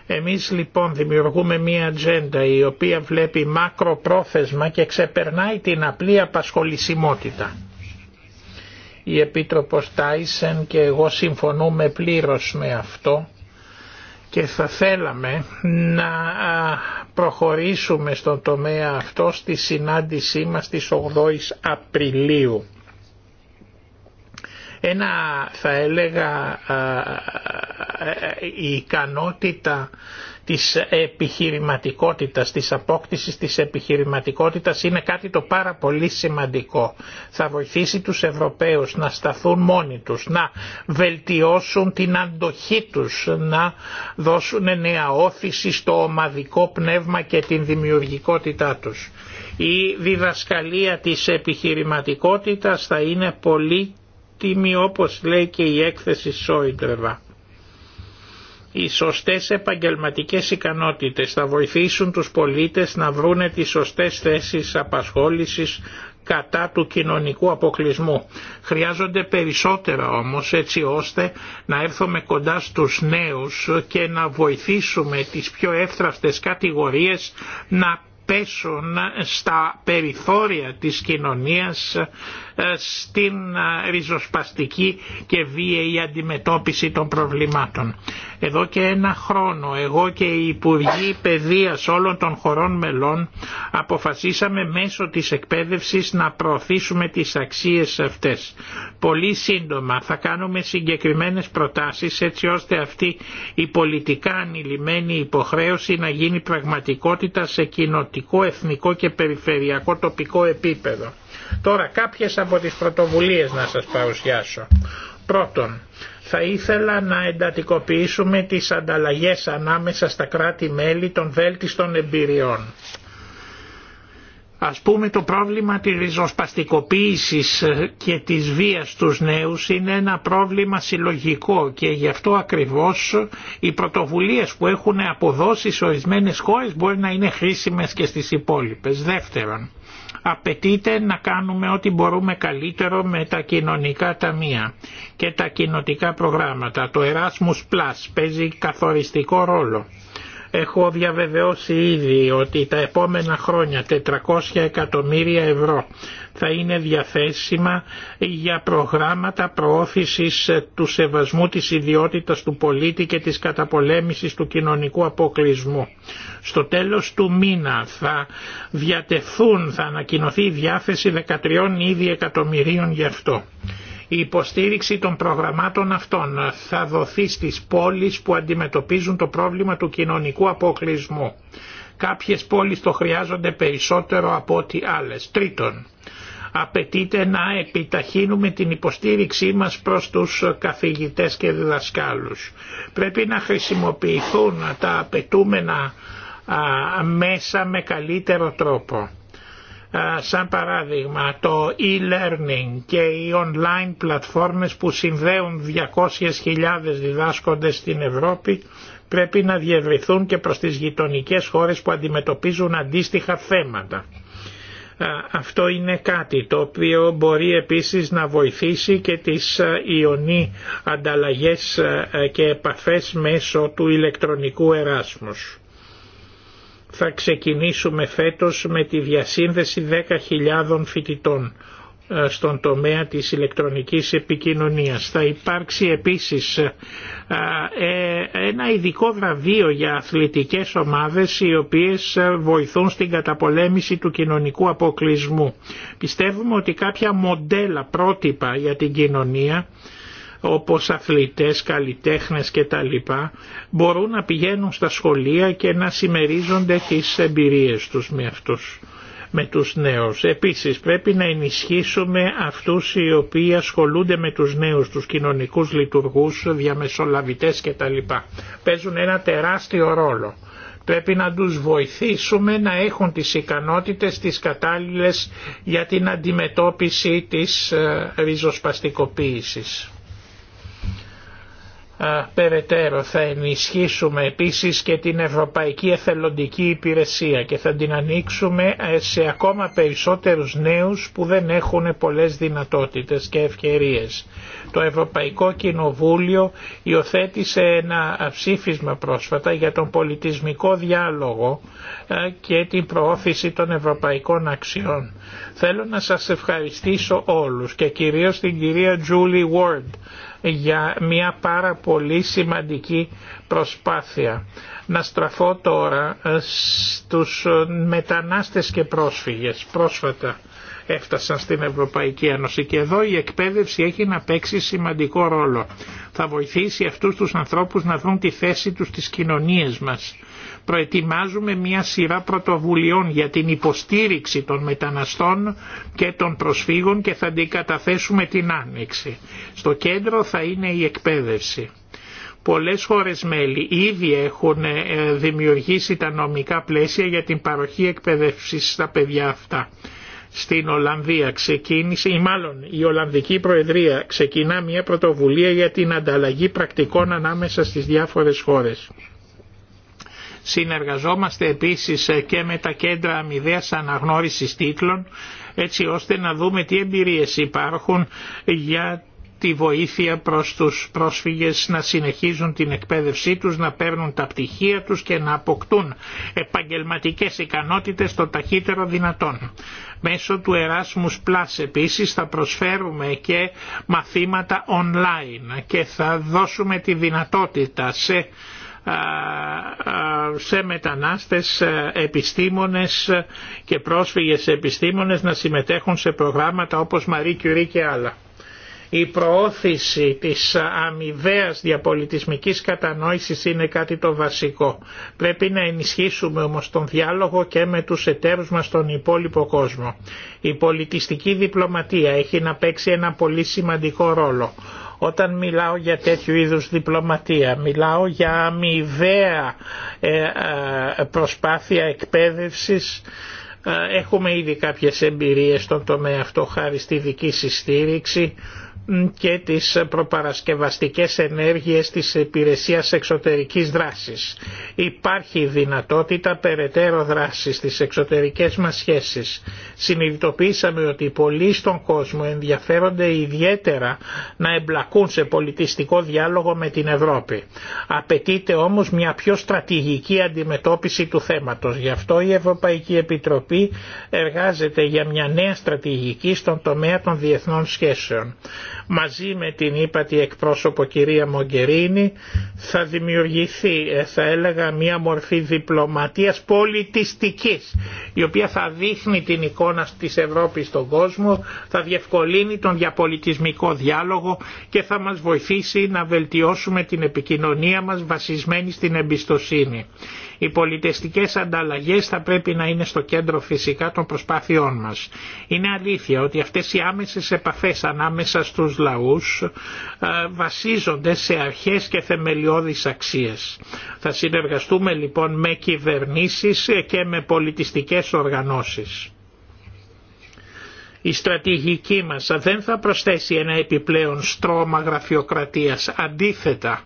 Εμείς λοιπόν δημιουργούμε μία ατζέντα η οποία βλέπει μακροπρόθεσμα και ξεπερνάει την απλή απασχολησιμότητα η Επίτροπος Τάισεν και εγώ συμφωνούμε πλήρως με αυτό και θα θέλαμε να προχωρήσουμε στον τομέα αυτό στη συνάντησή μας της 8ης Απριλίου. Ένα θα έλεγα η ικανότητα της επιχειρηματικότητας, της απόκτησης της επιχειρηματικότητας είναι κάτι το πάρα πολύ σημαντικό. Θα βοηθήσει τους Ευρωπαίους να σταθούν μόνοι τους, να βελτιώσουν την αντοχή τους, να δώσουν νέα όθηση στο ομαδικό πνεύμα και την δημιουργικότητά τους. Η διδασκαλία της επιχειρηματικότητας θα είναι πολύ τιμή, όπως λέει και η έκθεση Σόιντρεβα οι σωστές επαγγελματικές ικανότητες θα βοηθήσουν τους πολίτες να βρούνε τις σωστές θέσεις απασχόλησης κατά του κοινωνικού αποκλεισμού. Χρειάζονται περισσότερα όμως έτσι ώστε να έρθουμε κοντά στους νέους και να βοηθήσουμε τις πιο εύθραυτες κατηγορίες να πέσουν στα περιθώρια της κοινωνίας ε, στην ε, ριζοσπαστική και βίαιη αντιμετώπιση των προβλημάτων. Εδώ και ένα χρόνο εγώ και οι Υπουργοί Παιδείας όλων των χωρών μελών αποφασίσαμε μέσω της εκπαίδευσης να προωθήσουμε τις αξίες αυτές. Πολύ σύντομα θα κάνουμε συγκεκριμένες προτάσεις έτσι ώστε αυτή η πολιτικά ανηλυμένη υποχρέωση να γίνει πραγματικότητα σε κοινοτικό, εθνικό και περιφερειακό τοπικό επίπεδο. Τώρα κάποιες από τις πρωτοβουλίες να σας παρουσιάσω. Πρώτον, θα ήθελα να εντατικοποιήσουμε τις ανταλλαγές ανάμεσα στα κράτη-μέλη των βέλτιστων εμπειριών. Ας πούμε το πρόβλημα της ριζοσπαστικοποίησης και της βίας στους νέους είναι ένα πρόβλημα συλλογικό και γι' αυτό ακριβώς οι πρωτοβουλίες που έχουν αποδώσει σε ορισμένες χώρες μπορεί να είναι χρήσιμες και στις υπόλοιπες. Δεύτερον, απαιτείται να κάνουμε ό,τι μπορούμε καλύτερο με τα κοινωνικά ταμεία και τα κοινοτικά προγράμματα. Το Erasmus Plus παίζει καθοριστικό ρόλο. Έχω διαβεβαιώσει ήδη ότι τα επόμενα χρόνια 400 εκατομμύρια ευρώ θα είναι διαθέσιμα για προγράμματα προώθησης του σεβασμού της ιδιότητας του πολίτη και της καταπολέμησης του κοινωνικού αποκλεισμού. Στο τέλος του μήνα θα διατεθούν, θα ανακοινωθεί η διάθεση 13 ήδη εκατομμυρίων γι' αυτό. Η υποστήριξη των προγραμμάτων αυτών θα δοθεί στις πόλεις που αντιμετωπίζουν το πρόβλημα του κοινωνικού αποκλεισμού. Κάποιες πόλεις το χρειάζονται περισσότερο από ό,τι άλλες. Τρίτον, απαιτείται να επιταχύνουμε την υποστήριξή μας προς τους καθηγητές και διδασκάλους. Πρέπει να χρησιμοποιηθούν τα απαιτούμενα μέσα με καλύτερο τρόπο. Σαν παράδειγμα το e-learning και οι online πλατφόρμες που συνδέουν 200.000 διδάσκοντες στην Ευρώπη πρέπει να διευρυθούν και προς τις γειτονικές χώρες που αντιμετωπίζουν αντίστοιχα θέματα. Αυτό είναι κάτι το οποίο μπορεί επίσης να βοηθήσει και τις ιονή ανταλλαγές και επαφές μέσω του ηλεκτρονικού εράσμους. Θα ξεκινήσουμε φέτος με τη διασύνδεση 10.000 φοιτητών ε, στον τομέα της ηλεκτρονικής επικοινωνίας. Θα υπάρξει επίσης ε, ε, ένα ειδικό βραβείο για αθλητικές ομάδες οι οποίες βοηθούν στην καταπολέμηση του κοινωνικού αποκλεισμού. Πιστεύουμε ότι κάποια μοντέλα πρότυπα για την κοινωνία όπως αθλητές, καλλιτέχνες κτλ. μπορούν να πηγαίνουν στα σχολεία και να συμμερίζονται τις εμπειρίες τους με αυτούς με τους νέους. Επίσης πρέπει να ενισχύσουμε αυτούς οι οποίοι ασχολούνται με τους νέους, τους κοινωνικούς λειτουργούς, διαμεσολαβητές κτλ. Παίζουν ένα τεράστιο ρόλο. Πρέπει να τους βοηθήσουμε να έχουν τις ικανότητες τις κατάλληλες για την αντιμετώπιση της ε, ριζοσπαστικοποίησης περαιτέρω θα ενισχύσουμε επίσης και την Ευρωπαϊκή Εθελοντική Υπηρεσία και θα την ανοίξουμε ε, σε ακόμα περισσότερους νέους που δεν έχουν πολλές δυνατότητες και ευκαιρίες. Το Ευρωπαϊκό Κοινοβούλιο υιοθέτησε ένα ψήφισμα πρόσφατα για τον πολιτισμικό διάλογο ε, και την προώθηση των ευρωπαϊκών αξιών. Θέλω να σας ευχαριστήσω όλους και κυρίως την κυρία Julie Ward για μια πάρα πολύ σημαντική προσπάθεια. Να στραφώ τώρα ε, στους μετανάστες και πρόσφυγες. Πρόσφατα έφτασαν στην Ευρωπαϊκή Ένωση και εδώ η εκπαίδευση έχει να παίξει σημαντικό ρόλο. Θα βοηθήσει αυτούς τους ανθρώπους να δουν τη θέση τους στις κοινωνίες μας προετοιμάζουμε μια σειρά πρωτοβουλειών για την υποστήριξη των μεταναστών και των προσφύγων και θα την την άνοιξη. Στο κέντρο θα είναι η εκπαίδευση. Πολλές χώρες μέλη ήδη έχουν ε, δημιουργήσει τα νομικά πλαίσια για την παροχή εκπαίδευσης στα παιδιά αυτά. Στην Ολλανδία ξεκίνησε, ή μάλλον η Ολλανδική Προεδρία ξεκινά μια πρωτοβουλία για την ανταλλαγή πρακτικών ανάμεσα στις διάφορες χώρες. Συνεργαζόμαστε επίσης ε, και με τα κέντρα αμοιβαίας αναγνώρισης τίτλων έτσι ώστε να δούμε τι εμπειρίες υπάρχουν για τη βοήθεια προς τους πρόσφυγες να συνεχίζουν την εκπαίδευσή τους, να παίρνουν τα πτυχία τους και να αποκτούν επαγγελματικές ικανότητες το ταχύτερο δυνατόν. Μέσω του Erasmus Plus επίσης θα προσφέρουμε και μαθήματα online και θα δώσουμε τη δυνατότητα σε σε μετανάστες ε, επιστήμονες και πρόσφυγες επιστήμονες να συμμετέχουν σε προγράμματα όπως Μαρή Κιουρί και άλλα. Η προώθηση της αμοιβαίας διαπολιτισμικής κατανόησης είναι κάτι το βασικό. Πρέπει να ενισχύσουμε όμως τον διάλογο και με τους εταίρους μας στον υπόλοιπο κόσμο. Η πολιτιστική διπλωματία έχει να παίξει ένα πολύ σημαντικό ρόλο. Όταν μιλάω για τέτοιου είδους διπλωματία, μιλάω για αμοιβαία ε, ε, προσπάθεια εκπαίδευσης. Ε, έχουμε ήδη κάποιες εμπειρίες στον τομέα αυτό χάρη στη δική συστήριξη και τις προπαρασκευαστικές ενέργειες της υπηρεσίας εξωτερικής δράσης. Υπάρχει δυνατότητα περαιτέρω δράσης στις εξωτερικές μας σχέσεις. Συνειδητοποίησαμε ότι πολλοί στον κόσμο ενδιαφέρονται ιδιαίτερα να εμπλακούν σε πολιτιστικό διάλογο με την Ευρώπη. Απαιτείται όμως μια πιο στρατηγική αντιμετώπιση του θέματος. Γι' αυτό η Ευρωπαϊκή Επιτροπή εργάζεται για μια νέα στρατηγική στον τομέα των διεθνών σχέσεων μαζί με την ύπατη εκπρόσωπο κυρία Μογκερίνη θα δημιουργηθεί ε, θα έλεγα μια μορφή διπλωματίας πολιτιστικής η οποία θα δείχνει την εικόνα της Ευρώπης στον κόσμο, θα διευκολύνει τον διαπολιτισμικό διάλογο και θα μας βοηθήσει να βελτιώσουμε την επικοινωνία μας βασισμένη στην εμπιστοσύνη. Οι πολιτιστικές ανταλλαγές θα πρέπει να είναι στο κέντρο φυσικά των προσπάθειών μας. Είναι αλήθεια ότι αυτές οι άμεσες επαφές ανάμεσα στους λαούς ε, βασίζονται σε αρχές και θεμελιώδεις αξίες. Θα συνεργαστούμε λοιπόν με κυβερνήσεις ε, και με πολιτιστικές οργανώσεις. Η στρατηγική μας δεν θα προσθέσει ένα επιπλέον στρώμα γραφειοκρατίας. Αντίθετα,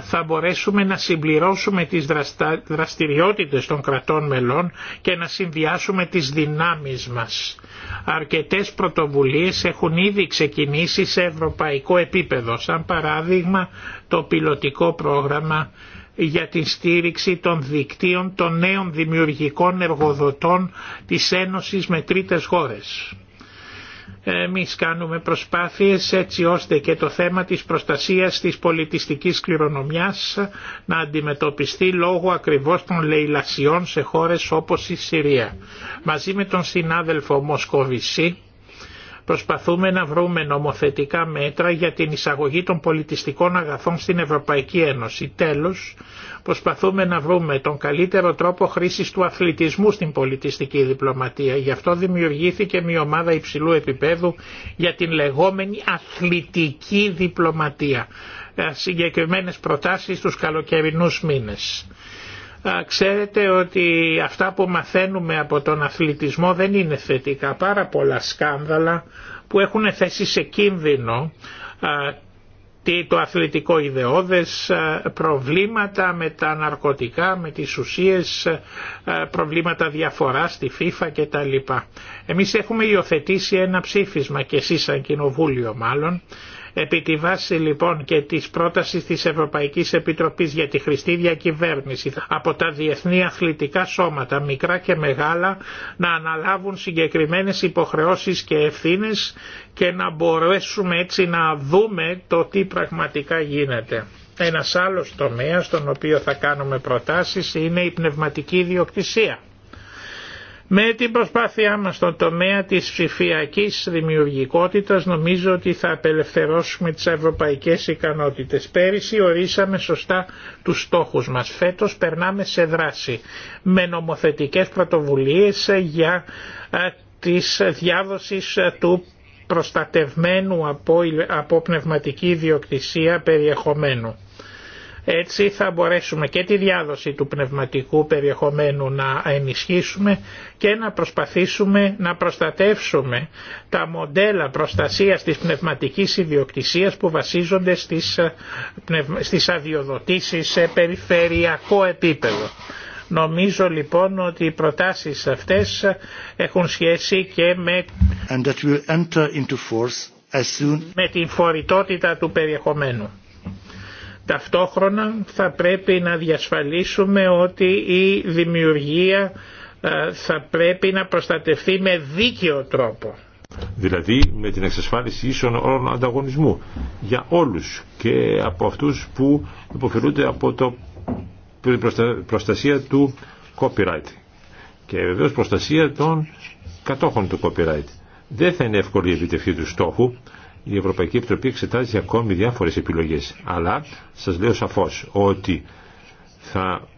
θα μπορέσουμε να συμπληρώσουμε τις δραστηριότητες των κρατών μελών και να συνδυάσουμε τις δυνάμεις μας. Αρκετές πρωτοβουλίες έχουν ήδη ξεκινήσει σε ευρωπαϊκό επίπεδο, σαν παράδειγμα το πιλωτικό πρόγραμμα για τη στήριξη των δικτύων των νέων δημιουργικών εργοδοτών της Ένωσης με τρίτες χώρες. Εμείς κάνουμε προσπάθειες έτσι ώστε και το θέμα της προστασίας της πολιτιστικής κληρονομιάς να αντιμετωπιστεί λόγω ακριβώς των λαιλασιών σε χώρες όπως η Συρία. Μαζί με τον συνάδελφο Μοσκοβισή Προσπαθούμε να βρούμε νομοθετικά μέτρα για την εισαγωγή των πολιτιστικών αγαθών στην Ευρωπαϊκή Ένωση. Τέλος, προσπαθούμε να βρούμε τον καλύτερο τρόπο χρήσης του αθλητισμού στην πολιτιστική διπλωματία. Γι' αυτό δημιουργήθηκε μια ομάδα υψηλού επίπεδου για την λεγόμενη αθλητική διπλωματία ε, συγκεκριμένες προτάσεις τους καλοκαιρινούς μήνες. Ξέρετε ότι αυτά που μαθαίνουμε από τον αθλητισμό δεν είναι θετικά. Πάρα πολλά σκάνδαλα που έχουν θέσει σε κίνδυνο το αθλητικό ιδεώδες, προβλήματα με τα ναρκωτικά, με τις ουσίες, προβλήματα διαφορά στη FIFA κτλ. Εμείς έχουμε υιοθετήσει ένα ψήφισμα και εσείς σαν κοινοβούλιο μάλλον Επί τη βάση λοιπόν και της πρότασης της Ευρωπαϊκής Επιτροπής για τη χρηστή διακυβέρνηση από τα διεθνή αθλητικά σώματα μικρά και μεγάλα να αναλάβουν συγκεκριμένες υποχρεώσεις και ευθύνες και να μπορέσουμε έτσι να δούμε το τι πραγματικά γίνεται. Ένας άλλος τομέας στον οποίο θα κάνουμε προτάσεις είναι η πνευματική ιδιοκτησία με την προσπάθειά μας στον τομέα της ψηφιακή δημιουργικότητας νομίζω ότι θα απελευθερώσουμε τις ευρωπαϊκές ικανότητες. Πέρυσι ορίσαμε σωστά τους στόχους μας. Φέτος περνάμε σε δράση με νομοθετικές πρωτοβουλίες για ε, τις διάδοσης ε, του προστατευμένου από, από πνευματική ιδιοκτησία περιεχομένου. Έτσι θα μπορέσουμε και τη διάδοση του πνευματικού περιεχομένου να ενισχύσουμε και να προσπαθήσουμε να προστατεύσουμε τα μοντέλα προστασίας της πνευματικής ιδιοκτησίας που βασίζονται στις, ε, στις αδειοδοτήσεις σε περιφερειακό επίπεδο. Νομίζω λοιπόν ότι οι προτάσεις αυτές έχουν σχέση και με, με την φορητότητα του περιεχομένου. Ταυτόχρονα θα πρέπει να διασφαλίσουμε ότι η δημιουργία ε, θα πρέπει να προστατευτεί με δίκαιο τρόπο. Δηλαδή με την εξασφάλιση ίσων όρων ανταγωνισμού για όλους και από αυτούς που υποφελούνται από το προστασία του copyright και βεβαίως προστασία των κατόχων του copyright. Δεν θα είναι εύκολη η επιτευχή του στόχου η Ευρωπαϊκή Επιτροπή εξετάζει ακόμη διάφορες επιλογές. Αλλά σας λέω σαφώς ότι θα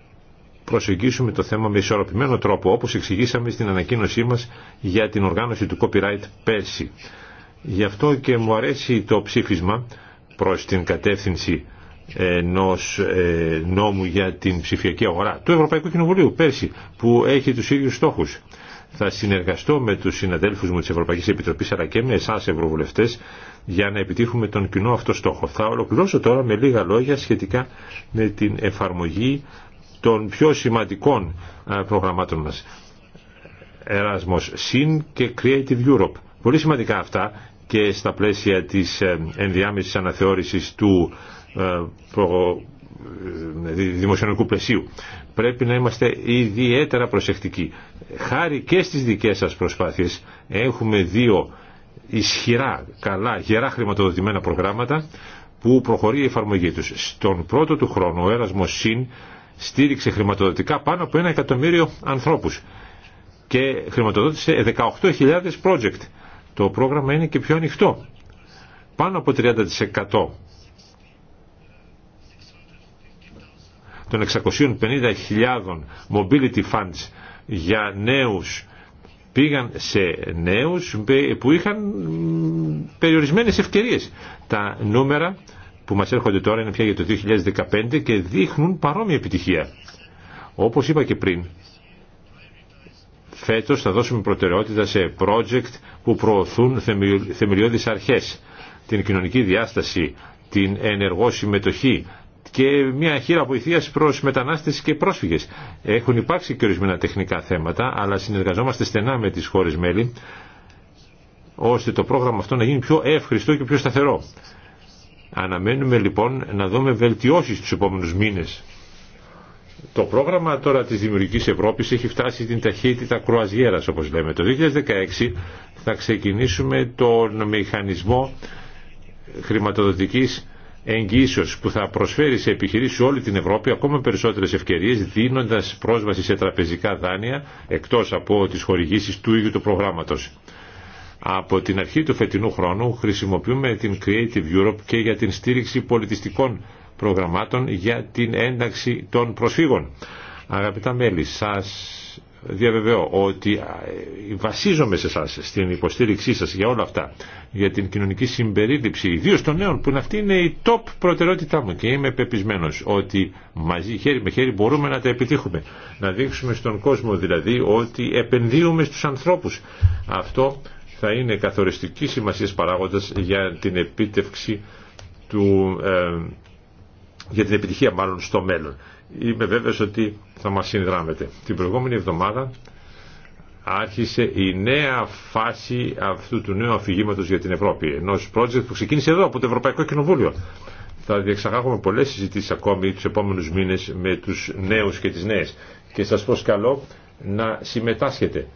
προσεγγίσουμε το θέμα με ισορροπημένο τρόπο, όπως εξηγήσαμε στην ανακοίνωσή μας για την οργάνωση του copyright πέρσι. Γι' αυτό και μου αρέσει το ψήφισμα προς την κατεύθυνση ενός ε, νόμου για την ψηφιακή αγορά του Ευρωπαϊκού Κοινοβουλίου πέρσι, που έχει τους ίδιους στόχους. Θα συνεργαστώ με τους συναδέλφους μου της Ευρωπαϊκής Επιτροπής αλλά και με εσά Ευρωβουλευτές για να επιτύχουμε τον κοινό αυτό στόχο. Θα ολοκληρώσω τώρα με λίγα λόγια σχετικά με την εφαρμογή των πιο σημαντικών προγραμμάτων μας. Erasmus, SIN και Creative Europe. Πολύ σημαντικά αυτά και στα πλαίσια της ε, ενδιάμεσης αναθεώρησης του ε, ε, δημοσιονομικού πλαισίου. Πρέπει να είμαστε ιδιαίτερα προσεκτικοί. Χάρη και στις δικές σας προσπάθειες έχουμε δύο ισχυρά, καλά, γερά χρηματοδοτημένα προγράμματα που προχωρεί η εφαρμογή τους. Στον πρώτο του χρόνο ο Έρασμο ΣΥΝ στήριξε χρηματοδοτικά πάνω από ένα εκατομμύριο ανθρώπους και χρηματοδότησε 18.000 project. Το πρόγραμμα είναι και πιο ανοιχτό. Πάνω από 30% των 650.000 mobility funds για νέους πήγαν σε νέους που είχαν περιορισμένες ευκαιρίες. Τα νούμερα που μας έρχονται τώρα είναι πια για το 2015 και δείχνουν παρόμοια επιτυχία. Όπως είπα και πριν, φέτος θα δώσουμε προτεραιότητα σε project που προωθούν θεμελιώδεις αρχές, την κοινωνική διάσταση, την ενεργό συμμετοχή, και μια χείρα βοηθεία προ μετανάστε και πρόσφυγε. Έχουν υπάρξει και ορισμένα τεχνικά θέματα, αλλά συνεργαζόμαστε στενά με τι χώρε μέλη, ώστε το πρόγραμμα αυτό να γίνει πιο εύχριστο και πιο σταθερό. Αναμένουμε λοιπόν να δούμε βελτιώσει του επόμενου μήνε. Το πρόγραμμα τώρα της Δημιουργικής Ευρώπης έχει φτάσει στην ταχύτητα κρουαζιέρας όπως λέμε. Το 2016 θα ξεκινήσουμε τον μηχανισμό χρηματοδοτικής εγγύσεω που θα προσφέρει σε επιχειρήσεις όλη την Ευρώπη ακόμα περισσότερες ευκαιρίες δίνοντας πρόσβαση σε τραπεζικά δάνεια εκτός από τι χορηγήσει του ίδιου του προγράμματος. Από την αρχή του φετινού χρόνου χρησιμοποιούμε την Creative Europe και για την στήριξη πολιτιστικών προγραμμάτων για την ένταξη των προσφύγων. Αγαπητά μέλη, σας διαβεβαιώ ότι ε, βασίζομαι σε εσά στην υποστήριξή σας για όλα αυτά, για την κοινωνική συμπερίληψη, ιδίως των νέων, που αυτή είναι η top προτεραιότητά μου και είμαι πεπισμένος ότι μαζί χέρι με χέρι μπορούμε να τα επιτύχουμε. Να δείξουμε στον κόσμο δηλαδή ότι επενδύουμε στους ανθρώπους. Αυτό θα είναι καθοριστική σημασία παράγοντας για την επίτευξη του, ε, για την επιτυχία μάλλον στο μέλλον είμαι βέβαιος ότι θα μας συνδράμετε. Την προηγούμενη εβδομάδα άρχισε η νέα φάση αυτού του νέου αφηγήματο για την Ευρώπη. Ενό project που ξεκίνησε εδώ από το Ευρωπαϊκό Κοινοβούλιο. Θα διεξαγάγουμε πολλέ συζητήσει ακόμη του επόμενου μήνε με του νέου και τι νέε. Και σα προσκαλώ να συμμετάσχετε.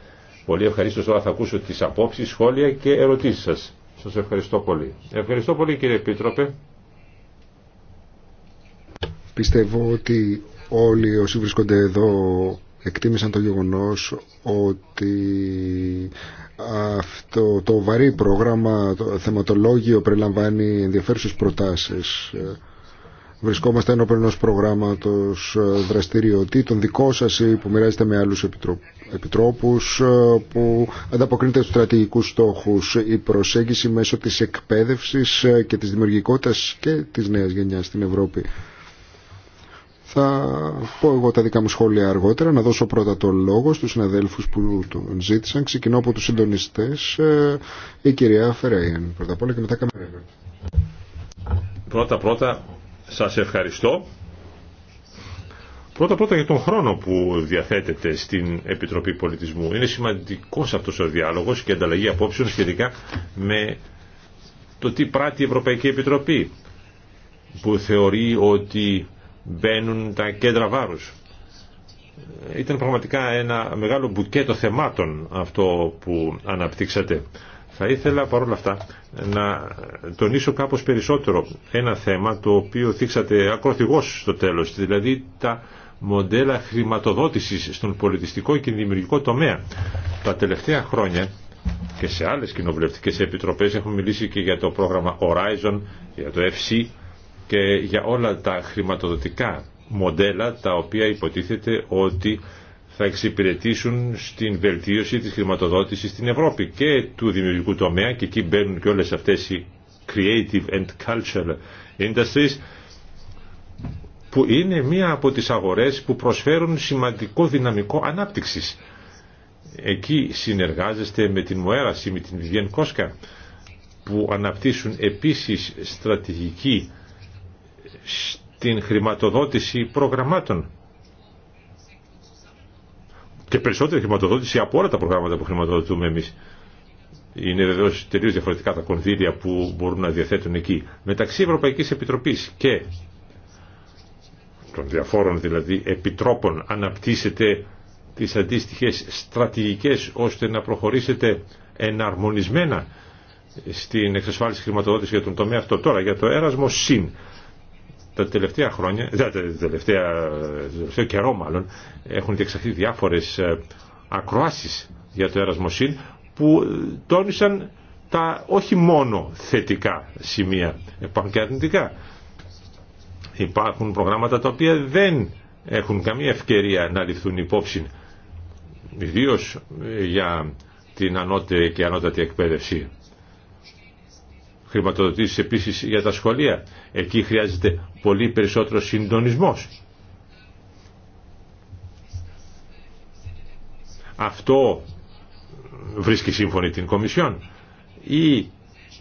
Πολύ ευχαρίστω τώρα θα ακούσω τι απόψει, σχόλια και ερωτήσει σα. Σα ευχαριστώ πολύ. Ευχαριστώ πολύ κύριε Επίτροπε. Πιστεύω ότι όλοι όσοι βρίσκονται εδώ εκτίμησαν το γεγονός ότι αυτό το βαρύ πρόγραμμα, το θεματολόγιο περιλαμβάνει ενδιαφέρουσες προτάσεις. Βρισκόμαστε ενώπιν ενός προγράμματος δραστηριοτήτων δικό σας που μοιράζεται με άλλους επιτρόπους που ανταποκρίνεται στους στρατηγικούς στόχους η προσέγγιση μέσω της εκπαίδευσης και της δημιουργικότητας και της νέας γενιάς στην Ευρώπη. Θα πω εγώ τα δικά μου σχόλια αργότερα, να δώσω πρώτα το λόγο στους συναδέλφους που τον ζήτησαν. Ξεκινώ από τους συντονιστές, ε, η κυρία Φεραίεν πρώτα απ' όλα και μετά Καμερέβερτ. Πρώτα πρώτα σας ευχαριστώ. Πρώτα πρώτα για τον χρόνο που διαθέτεται στην Επιτροπή Πολιτισμού. Είναι σημαντικός αυτός ο διάλογος και ανταλλαγή απόψεων σχετικά με το τι πράττει η Ευρωπαϊκή Επιτροπή που θεωρεί ότι μπαίνουν τα κέντρα βάρους. Ήταν πραγματικά ένα μεγάλο μπουκέτο θεμάτων αυτό που αναπτύξατε. Θα ήθελα παρόλα αυτά να τονίσω κάπως περισσότερο ένα θέμα το οποίο θίξατε ακροθυγώς στο τέλος, δηλαδή τα μοντέλα χρηματοδότησης στον πολιτιστικό και δημιουργικό τομέα. Τα τελευταία χρόνια και σε άλλες κοινοβουλευτικές επιτροπές έχουμε μιλήσει και για το πρόγραμμα Horizon, για το FC και για όλα τα χρηματοδοτικά μοντέλα τα οποία υποτίθεται ότι θα εξυπηρετήσουν στην βελτίωση της χρηματοδότησης στην Ευρώπη και του δημιουργικού τομέα και εκεί μπαίνουν και όλες αυτές οι creative and cultural industries που είναι μία από τις αγορές που προσφέρουν σημαντικό δυναμικό ανάπτυξης. Εκεί συνεργάζεστε με την Μοέραση, με την Βιγέν Κόσκα που αναπτύσσουν επίσης στρατηγική στην χρηματοδότηση προγραμμάτων και περισσότερη χρηματοδότηση από όλα τα προγράμματα που χρηματοδοτούμε εμείς. Είναι βεβαίω τελείω διαφορετικά τα κονδύλια που μπορούν να διαθέτουν εκεί. Μεταξύ Ευρωπαϊκής Επιτροπής και των διαφόρων δηλαδή επιτρόπων αναπτύσσεται τις αντίστοιχες στρατηγικές ώστε να προχωρήσετε εναρμονισμένα στην εξασφάλιση χρηματοδότηση για τον τομέα αυτό. Τώρα για το έρασμο συν. Τα τελευταία χρόνια, τα τελευταία, καιρό μάλλον, έχουν διεξαχθεί διάφορες ε, ακροάσεις για το Ερασμοσύν που ε, τόνισαν τα όχι μόνο θετικά σημεία, υπάρχουν και αρνητικά. Υπάρχουν προγράμματα τα οποία δεν έχουν καμία ευκαιρία να ληφθούν υπόψη, ιδίω ε, για την ανώτερη και ανώτατη εκπαίδευση. Χρηματοδοτήσεις επίσης για τα σχολεία. Εκεί χρειάζεται πολύ περισσότερο συντονισμός. Αυτό βρίσκει σύμφωνη την Κομισιόν ή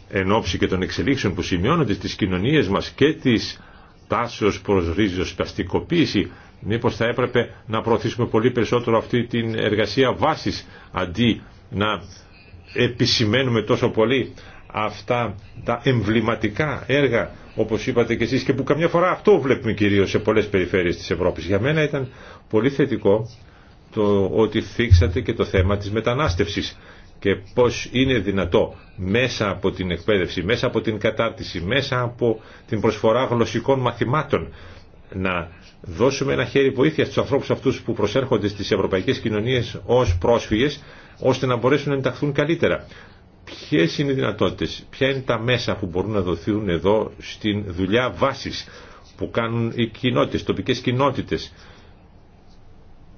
εν ώψη και των εξελίξεων που σημειώνονται στις κοινωνίες μας και της τάσεως προς ρίζος παστικοποίηση μήπως θα έπρεπε να προωθήσουμε πολύ περισσότερο αυτή την εργασία βάσης αντί να επισημαίνουμε τόσο πολύ αυτά τα εμβληματικά έργα όπως είπατε και εσείς και που καμιά φορά αυτό βλέπουμε κυρίως σε πολλές περιφέρειες της Ευρώπης. Για μένα ήταν πολύ θετικό το ότι θίξατε και το θέμα της μετανάστευσης και πώς είναι δυνατό μέσα από την εκπαίδευση, μέσα από την κατάρτιση, μέσα από την προσφορά γλωσσικών μαθημάτων να δώσουμε ένα χέρι βοήθεια στους ανθρώπους αυτούς που προσέρχονται στις ευρωπαϊκές κοινωνίες ως πρόσφυγες ώστε να μπορέσουν να ενταχθούν καλύτερα ποιες είναι οι δυνατότητες, ποια είναι τα μέσα που μπορούν να δοθούν εδώ στην δουλειά βάσης που κάνουν οι κοινότητες, τοπικές κοινότητες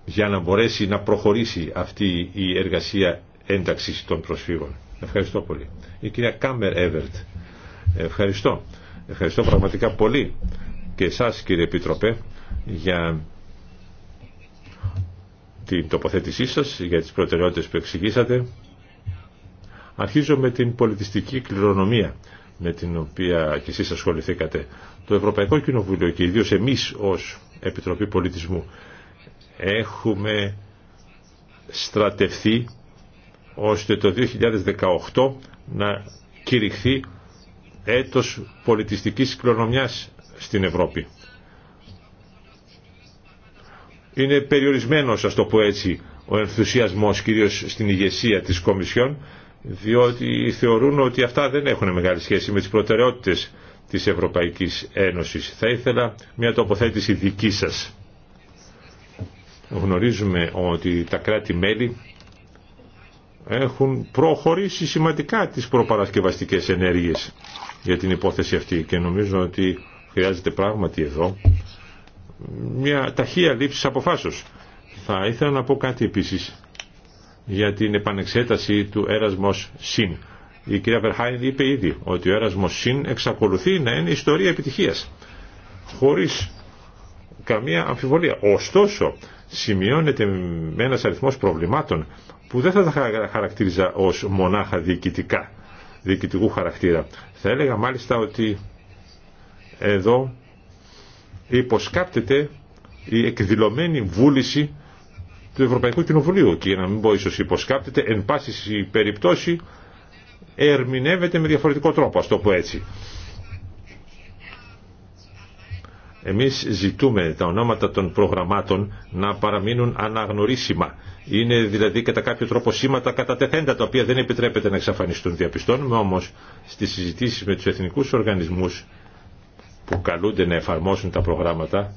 για να μπορέσει να προχωρήσει αυτή η εργασία ένταξης των προσφύγων. Ευχαριστώ πολύ. Η κυρία Κάμερ Εβερτ. Ευχαριστώ. Ευχαριστώ πραγματικά πολύ και εσάς κύριε Επίτροπε για την τοποθέτησή σας, για τις προτεραιότητες που εξηγήσατε Αρχίζω με την πολιτιστική κληρονομία με την οποία και εσείς ασχοληθήκατε. Το Ευρωπαϊκό Κοινοβούλιο και ιδίως εμείς ως Επιτροπή Πολιτισμού έχουμε στρατευθεί ώστε το 2018 να κηρυχθεί έτος πολιτιστικής κληρονομιάς στην Ευρώπη. Είναι περιορισμένος, ας το πω έτσι, ο ενθουσιασμός κυρίως στην ηγεσία της Κομισιόν διότι θεωρούν ότι αυτά δεν έχουν μεγάλη σχέση με τις προτεραιότητες της Ευρωπαϊκής Ένωσης. Θα ήθελα μια τοποθέτηση δική σας. Γνωρίζουμε ότι τα κράτη-μέλη έχουν προχωρήσει σημαντικά τις προπαρασκευαστικές ενέργειες για την υπόθεση αυτή και νομίζω ότι χρειάζεται πράγματι εδώ μια ταχεία λήψη αποφάσεως. Θα ήθελα να πω κάτι επίσης για την επανεξέταση του έρασμος ΣΥΝ. Η κυρία Βερχάιν είπε ήδη ότι ο έρασμος ΣΥΝ εξακολουθεί να είναι ιστορία επιτυχίας, χωρίς καμία αμφιβολία. Ωστόσο, σημειώνεται με ένας αριθμός προβλημάτων που δεν θα τα χαρακτήριζα ως μονάχα διοικητικά, διοικητικού χαρακτήρα. Θα έλεγα μάλιστα ότι εδώ υποσκάπτεται η εκδηλωμένη βούληση του Ευρωπαϊκού Κοινοβουλίου και για να μην πω ίσως υποσκάπτεται εν πάση περιπτώσει ερμηνεύεται με διαφορετικό τρόπο ας το πω έτσι εμείς ζητούμε τα ονόματα των προγραμμάτων να παραμείνουν αναγνωρίσιμα. Είναι δηλαδή κατά κάποιο τρόπο σήματα κατατεθέντα τα οποία δεν επιτρέπεται να εξαφανιστούν. Διαπιστώνουμε όμως στις συζητήσεις με τους εθνικούς οργανισμούς που καλούνται να εφαρμόσουν τα προγράμματα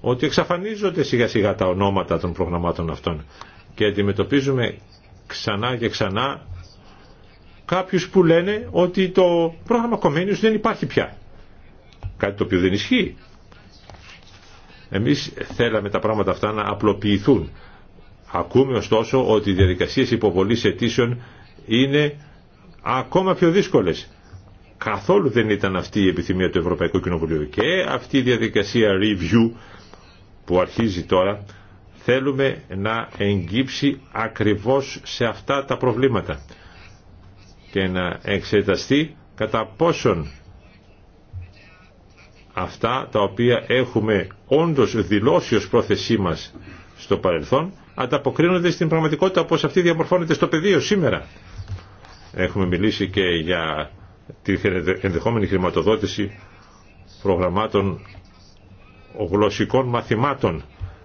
ότι εξαφανίζονται σιγά σιγά τα ονόματα των προγραμμάτων αυτών και αντιμετωπίζουμε ξανά και ξανά κάποιους που λένε ότι το πρόγραμμα Κομένιους δεν υπάρχει πια. Κάτι το οποίο δεν ισχύει. Εμείς θέλαμε τα πράγματα αυτά να απλοποιηθούν. Ακούμε ωστόσο ότι οι διαδικασίες υποβολής αιτήσεων είναι ακόμα πιο δύσκολες. Καθόλου δεν ήταν αυτή η επιθυμία του Ευρωπαϊκού Κοινοβουλίου και αυτή η διαδικασία review που αρχίζει τώρα θέλουμε να εγγύψει ακριβώς σε αυτά τα προβλήματα και να εξεταστεί κατά πόσον αυτά τα οποία έχουμε όντως δηλώσει ως πρόθεσή μας στο παρελθόν ανταποκρίνονται στην πραγματικότητα όπως αυτή διαμορφώνεται στο πεδίο σήμερα. Έχουμε μιλήσει και για την ενδεχόμενη χρηματοδότηση προγραμμάτων γλωσσικών μαθημάτων.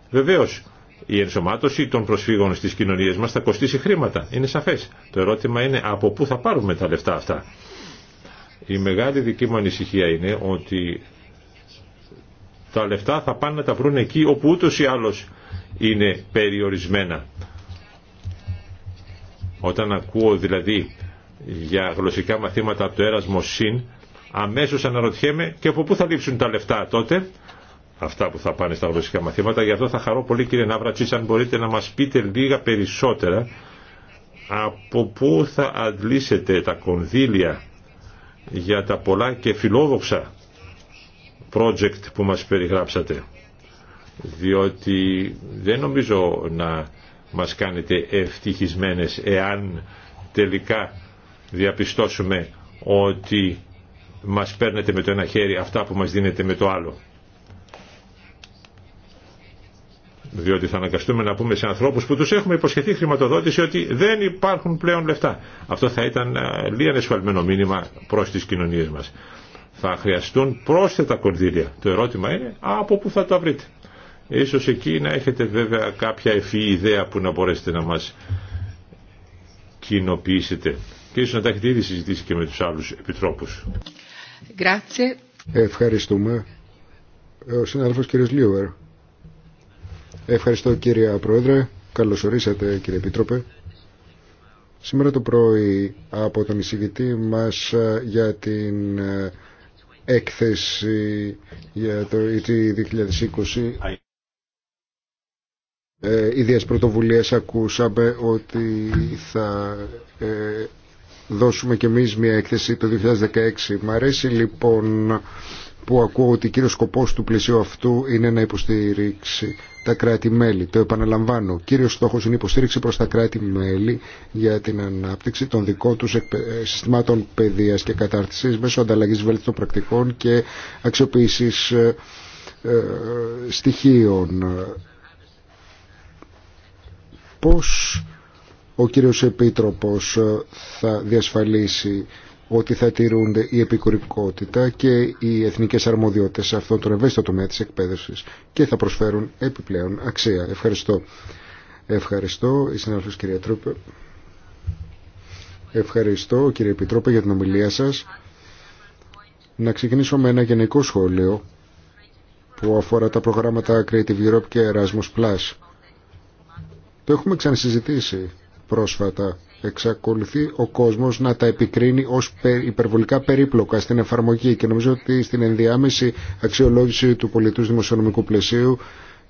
Βεβαίως, η ενσωμάτωση των προσφύγων στις κοινωνίες μας θα κοστίσει χρήματα. Είναι σαφές. Το ερώτημα είναι από πού θα πάρουμε τα λεφτά αυτά. Η μεγάλη δική μου ανησυχία είναι ότι τα λεφτά θα πάνε να τα βρουν εκεί όπου ούτω ή άλλω είναι περιορισμένα. Όταν ακούω δηλαδή για γλωσσικά μαθήματα από το έρασμο ΣΥΝ, αμέσως αναρωτιέμαι και από πού θα λείψουν τα λεφτά τότε, αυτά που θα πάνε στα γλωσσικά μαθήματα. Γι' αυτό θα χαρώ πολύ κύριε Ναύρατσης αν μπορείτε να μας πείτε λίγα περισσότερα από πού θα αντλήσετε τα κονδύλια για τα πολλά και φιλόδοξα project που μας περιγράψατε. Διότι δεν νομίζω να μας κάνετε ευτυχισμένες εάν τελικά διαπιστώσουμε ότι μας παίρνετε με το ένα χέρι αυτά που μας δίνετε με το άλλο. διότι θα αναγκαστούμε να πούμε σε ανθρώπους που τους έχουμε υποσχεθεί χρηματοδότηση ότι δεν υπάρχουν πλέον λεφτά. Αυτό θα ήταν ε, λίγα ανεσφαλμένο μήνυμα προς τις κοινωνίες μας. Θα χρειαστούν πρόσθετα κονδύλια. Το ερώτημα είναι από πού θα τα βρείτε. Ίσως εκεί να έχετε βέβαια κάποια ευφυή ιδέα που να μπορέσετε να μας κοινοποιήσετε. Και ίσως να τα έχετε ήδη συζητήσει και με τους άλλους επιτρόπους. Ευχαριστούμε. Ε, ο συνάδελφος κ. Λίουερ. Ευχαριστώ κύριε Πρόεδρε. Καλώς ορίσατε κύριε Επίτροπε. Σήμερα το πρωί από τον εισηγητή μας ε, για την ε, έκθεση για το 2020 e ε, πρωτοβουλίε ακούσαμε ότι θα ε, δώσουμε και εμείς μια έκθεση το 2016. Μ' αρέσει λοιπόν που ακούω ότι κύριο σκοπός του πλαισίου αυτού είναι να υποστηρίξει τα κράτη-μέλη. Το επαναλαμβάνω, κύριος στόχος είναι υποστήριξη προς τα κράτη-μέλη για την ανάπτυξη των δικών τους ε, συστημάτων παιδείας και κατάρτισης μέσω ανταλλαγής βέλτιστων πρακτικών και αξιοποίησης ε, ε, στοιχείων. Πώς ο κύριος Επίτροπος θα διασφαλίσει ότι θα τηρούνται η επικουρικότητα και οι εθνικές αρμοδιότητες σε αυτόν τον ευαίσθητο τομέα της εκπαίδευσης και θα προσφέρουν επιπλέον αξία. Ευχαριστώ. Ευχαριστώ, η κυρία Ευχαριστώ, κύριε Επιτρόπε, για την ομιλία σας. Να ξεκινήσω με ένα γενικό σχόλιο που αφορά τα προγράμματα Creative Europe και Erasmus+. Το έχουμε ξανασυζητήσει πρόσφατα εξακολουθεί ο κόσμος να τα επικρίνει ως υπερβολικά περίπλοκα στην εφαρμογή και νομίζω ότι στην ενδιάμεση αξιολόγηση του πολιτού δημοσιονομικού πλαισίου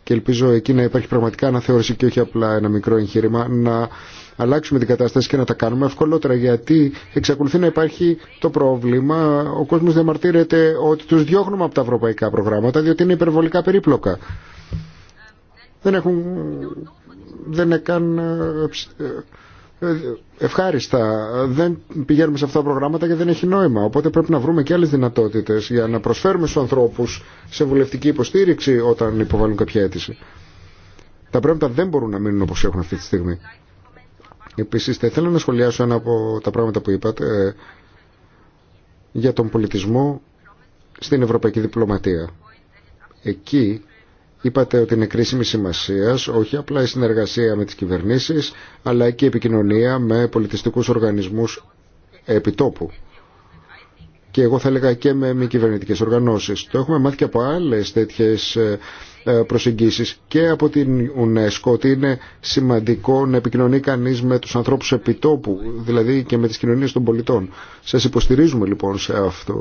και ελπίζω εκεί να υπάρχει πραγματικά αναθεώρηση και όχι απλά ένα μικρό εγχείρημα να αλλάξουμε την κατάσταση και να τα κάνουμε ευκολότερα γιατί εξακολουθεί να υπάρχει το πρόβλημα ο κόσμος διαμαρτύρεται ότι τους διώχνουμε από τα ευρωπαϊκά προγράμματα διότι είναι υπερβολικά περίπλοκα δεν έχουν δεν ευχάριστα. Δεν πηγαίνουμε σε αυτά τα προγράμματα και δεν έχει νόημα. Οπότε πρέπει να βρούμε και άλλες δυνατότητες για να προσφέρουμε στου ανθρώπου σε βουλευτική υποστήριξη όταν υποβάλλουν κάποια αίτηση. Τα πράγματα δεν μπορούν να μείνουν όπως έχουν αυτή τη στιγμή. Επίση, θα ήθελα να σχολιάσω ένα από τα πράγματα που είπατε ε, για τον πολιτισμό στην ευρωπαϊκή διπλωματία. Εκεί Είπατε ότι είναι κρίσιμη σημασία όχι απλά η συνεργασία με τι κυβερνήσει, αλλά και η επικοινωνία με πολιτιστικού οργανισμού επιτόπου. Και εγώ θα έλεγα και με μη κυβερνητικέ οργανώσει. Το έχουμε μάθει και από άλλε τέτοιε ε, ε, προσεγγίσεις και από την UNESCO ότι είναι σημαντικό να επικοινωνεί κανείς με τους ανθρώπους επιτόπου, δηλαδή και με τις κοινωνίες των πολιτών. Σας υποστηρίζουμε λοιπόν σε αυτό.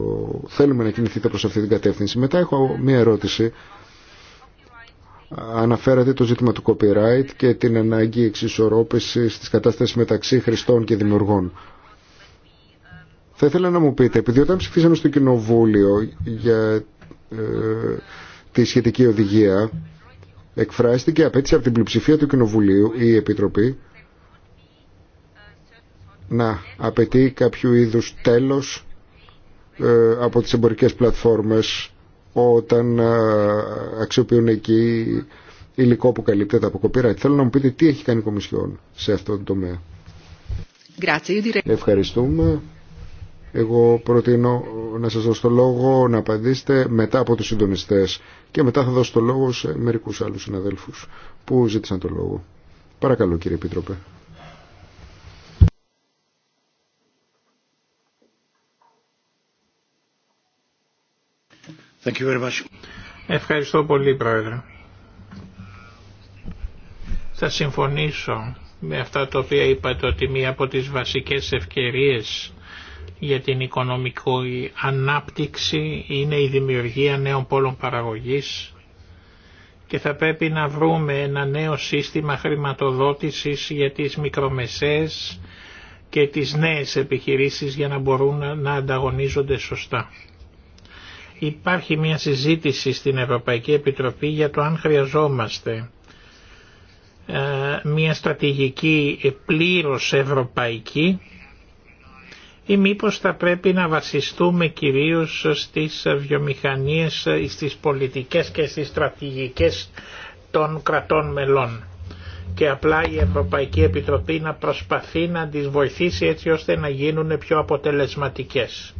Θέλουμε να κινηθείτε προς αυτή την κατεύθυνση. Μετά έχω μία ερώτηση Αναφέρατε το ζήτημα του copyright και την ανάγκη εξισορρόπησης της κατάστασης μεταξύ χρηστών και δημιουργών. Θα ήθελα να μου πείτε, επειδή όταν ψηφίσαμε στο Κοινοβούλιο για ε, τη σχετική οδηγία, εκφράστηκε απέτηση από την πλειοψηφία του Κοινοβουλίου η Επιτροπή να απαιτεί κάποιο είδους τέλος ε, από τις εμπορικές πλατφόρμες όταν ε, αξιοποιούν εκεί υλικό που καλύπτεται από κοπήρα. Θέλω να μου πείτε τι έχει κάνει η Κομισιόν σε αυτό το τομέα. Ευχαριστούμε. Εγώ προτείνω να σας δώσω το λόγο να απαντήσετε μετά από τους συντονιστές και μετά θα δώσω το λόγο σε μερικούς άλλους συναδέλφους που ζήτησαν το λόγο. Παρακαλώ κύριε Επίτροπε. Ευχαριστώ πολύ Πρόεδρε. Θα συμφωνήσω με αυτά τα οποία είπατε ότι μία από τις βασικές ευκαιρίες για την οικονομική ανάπτυξη είναι η δημιουργία νέων πόλων παραγωγής και θα πρέπει να βρούμε ένα νέο σύστημα χρηματοδότησης για τις μικρομεσαίες και τις νέες επιχειρήσεις για να μπορούν να ανταγωνίζονται σωστά. Υπάρχει μια συζήτηση στην Ευρωπαϊκή Επιτροπή για το αν χρειαζόμαστε ε, μια στρατηγική πλήρως ευρωπαϊκή ή μήπως θα πρέπει να βασιστούμε κυρίως στις βιομηχανίες, στις πολιτικές και στις στρατηγικές των κρατών μελών και απλά η Ευρωπαϊκή Επιτροπή να προσπαθεί να τις βοηθήσει έτσι ώστε να γίνουν πιο αποτελεσματικές.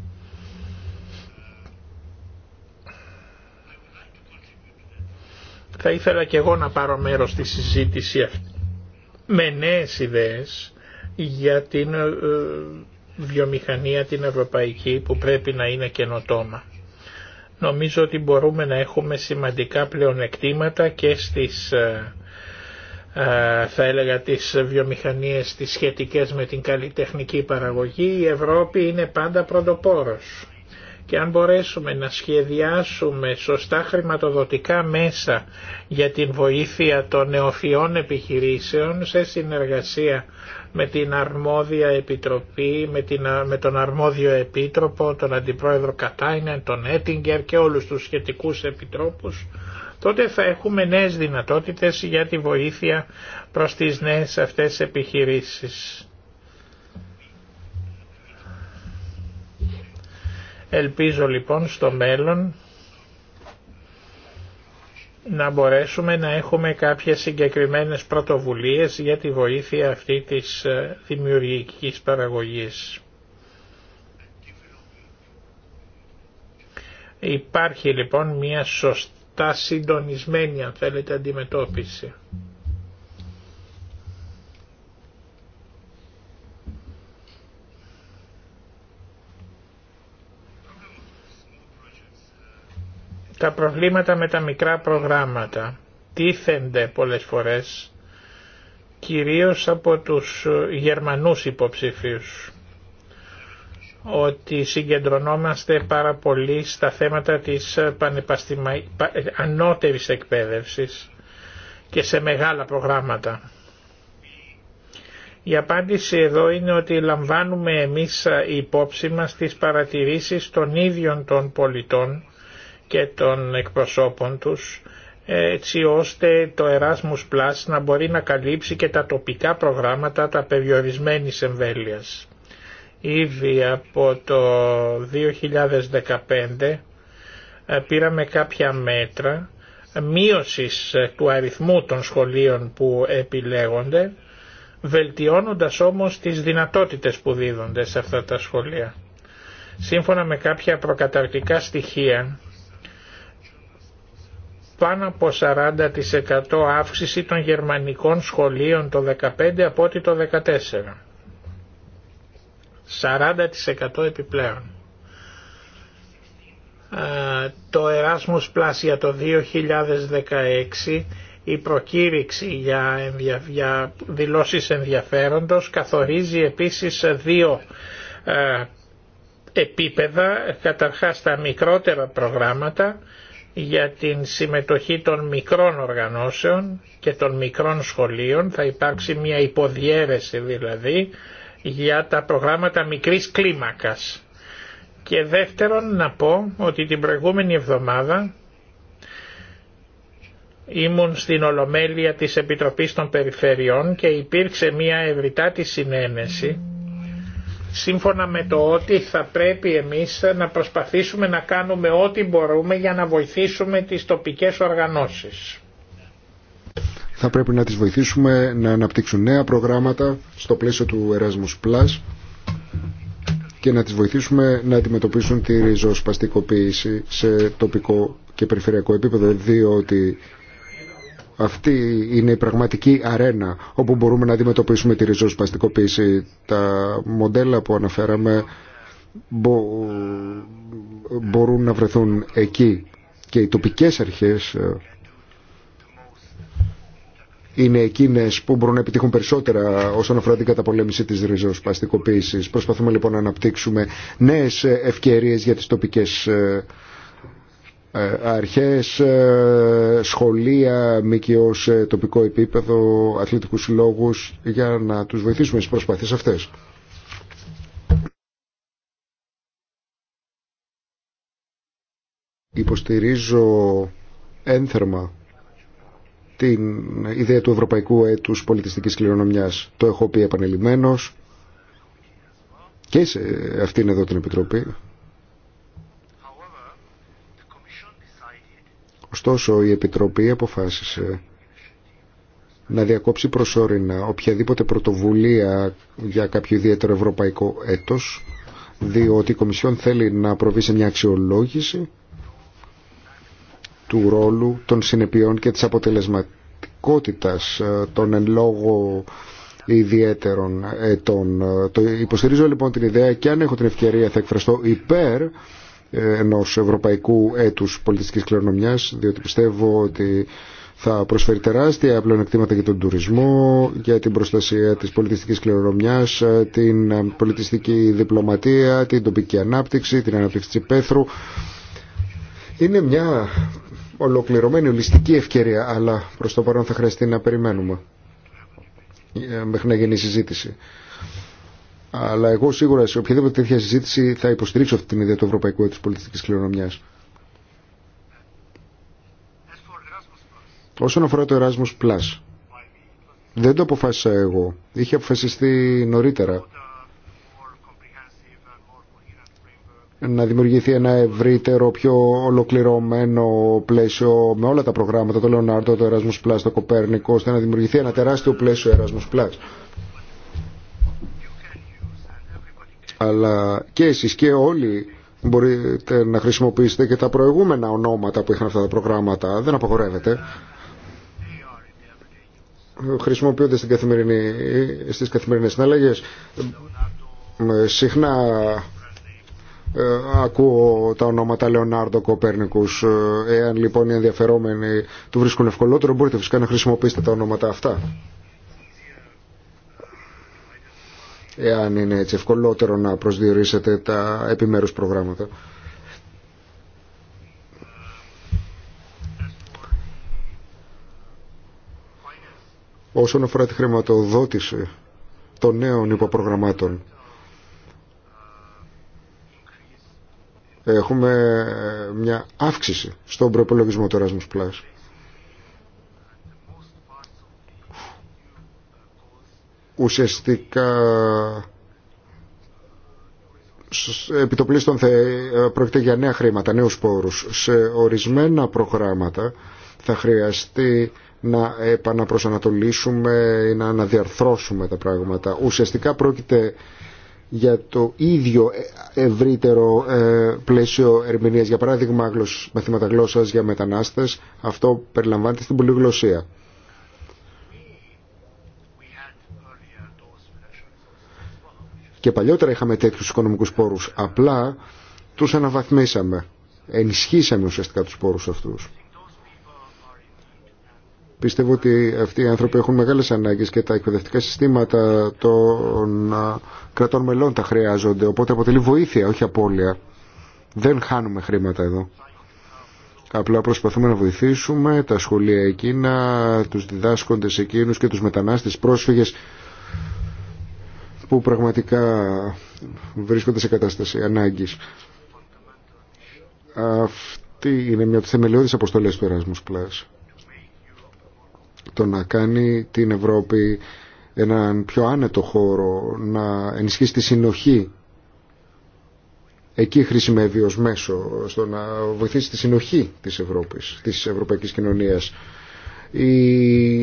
Θα ήθελα και εγώ να πάρω μέρος στη συζήτηση αυτή με νέες ιδέες για την ε, βιομηχανία την ευρωπαϊκή που πρέπει να είναι καινοτόμα. Νομίζω ότι μπορούμε να έχουμε σημαντικά πλεονεκτήματα και στις ε, ε θα έλεγα τις βιομηχανίες τις σχετικές με την καλλιτεχνική παραγωγή η Ευρώπη είναι πάντα πρωτοπόρος και αν μπορέσουμε να σχεδιάσουμε σωστά χρηματοδοτικά μέσα για την βοήθεια των νεοφιών επιχειρήσεων σε συνεργασία με την αρμόδια επιτροπή, με, την, τον αρμόδιο επίτροπο, τον αντιπρόεδρο Κατάινεν, τον Έτιγκερ και όλους τους σχετικούς επιτρόπους, τότε θα έχουμε νέες δυνατότητες για τη βοήθεια προς τις νέες αυτές επιχειρήσεις. Ελπίζω λοιπόν στο μέλλον να μπορέσουμε να έχουμε κάποιες συγκεκριμένες πρωτοβουλίες για τη βοήθεια αυτή της ε, δημιουργικής παραγωγής. Υπάρχει λοιπόν μια σωστά συντονισμένη αν θέλετε αντιμετώπιση. Τα προβλήματα με τα μικρά προγράμματα τίθενται πολλές φορές κυρίως από τους Γερμανούς υποψηφίους ότι συγκεντρωνόμαστε πάρα πολύ στα θέματα της πανεπαστημα... ανώτερης εκπαίδευσης και σε μεγάλα προγράμματα. Η απάντηση εδώ είναι ότι λαμβάνουμε εμείς υπόψη μας τις παρατηρήσεις των ίδιων των πολιτών και των εκπροσώπων τους έτσι ώστε το Erasmus Plus να μπορεί να καλύψει και τα τοπικά προγράμματα τα περιορισμένης εμβέλειας. Ήδη από το 2015 ε, πήραμε κάποια μέτρα μείωσης ε, του αριθμού των σχολείων που επιλέγονται, βελτιώνοντας όμως τις δυνατότητες που δίδονται σε αυτά τα σχολεία. Σύμφωνα με κάποια προκαταρκτικά στοιχεία, πάνω από 40% αύξηση των γερμανικών σχολείων το 2015 από ό,τι το 2014. 40% επιπλέον. Ε, το Erasmus Plus για το 2016 η προκήρυξη για, για δηλώσεις ενδιαφέροντος καθορίζει επίσης δύο ε, επίπεδα, καταρχάς τα μικρότερα προγράμματα για την συμμετοχή των μικρών οργανώσεων και των μικρών σχολείων. Θα υπάρξει μια υποδιέρεση δηλαδή για τα προγράμματα μικρής κλίμακας. Και δεύτερον να πω ότι την προηγούμενη εβδομάδα ήμουν στην Ολομέλεια της Επιτροπής των Περιφερειών και υπήρξε μια ευρυτάτη συνένεση σύμφωνα με το ότι θα πρέπει εμείς να προσπαθήσουμε να κάνουμε ό,τι μπορούμε για να βοηθήσουμε τις τοπικές οργανώσεις. Θα πρέπει να τις βοηθήσουμε να αναπτύξουν νέα προγράμματα στο πλαίσιο του Erasmus Plus και να τις βοηθήσουμε να αντιμετωπίσουν τη ριζοσπαστικοποίηση σε τοπικό και περιφερειακό επίπεδο διότι αυτή είναι η πραγματική αρένα όπου μπορούμε να αντιμετωπίσουμε τη ριζοσπαστικοποίηση. Τα μοντέλα που αναφέραμε μπορούν να βρεθούν εκεί και οι τοπικές αρχές ε, είναι εκείνες που μπορούν να επιτύχουν περισσότερα όσον αφορά την καταπολέμηση της ριζοσπαστικοποίησης. Προσπαθούμε λοιπόν να αναπτύξουμε νέες ε, ευκαιρίες για τις τοπικές ε, ε, αρχές, ε, σχολεία, μικιό ε, τοπικό επίπεδο, αθλητικού συλλόγους για να τους βοηθήσουμε στις προσπάθειες αυτές. Υποστηρίζω ένθερμα την ιδέα του Ευρωπαϊκού Έτους Πολιτιστικής Κληρονομιάς. Το έχω πει επανελειμμένος και σε αυτήν εδώ την Επιτροπή Ωστόσο, η Επιτροπή αποφάσισε να διακόψει προσωρινά οποιαδήποτε πρωτοβουλία για κάποιο ιδιαίτερο ευρωπαϊκό έτος, διότι η Κομισιόν θέλει να προβεί σε μια αξιολόγηση του ρόλου των συνεπειών και της αποτελεσματικότητας ε, των εν λόγω ιδιαίτερων ετών. Ε, υποστηρίζω λοιπόν την ιδέα και αν έχω την ευκαιρία θα εκφραστώ υπέρ ενό ευρωπαϊκού έτου πολιτιστική κληρονομιά, διότι πιστεύω ότι θα προσφέρει τεράστια πλεονεκτήματα για τον τουρισμό, για την προστασία της πολιτιστικής κληρονομιάς, την πολιτιστική διπλωματία, την τοπική ανάπτυξη, την ανάπτυξη πέθρου. υπαίθρου. Είναι μια ολοκληρωμένη ολιστική ευκαιρία, αλλά προς το παρόν θα χρειαστεί να περιμένουμε ε, μέχρι να γίνει η συζήτηση. Αλλά εγώ σίγουρα σε οποιαδήποτε τέτοια συζήτηση θα υποστηρίξω αυτή την ιδέα του Ευρωπαϊκού Έτου Πολιτική Κληρονομιά. Όσον αφορά το Erasmus Plus, δεν το αποφάσισα εγώ. Είχε αποφασιστεί νωρίτερα να δημιουργηθεί ένα ευρύτερο, πιο ολοκληρωμένο πλαίσιο με όλα τα προγράμματα, το Leonardo, το Erasmus Plus, το Κοπέρνικο, ώστε να δημιουργηθεί ένα τεράστιο πλαίσιο Erasmus Plus. αλλά και εσείς και όλοι μπορείτε να χρησιμοποιήσετε και τα προηγούμενα ονόματα που είχαν αυτά τα προγράμματα. Δεν απαγορεύεται. Χρησιμοποιούνται στην καθημερινή, στις καθημερινές συναλλαγές. Ε, συχνά ε, ακούω τα ονόματα Λεωνάρντο Κοπέρνικους. Ε, εάν λοιπόν οι ενδιαφερόμενοι του βρίσκουν ευκολότερο, μπορείτε φυσικά να χρησιμοποιήσετε τα ονόματα αυτά. εάν είναι έτσι ευκολότερο να προσδιορίσετε τα επιμέρους προγράμματα. Όσον αφορά τη χρηματοδότηση των νέων υποπρογραμμάτων, έχουμε μια αύξηση στον προπολογισμό του Erasmus ουσιαστικά επιτοπλίστων πρόκειται για νέα χρήματα, νέους πόρους. Σε ορισμένα προγράμματα θα χρειαστεί να επαναπροσανατολίσουμε ή να αναδιαρθρώσουμε τα πράγματα. Ουσιαστικά πρόκειται για το ίδιο ε- ευρύτερο ε, πλαίσιο ερμηνείας. Για παράδειγμα, μαθήματα γλώσσας για μετανάστες, αυτό περιλαμβάνεται στην πολυγλωσσία. Και παλιότερα είχαμε τέτοιους οικονομικούς πόρους, απλά τους αναβαθμίσαμε, ενισχύσαμε ουσιαστικά τους πόρους αυτούς. Πιστεύω ότι αυτοί οι άνθρωποι έχουν μεγάλες ανάγκες και τα εκπαιδευτικά συστήματα των κρατών μελών τα χρειάζονται, οπότε αποτελεί βοήθεια, όχι απώλεια. Δεν χάνουμε χρήματα εδώ. Απλά προσπαθούμε να βοηθήσουμε τα σχολεία εκείνα, τους διδάσκοντες εκείνους και τους μετανάστες πρόσφυγες που πραγματικά βρίσκονται σε κατάσταση ανάγκης. Αυτή είναι μια από τις θεμελιώδεις αποστολές του Erasmus Plus. Το να κάνει την Ευρώπη έναν πιο άνετο χώρο, να ενισχύσει τη συνοχή. Εκεί χρησιμεύει ως μέσο στο να βοηθήσει τη συνοχή της Ευρώπης, της ευρωπαϊκής κοινωνίας. Η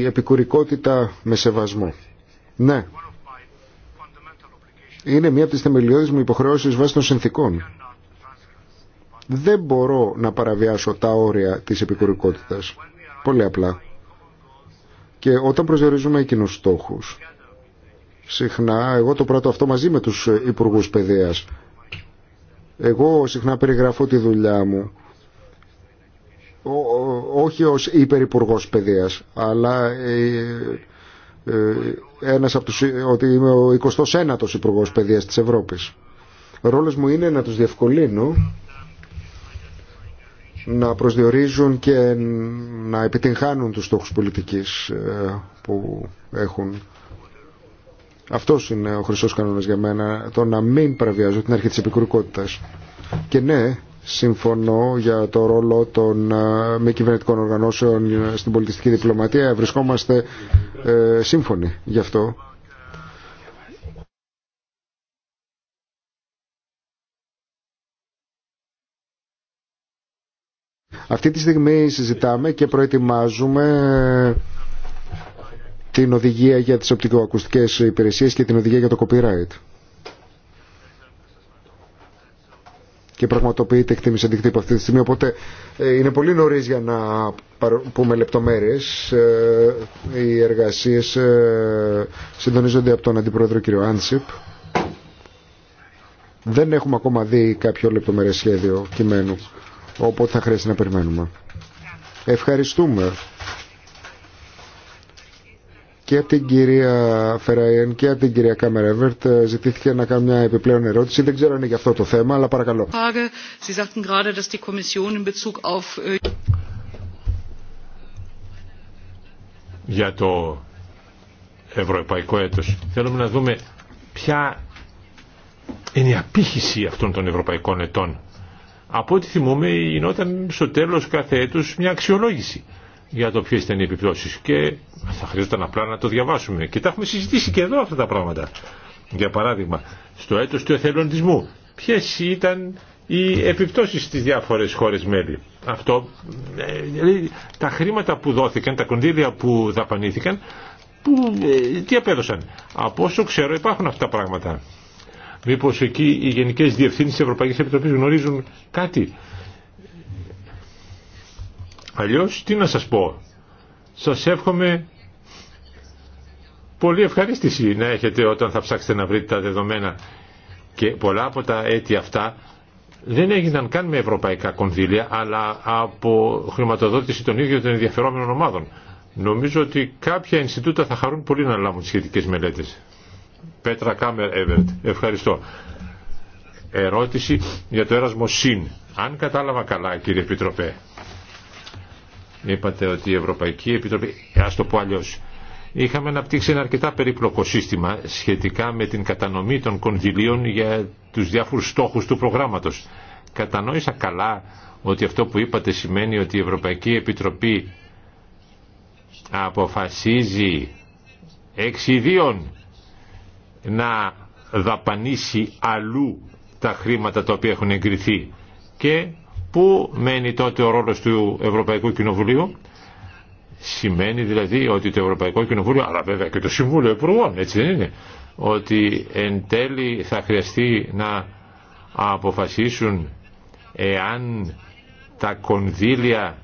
επικουρικότητα με σεβασμό. Ναι, είναι μία από τις θεμελιώδεις μου υποχρεώσεις βάσει των συνθήκων. Δεν μπορώ να παραβιάσω τα όρια της επικουρικότητας. Πολύ απλά. Και όταν προσδιορίζουμε εκείνους στόχους, συχνά, εγώ το πρώτο αυτό μαζί με τους υπουργούς παιδείας, εγώ συχνά περιγραφώ τη δουλειά μου, όχι ως υπερυπουργός παιδείας, αλλά ε, ε, ένας από τους, ότι είμαι ο 29ος υπουργό Παιδείας της Ευρώπης. Ο ρόλος μου είναι να τους διευκολύνω να προσδιορίζουν και να επιτυγχάνουν τους στόχους πολιτικής ε, που έχουν. Αυτός είναι ο χρυσός κανόνας για μένα, το να μην παραβιάζω την αρχή της επικουρικότητας. Και ναι, Συμφωνώ για το ρόλο των μη κυβερνητικών οργανώσεων στην πολιτιστική διπλωματία. Βρισκόμαστε ε, σύμφωνοι γι' αυτό. Αυτή τη στιγμή συζητάμε και προετοιμάζουμε ε, την οδηγία για τις οπτικοακουστικές υπηρεσίες και την οδηγία για το copyright. και πραγματοποιείται εκτίμηση αντικτύπου αυτή τη στιγμή. Οπότε ε, είναι πολύ νωρί για να πούμε λεπτομέρειε. Ε, οι εργασίε ε, συντονίζονται από τον Αντιπρόεδρο κ. Άντσιπ. Δεν έχουμε ακόμα δει κάποιο λεπτομερές σχέδιο κειμένου, οπότε θα χρειαστεί να περιμένουμε. Ευχαριστούμε και από την κυρία Φεραϊέν και από την κυρία Κάμερεβερτ ε, ζητήθηκε να κάνω μια επιπλέον ερώτηση. Δεν ξέρω αν είναι για αυτό το θέμα, αλλά παρακαλώ. Äh, για το ευρωπαϊκό έτος θέλουμε να δούμε ποια είναι η απήχηση αυτών των ευρωπαϊκών ετών. Από ό,τι θυμούμε γινόταν στο τέλος κάθε έτους μια αξιολόγηση για το ποιε ήταν οι επιπτώσει και θα χρειαζόταν απλά να το διαβάσουμε και τα έχουμε συζητήσει και εδώ αυτά τα πράγματα για παράδειγμα στο έτος του εθελοντισμού ποιε ήταν οι επιπτώσει στις διάφορε χώρε μέλη αυτό ε, δηλαδή, τα χρήματα που δόθηκαν τα κονδύλια που δαπανήθηκαν που, ε, τι απέδωσαν από όσο ξέρω υπάρχουν αυτά τα πράγματα μήπω εκεί οι γενικέ διευθύνσει τη Ευρωπαϊκή Επιτροπή γνωρίζουν κάτι Αλλιώς τι να σας πω. Σας εύχομαι πολύ ευχαρίστηση να έχετε όταν θα ψάξετε να βρείτε τα δεδομένα. Και πολλά από τα αίτια αυτά δεν έγιναν καν με ευρωπαϊκά κονδύλια, αλλά από χρηματοδότηση των ίδιων των ενδιαφερόμενων ομάδων. Νομίζω ότι κάποια Ινστιτούτα θα χαρούν πολύ να λάβουν σχετικές μελέτες. Πέτρα Κάμερ Εβερτ. Ευχαριστώ. Ερώτηση για το έρασμο ΣΥΝ. Αν κατάλαβα καλά, κύριε Επιτροπέ, Είπατε ότι η Ευρωπαϊκή Επιτροπή, ας το πω αλλιώς, είχαμε αναπτύξει ένα αρκετά περίπλοκο σύστημα σχετικά με την κατανομή των κονδυλίων για τους διάφορους στόχους του προγράμματος. Κατανόησα καλά ότι αυτό που είπατε σημαίνει ότι η Ευρωπαϊκή Επιτροπή αποφασίζει εξ ιδίων να δαπανίσει αλλού τα χρήματα τα οποία έχουν εγκριθεί και Πού μένει τότε ο ρόλος του Ευρωπαϊκού Κοινοβουλίου. Σημαίνει δηλαδή ότι το Ευρωπαϊκό Κοινοβούλιο, αλλά βέβαια και το Συμβούλιο Υπουργών, έτσι δεν είναι, ότι εν τέλει θα χρειαστεί να αποφασίσουν εάν τα κονδύλια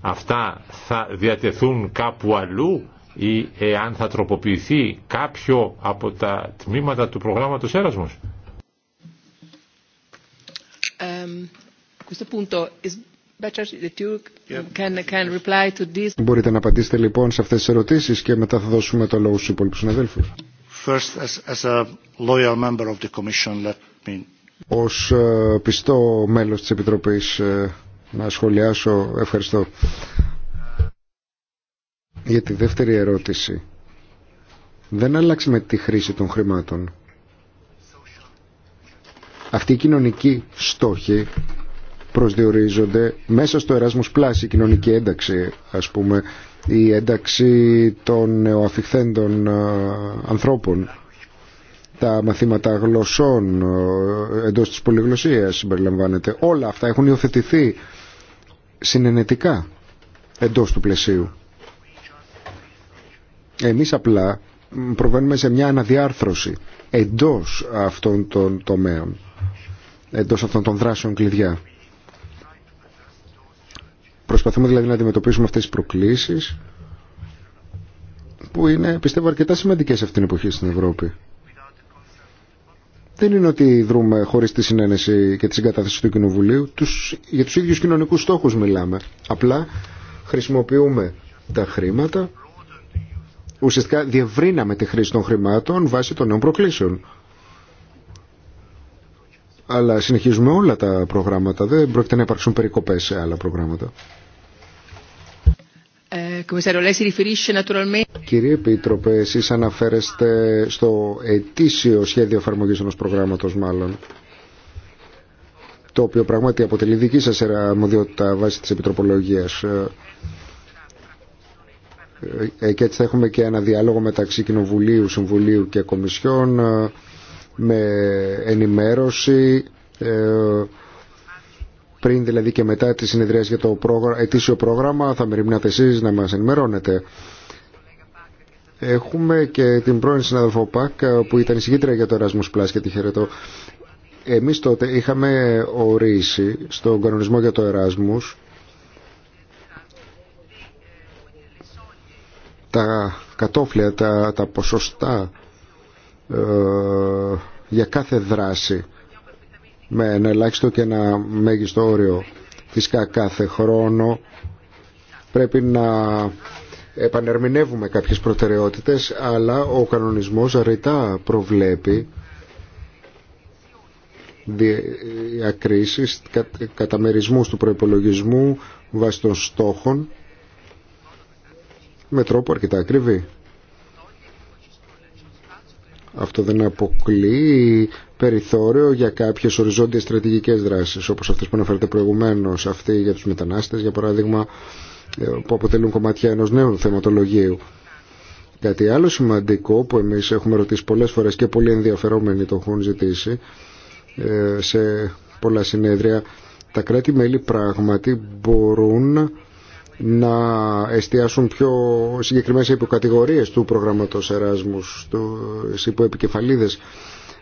αυτά θα διατεθούν κάπου αλλού ή εάν θα τροποποιηθεί κάποιο από τα τμήματα του προγράμματος Έρασμος. Μπορείτε να απαντήσετε λοιπόν σε αυτές τις ερωτήσεις και μετά θα δώσουμε το λόγο στους υπόλοιπους συναδέλφους. First, Ως πιστό μέλος της Επιτροπής ε, να σχολιάσω, ευχαριστώ. Για τη δεύτερη ερώτηση. Δεν με τη χρήση των χρημάτων. Αυτή η κοινωνική στόχη προσδιορίζονται μέσα στο Erasmus πλάση η κοινωνική ένταξη, ας πούμε, η ένταξη των νεοαφιχθέντων ε, ανθρώπων, τα μαθήματα γλωσσών ε, εντός της πολυγλωσσίας συμπεριλαμβάνεται. Όλα αυτά έχουν υιοθετηθεί συνενετικά εντός του πλαισίου. Εμείς απλά προβαίνουμε σε μια αναδιάρθρωση εντός αυτών των τομέων, εντός αυτών των δράσεων κλειδιά. Προσπαθούμε δηλαδή να αντιμετωπίσουμε αυτές τις προκλήσεις που είναι πιστεύω αρκετά σημαντικές αυτήν την εποχή στην Ευρώπη. Δεν είναι ότι δρούμε χωρίς τη συνένεση και τη συγκατάθεση του Κοινοβουλίου. Τους, για τους ίδιους κοινωνικούς στόχους μιλάμε. Απλά χρησιμοποιούμε τα χρήματα. Ουσιαστικά διευρύναμε τη χρήση των χρημάτων βάσει των νέων προκλήσεων. Αλλά συνεχίζουμε όλα τα προγράμματα. Δεν πρόκειται να υπάρξουν περικοπές σε άλλα προγράμματα. Κύριε Επίτροπε, εσείς αναφέρεστε στο ετήσιο σχέδιο εφαρμογής ενός προγράμματος μάλλον το οποίο πράγματι αποτελεί δική σας αρμοδιότητα βάσει της επιτροπολογίας ε, ε, και έτσι θα έχουμε και ένα διάλογο μεταξύ Κοινοβουλίου, Συμβουλίου και Κομισιών ε, με ενημέρωση πριν δηλαδή και μετά τη συνεδρία για το πρόγραμμα, ετήσιο πρόγραμμα θα μεριμνάτε εσείς να μας ενημερώνετε. Έχουμε και την πρώην συνάδελφο ΠΑΚ που ήταν η εισηγήτρια για το Erasmus Plus και τη χαιρετώ. Εμείς τότε είχαμε ορίσει στον κανονισμό για το Erasmus τα κατόφλια, τα, τα ποσοστά ε, για κάθε δράση με ένα ελάχιστο και ένα μέγιστο όριο. Φυσικά κάθε χρόνο πρέπει να επανερμηνεύουμε κάποιες προτεραιότητες, αλλά ο κανονισμός ρητά προβλέπει διακρίσεις, καταμερισμούς του προϋπολογισμού βάσει των στόχων με τρόπο αρκετά ακριβή. Αυτό δεν αποκλείει περιθώριο για κάποιε οριζόντιες στρατηγικέ δράσει, όπω αυτέ που αναφέρατε προηγουμένω αυτή για του μετανάστες για παράδειγμα ε, που αποτελούν κομμάτια ενό νέου θεματολογίου. Κάτι άλλο σημαντικό που εμεί έχουμε ρωτήσει πολλέ φορέ και πολύ ενδιαφερόμενοι το έχουν ζητήσει ε, σε πολλά συνέδρια τα κράτη-μέλη πράγματι μπορούν να εστιάσουν πιο συγκεκριμένες υποκατηγορίες του προγράμματος Εράσμους, στις υποεπικεφαλίδες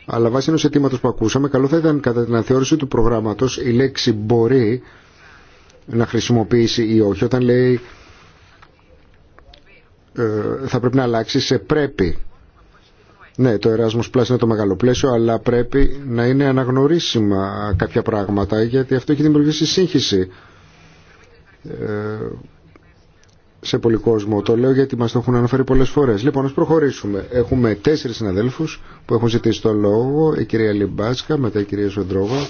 αλλά βάσει ενό αιτήματο που ακούσαμε, καλό θα ήταν κατά την αναθεώρηση του προγράμματο η λέξη μπορεί να χρησιμοποιήσει ή όχι. Όταν λέει ε, θα πρέπει να αλλάξει σε πρέπει. Ναι, το Erasmus Plus είναι το μεγάλο πλαίσιο, αλλά πρέπει να είναι αναγνωρίσιμα κάποια πράγματα, γιατί αυτό έχει δημιουργήσει σύγχυση. Ε, σε πολλοί κόσμο. Το λέω γιατί μα το έχουν αναφέρει πολλέ φορέ. Λοιπόν, α προχωρήσουμε. Έχουμε τέσσερι συναδέλφου που έχουν ζητήσει το λόγο. Η κυρία Λιμπάσκα, μετά η κυρία Σοντρόβα.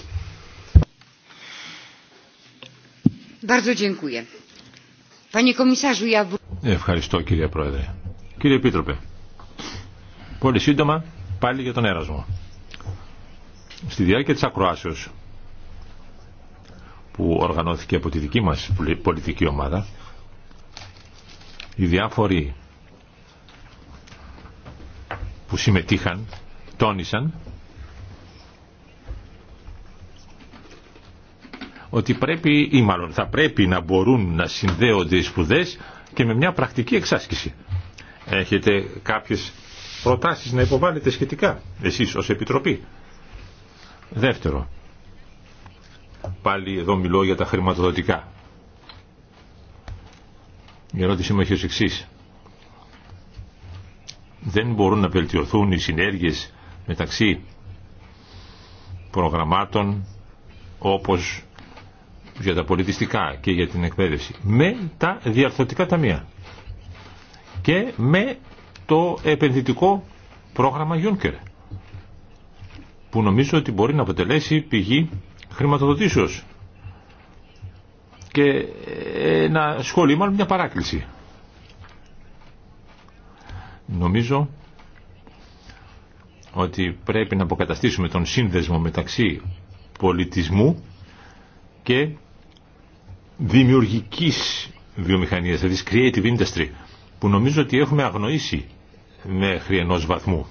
Ευχαριστώ κύριε Πρόεδρε. Κύριε Επίτροπε, πολύ σύντομα πάλι για τον έρασμο. Στη διάρκεια της ακροάσεως που οργανώθηκε από τη δική μας πολιτική ομάδα οι διάφοροι που συμμετείχαν τόνισαν ότι πρέπει ή μάλλον θα πρέπει να μπορούν να συνδέονται οι σπουδές και με μια πρακτική εξάσκηση. Έχετε κάποιες προτάσεις να υποβάλλετε σχετικά εσείς ως Επιτροπή. Δεύτερο, πάλι εδώ μιλώ για τα χρηματοδοτικά. Η ερώτησή μου έχει ως εξής. Δεν μπορούν να βελτιωθούν οι συνέργειες μεταξύ προγραμμάτων όπως για τα πολιτιστικά και για την εκπαίδευση με τα διαρθρωτικά ταμεία και με το επενδυτικό πρόγραμμα Juncker που νομίζω ότι μπορεί να αποτελέσει πηγή χρηματοδοτήσεως και ε, ένα σχόλιο, μάλλον μια παράκληση. Νομίζω ότι πρέπει να αποκαταστήσουμε τον σύνδεσμο μεταξύ πολιτισμού και δημιουργικής βιομηχανίας, δηλαδή creative industry, που νομίζω ότι έχουμε αγνοήσει μέχρι ενό βαθμού.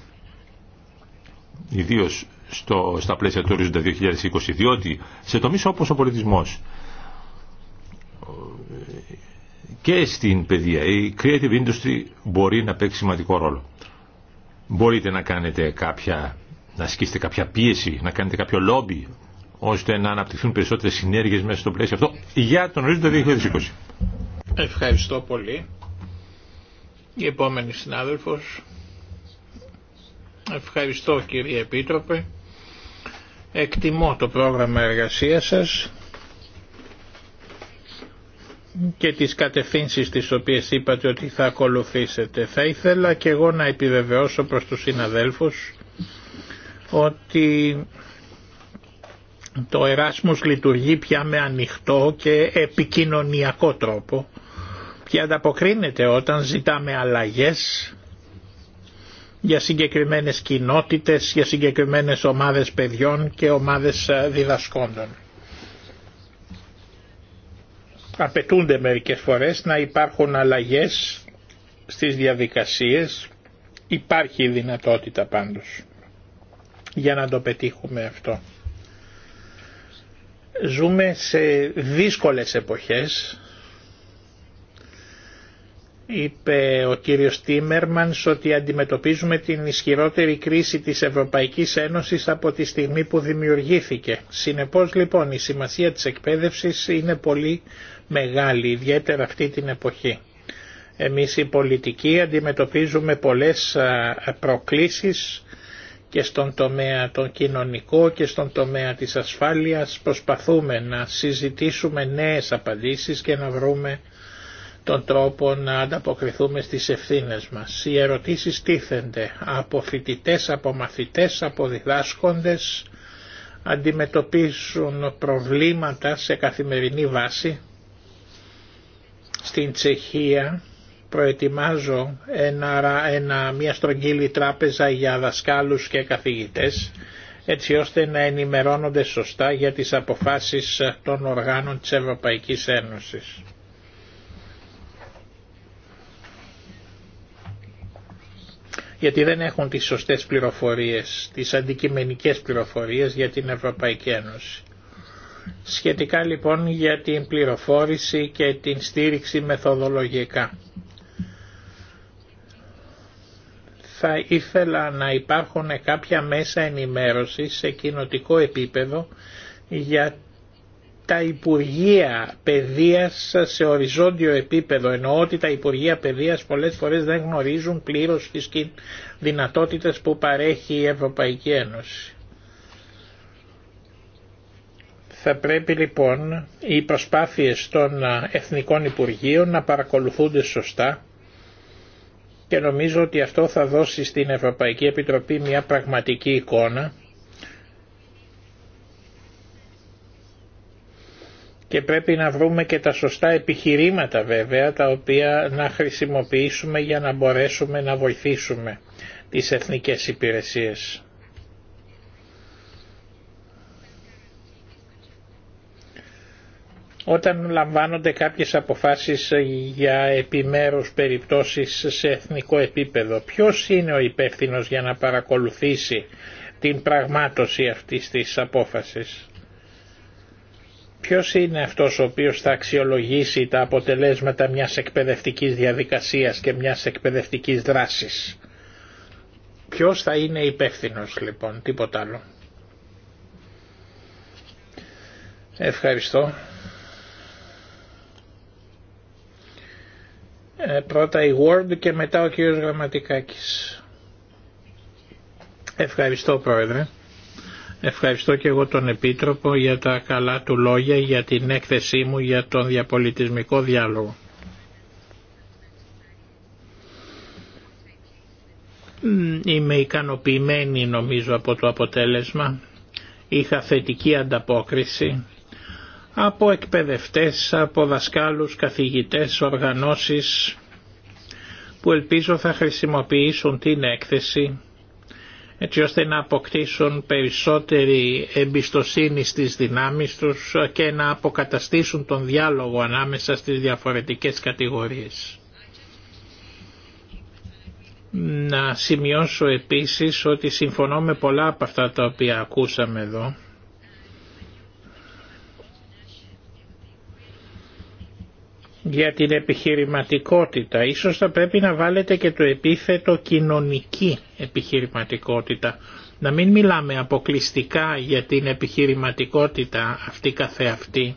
Ιδίως στο, στα πλαίσια του ορίζοντα 2020, διότι σε τομείς όπως ο πολιτισμός, και στην παιδεία. Η creative industry μπορεί να παίξει σημαντικό ρόλο. Μπορείτε να κάνετε κάποια, να ασκήσετε κάποια πίεση, να κάνετε κάποιο λόμπι, ώστε να αναπτυχθούν περισσότερες συνέργειες μέσα στο πλαίσιο αυτό για τον ορίζοντα 2020. Ευχαριστώ πολύ. Η επόμενη συνάδελφος. Ευχαριστώ κύριε Επίτροπε. Εκτιμώ το πρόγραμμα εργασίας σας και τις κατευθύνσεις τις οποίες είπατε ότι θα ακολουθήσετε. Θα ήθελα και εγώ να επιβεβαιώσω προς τους συναδέλφους ότι το Εράσμος λειτουργεί πια με ανοιχτό και επικοινωνιακό τρόπο και ανταποκρίνεται όταν ζητάμε αλλαγές για συγκεκριμένες κοινότητες, για συγκεκριμένες ομάδες παιδιών και ομάδες διδασκόντων απαιτούνται μερικές φορές να υπάρχουν αλλαγές στις διαδικασίες. Υπάρχει η δυνατότητα πάντως για να το πετύχουμε αυτό. Ζούμε σε δύσκολες εποχές. Είπε ο κύριος Τίμερμανς ότι αντιμετωπίζουμε την ισχυρότερη κρίση της Ευρωπαϊκής Ένωσης από τη στιγμή που δημιουργήθηκε. Συνεπώς λοιπόν η σημασία της εκπαίδευσης είναι πολύ μεγάλη, ιδιαίτερα αυτή την εποχή. Εμείς οι πολιτικοί αντιμετωπίζουμε πολλές προκλήσεις και στον τομέα τον κοινωνικό και στον τομέα της ασφάλειας προσπαθούμε να συζητήσουμε νέες απαντήσεις και να βρούμε τον τρόπο να ανταποκριθούμε στις ευθύνες μας. Οι ερωτήσεις τίθενται από φοιτητέ, από μαθητές, από διδάσκοντες, αντιμετωπίζουν προβλήματα σε καθημερινή βάση στην Τσεχία προετοιμάζω ένα, ένα, μια στρογγύλη τράπεζα για δασκάλους και καθηγητές έτσι ώστε να ενημερώνονται σωστά για τις αποφάσεις των οργάνων της Ευρωπαϊκής Ένωσης. γιατί δεν έχουν τις σωστές πληροφορίες, τις αντικειμενικές πληροφορίες για την Ευρωπαϊκή Ένωση σχετικά λοιπόν για την πληροφόρηση και την στήριξη μεθοδολογικά. Θα ήθελα να υπάρχουν κάποια μέσα ενημέρωσης σε κοινοτικό επίπεδο για τα Υπουργεία Παιδείας σε οριζόντιο επίπεδο, ενώ ότι τα Υπουργεία Παιδείας πολλές φορές δεν γνωρίζουν πλήρως τις δυνατότητες που παρέχει η Ευρωπαϊκή Ένωση. Θα πρέπει λοιπόν οι προσπάθειες των Εθνικών Υπουργείων να παρακολουθούνται σωστά και νομίζω ότι αυτό θα δώσει στην Ευρωπαϊκή Επιτροπή μια πραγματική εικόνα και πρέπει να βρούμε και τα σωστά επιχειρήματα βέβαια τα οποία να χρησιμοποιήσουμε για να μπορέσουμε να βοηθήσουμε τις εθνικές υπηρεσίες. όταν λαμβάνονται κάποιες αποφάσεις για επιμέρους περιπτώσεις σε εθνικό επίπεδο. Ποιος είναι ο υπεύθυνος για να παρακολουθήσει την πραγμάτωση αυτής της απόφασης. Ποιος είναι αυτός ο οποίος θα αξιολογήσει τα αποτελέσματα μιας εκπαιδευτικής διαδικασίας και μιας εκπαιδευτικής δράσης. Ποιος θα είναι υπεύθυνο λοιπόν, τίποτα άλλο. Ευχαριστώ. Ε, πρώτα η Word και μετά ο κύριος Γραμματικάκης. Ευχαριστώ Πρόεδρε. Ευχαριστώ και εγώ τον Επίτροπο για τα καλά του λόγια, για την έκθεσή μου για τον διαπολιτισμικό διάλογο. Είμαι ικανοποιημένη νομίζω από το αποτέλεσμα. Είχα θετική ανταπόκριση από εκπαιδευτές, από δασκάλους, καθηγητές, οργανώσεις που ελπίζω θα χρησιμοποιήσουν την έκθεση έτσι ώστε να αποκτήσουν περισσότερη εμπιστοσύνη στις δυνάμεις τους και να αποκαταστήσουν τον διάλογο ανάμεσα στις διαφορετικές κατηγορίες. Να σημειώσω επίσης ότι συμφωνώ με πολλά από αυτά τα οποία ακούσαμε εδώ για την επιχειρηματικότητα. Ίσως θα πρέπει να βάλετε και το επίθετο κοινωνική επιχειρηματικότητα. Να μην μιλάμε αποκλειστικά για την επιχειρηματικότητα αυτή καθεαυτή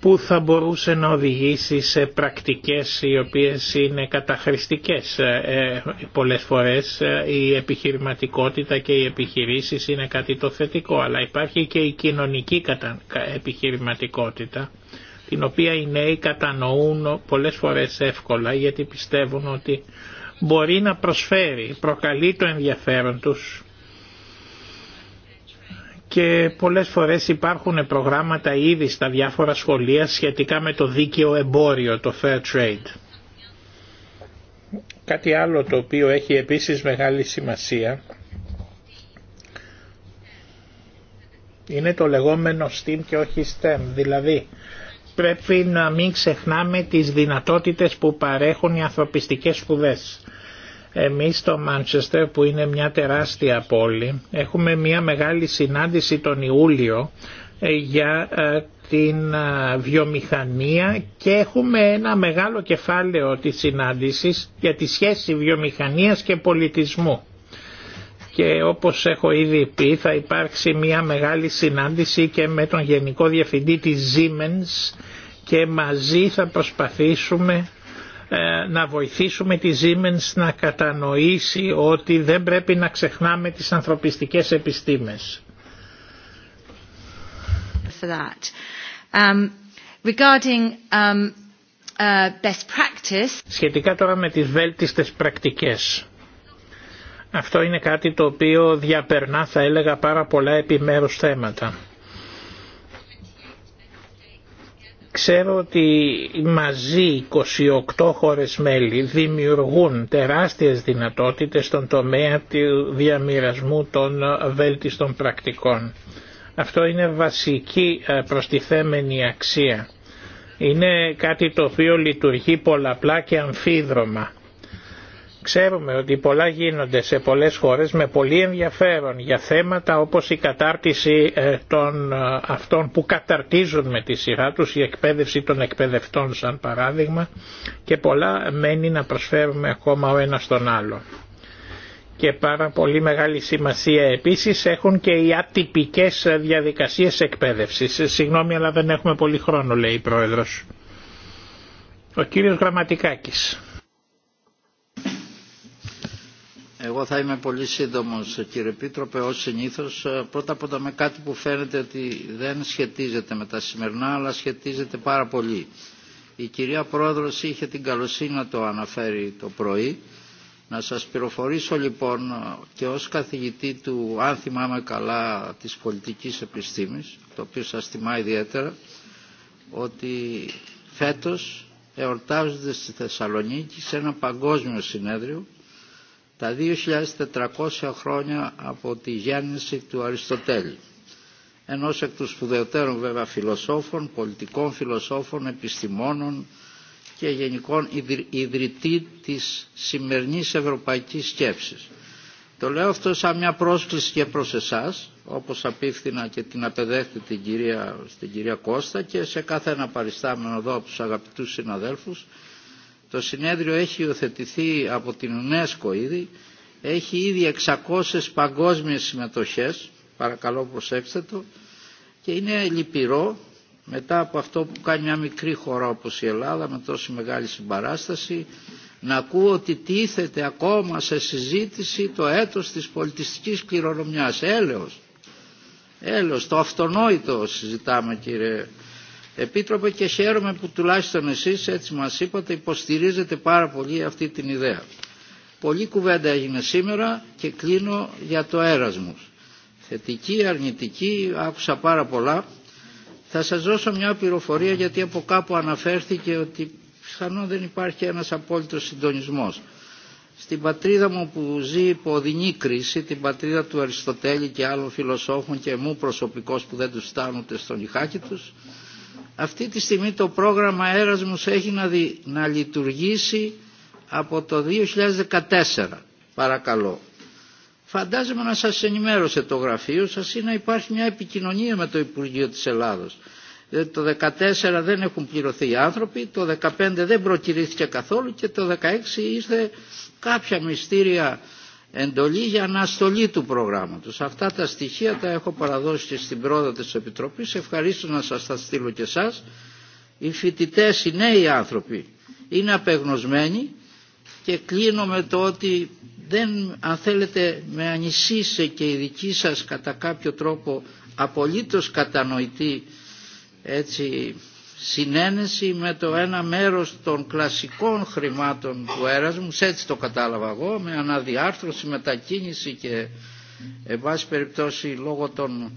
που θα μπορούσε να οδηγήσει σε πρακτικές οι οποίες είναι καταχρηστικές. Ε, ε, πολλές φορές ε, η επιχειρηματικότητα και οι επιχειρήσεις είναι κάτι το θετικό, αλλά υπάρχει και η κοινωνική επιχειρηματικότητα την οποία οι νέοι κατανοούν πολλές φορές εύκολα γιατί πιστεύουν ότι μπορεί να προσφέρει, προκαλεί το ενδιαφέρον τους και πολλές φορές υπάρχουν προγράμματα ήδη στα διάφορα σχολεία σχετικά με το δίκαιο εμπόριο, το fair trade. Κάτι άλλο το οποίο έχει επίσης μεγάλη σημασία είναι το λεγόμενο STEM και όχι STEM, δηλαδή πρέπει να μην ξεχνάμε τις δυνατότητες που παρέχουν οι ανθρωπιστικές σπουδές. Εμείς στο Μάντσεστερ που είναι μια τεράστια πόλη έχουμε μια μεγάλη συνάντηση τον Ιούλιο ε, για ε, την ε, βιομηχανία και έχουμε ένα μεγάλο κεφάλαιο της συνάντησης για τη σχέση βιομηχανίας και πολιτισμού και όπως έχω ήδη πει θα υπάρξει μια μεγάλη συνάντηση και με τον Γενικό Διευθυντή της Siemens και μαζί θα προσπαθήσουμε ε, να βοηθήσουμε τη Siemens να κατανοήσει ότι δεν πρέπει να ξεχνάμε τις ανθρωπιστικές επιστήμες. Um, um, uh, Σχετικά τώρα με τις βέλτιστες πρακτικές. Αυτό είναι κάτι το οποίο διαπερνά θα έλεγα πάρα πολλά επιμέρους θέματα. Ξέρω ότι μαζί 28 χώρες μέλη δημιουργούν τεράστιες δυνατότητες στον τομέα του διαμοιρασμού των βέλτιστων πρακτικών. Αυτό είναι βασική ε, προστιθέμενη αξία. Είναι κάτι το οποίο λειτουργεί πολλαπλά και αμφίδρομα Ξέρουμε ότι πολλά γίνονται σε πολλές χώρες με πολύ ενδιαφέρον για θέματα όπως η κατάρτιση ε, των ε, αυτών που καταρτίζουν με τη σειρά τους, η εκπαίδευση των εκπαιδευτών σαν παράδειγμα και πολλά μένει να προσφέρουμε ακόμα ο ένας τον άλλο. Και πάρα πολύ μεγάλη σημασία επίσης έχουν και οι ατυπικές διαδικασίες εκπαίδευσης. Συγγνώμη αλλά δεν έχουμε πολύ χρόνο λέει η Πρόεδρος. Ο κύριος Γραμματικάκης. Εγώ θα είμαι πολύ σύντομος κύριε Επίτροπε ως συνήθως ε, πρώτα απ' όλα με κάτι που φαίνεται ότι δεν σχετίζεται με τα σημερινά αλλά σχετίζεται πάρα πολύ. Η κυρία Πρόεδρος είχε την καλοσύνη να το αναφέρει το πρωί. Να σας πληροφορήσω λοιπόν και ως καθηγητή του, αν θυμάμαι καλά, της πολιτικής επιστήμης, το οποίο σας θυμά ιδιαίτερα, ότι φέτος εορτάζονται στη Θεσσαλονίκη σε ένα παγκόσμιο συνέδριο τα 2.400 χρόνια από τη γέννηση του Αριστοτέλη ενός εκ των σπουδαιότερων βέβαια φιλοσόφων, πολιτικών φιλοσόφων, επιστημόνων και γενικών ιδρυτή της σημερινής ευρωπαϊκής σκέψης. Το λέω αυτό σαν μια πρόσκληση και προς εσάς, όπως απίφθηνα και την απεδέχτη κυρία, στην κυρία Κώστα και σε κάθε ένα παριστάμενο εδώ από τους αγαπητούς συναδέλφους, το συνέδριο έχει υιοθετηθεί από την UNESCO ήδη. Έχει ήδη 600 παγκόσμιες συμμετοχές. Παρακαλώ προσέξτε το. Και είναι λυπηρό μετά από αυτό που κάνει μια μικρή χώρα όπως η Ελλάδα με τόση μεγάλη συμπαράσταση να ακούω ότι τίθεται ακόμα σε συζήτηση το έτος της πολιτιστικής κληρονομιάς. Έλεος. Έλεος. Το αυτονόητο συζητάμε κύριε Επίτροπε και χαίρομαι που τουλάχιστον εσείς έτσι μας είπατε υποστηρίζετε πάρα πολύ αυτή την ιδέα. Πολύ κουβέντα έγινε σήμερα και κλείνω για το έρασμος. Θετική, αρνητική, άκουσα πάρα πολλά. Θα σας δώσω μια πληροφορία γιατί από κάπου αναφέρθηκε ότι πιθανόν δεν υπάρχει ένας απόλυτος συντονισμός. Στην πατρίδα μου που ζει υπό οδυνή κρίση, την πατρίδα του Αριστοτέλη και άλλων φιλοσόφων και μου προσωπικός που δεν τους φτάνουν ούτε στον νυχάκι τους, αυτή τη στιγμή το πρόγραμμα έρασμους έχει να, να λειτουργήσει από το 2014. Παρακαλώ. Φαντάζομαι να σας ενημέρωσε το γραφείο σας ή να υπάρχει μια επικοινωνία με το Υπουργείο της Ελλάδος. Ε, το 2014 δεν έχουν πληρωθεί οι άνθρωποι, το 2015 δεν προκυρήθηκε καθόλου και το 2016 ήρθε κάποια μυστήρια εντολή για αναστολή του προγράμματος. Αυτά τα στοιχεία τα έχω παραδώσει και στην πρόοδο της Επιτροπής. Ευχαρίστω να σας τα στείλω και εσάς. Οι φοιτητέ, οι νέοι άνθρωποι είναι απεγνωσμένοι και κλείνω με το ότι δεν, αν θέλετε, με ανησύσε και η δική σας κατά κάποιο τρόπο απολύτως κατανοητή έτσι, συνένεση με το ένα μέρος των κλασικών χρημάτων του έρασμου, έτσι το κατάλαβα εγώ, με αναδιάρθρωση, μετακίνηση και εν περιπτώσει λόγω των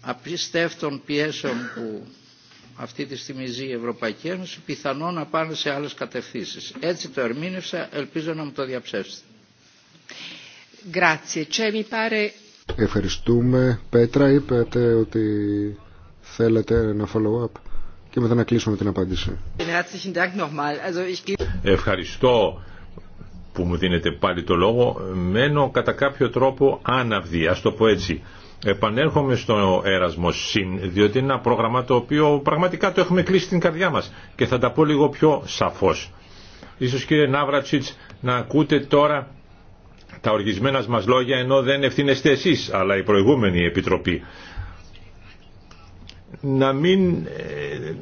απίστευτων πιέσεων που αυτή τη στιγμή ζει η Ευρωπαϊκή Ένωση, πιθανό να πάνε σε άλλες κατευθύνσεις. Έτσι το ερμήνευσα, ελπίζω να μου το διαψεύσετε. Ευχαριστούμε. Πέτρα, είπατε ότι θέλετε ένα follow-up και μετά να κλείσουμε την απάντηση. Ευχαριστώ που μου δίνετε πάλι το λόγο. Μένω κατά κάποιο τρόπο άναυδη, ας το πω έτσι. Επανέρχομαι στο έρασμο Συν, διότι είναι ένα πρόγραμμα το οποίο πραγματικά το έχουμε κλείσει στην καρδιά μας και θα τα πω λίγο πιο σαφώς. Ίσως κύριε Ναύρατσιτς να ακούτε τώρα τα οργισμένα μας λόγια ενώ δεν ευθύνεστε εσείς αλλά η προηγούμενη επιτροπή να μην... Ε,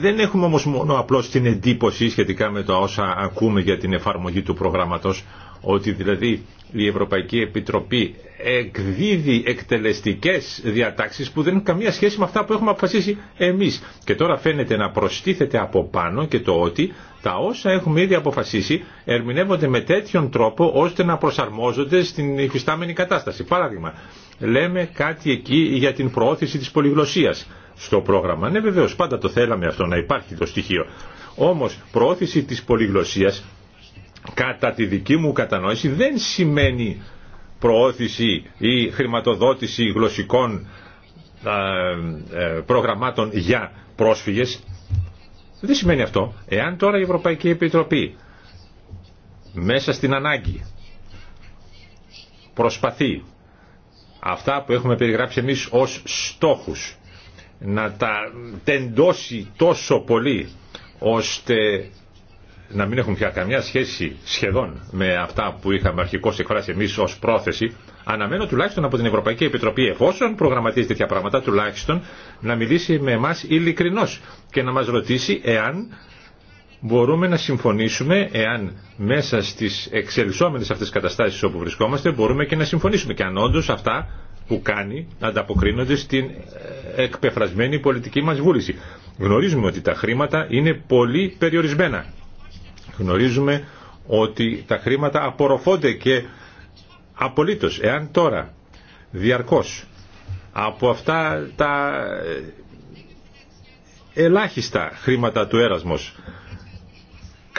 δεν έχουμε όμως μόνο απλώς την εντύπωση σχετικά με τα όσα ακούμε για την εφαρμογή του προγράμματος, ότι δηλαδή η Ευρωπαϊκή Επιτροπή εκδίδει εκτελεστικές διατάξεις που δεν έχουν καμία σχέση με αυτά που έχουμε αποφασίσει εμείς. Και τώρα φαίνεται να προστίθεται από πάνω και το ότι τα όσα έχουμε ήδη αποφασίσει ερμηνεύονται με τέτοιον τρόπο ώστε να προσαρμόζονται στην υφιστάμενη κατάσταση. Παράδειγμα, λέμε κάτι εκεί για την προώθηση της πολυγλωσσίας στο πρόγραμμα. Ναι βεβαίως πάντα το θέλαμε αυτό να υπάρχει το στοιχείο. Όμως προώθηση της πολυγλωσσίας κατά τη δική μου κατανόηση δεν σημαίνει προώθηση ή χρηματοδότηση γλωσσικών ε, προγραμμάτων για πρόσφυγες. Δεν σημαίνει αυτό. Εάν τώρα η Ευρωπαϊκή Επιτροπή μέσα στην ανάγκη προσπαθεί αυτά που έχουμε περιγράψει εμείς ως στόχους να τα τεντώσει τόσο πολύ ώστε να μην έχουν πια καμιά σχέση σχεδόν με αυτά που είχαμε αρχικώς εκφράσει εμείς ως πρόθεση αναμένω τουλάχιστον από την Ευρωπαϊκή Επιτροπή εφόσον προγραμματίζει τέτοια πράγματα τουλάχιστον να μιλήσει με εμάς ειλικρινώς και να μας ρωτήσει εάν μπορούμε να συμφωνήσουμε εάν μέσα στις εξελισσόμενες αυτές καταστάσεις όπου βρισκόμαστε μπορούμε και να συμφωνήσουμε και αν όντω αυτά που κάνει ανταποκρίνονται στην ε, εκπεφρασμένη πολιτική μας βούληση. Γνωρίζουμε ότι τα χρήματα είναι πολύ περιορισμένα. Γνωρίζουμε ότι τα χρήματα απορροφώνται και απολύτως. Εάν τώρα διαρκώς από αυτά τα ε, ελάχιστα χρήματα του έρασμος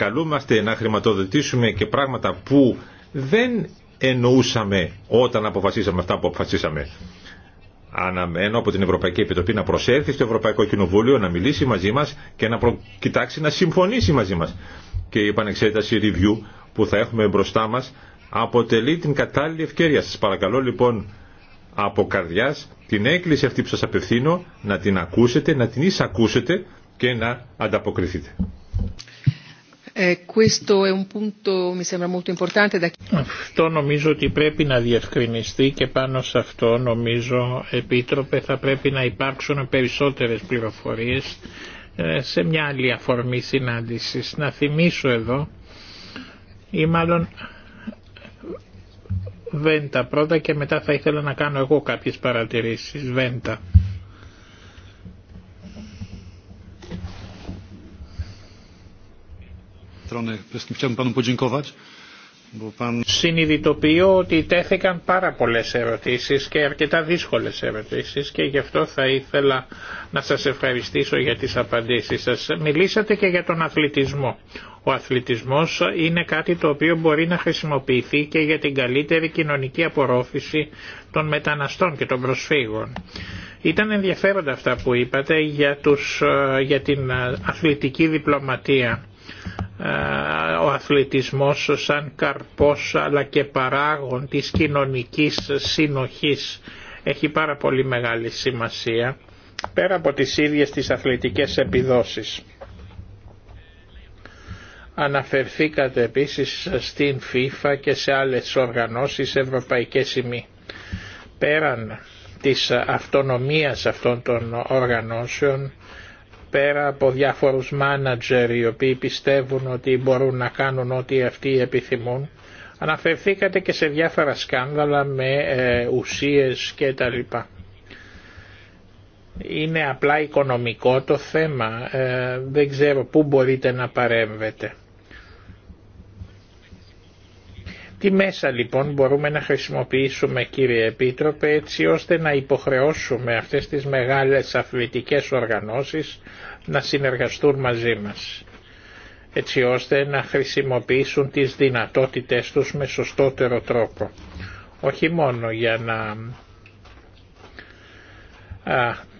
καλούμαστε να χρηματοδοτήσουμε και πράγματα που δεν εννοούσαμε όταν αποφασίσαμε αυτά που αποφασίσαμε. Αναμένω από την Ευρωπαϊκή Επιτροπή να προσέλθει στο Ευρωπαϊκό Κοινοβούλιο να μιλήσει μαζί μα και να προ... κοιτάξει να συμφωνήσει μαζί μα. Και η επανεξέταση review που θα έχουμε μπροστά μα αποτελεί την κατάλληλη ευκαιρία. Σα παρακαλώ λοιπόν από καρδιά την έκκληση αυτή που σα απευθύνω να την ακούσετε, να την εισακούσετε και να ανταποκριθείτε. Αυτό νομίζω ότι πρέπει να διευκρινιστεί και πάνω σε αυτό νομίζω Επίτροπε θα πρέπει να υπάρξουν περισσότερες πληροφορίες ε, σε μια άλλη αφορμή συνάντησης. Να θυμίσω εδώ ή μάλλον Βέντα πρώτα και μετά θα ήθελα να κάνω εγώ κάποιες παρατηρήσεις. Βέντα. Συνειδητοποιώ ότι τέθηκαν πάρα πολλές ερωτήσεις και αρκετά δύσκολες ερωτήσεις και γι' αυτό θα ήθελα να σας ευχαριστήσω για τις απαντήσεις σας. Μιλήσατε και για τον αθλητισμό. Ο αθλητισμός είναι κάτι το οποίο μπορεί να χρησιμοποιηθεί και για την καλύτερη κοινωνική απορρόφηση των μεταναστών και των προσφύγων. Ήταν ενδιαφέροντα αυτά που είπατε για, τους, ε, για την ε, αθλητική διπλωματία. Ε, ο αθλητισμός σαν καρπός αλλά και παράγον της κοινωνικής συνοχής έχει πάρα πολύ μεγάλη σημασία πέρα από τις ίδιες τις αθλητικές επιδόσεις. Αναφερθήκατε επίσης στην FIFA και σε άλλες οργανώσεις ευρωπαϊκές ημί. Πέραν της αυτονομίας αυτών των οργανώσεων πέρα από διάφορους μάνατζερ οι οποίοι πιστεύουν ότι μπορούν να κάνουν ό,τι αυτοί επιθυμούν. Αναφερθήκατε και σε διάφορα σκάνδαλα με ε, ουσίες και τα λοιπά. Είναι απλά οικονομικό το θέμα, ε, δεν ξέρω πού μπορείτε να παρέμβετε. Τι μέσα λοιπόν μπορούμε να χρησιμοποιήσουμε κύριε Επίτροπε έτσι ώστε να υποχρεώσουμε αυτές τις μεγάλες αθλητικές οργανώσεις να συνεργαστούν μαζί μας έτσι ώστε να χρησιμοποιήσουν τις δυνατότητες τους με σωστότερο τρόπο. Όχι μόνο για να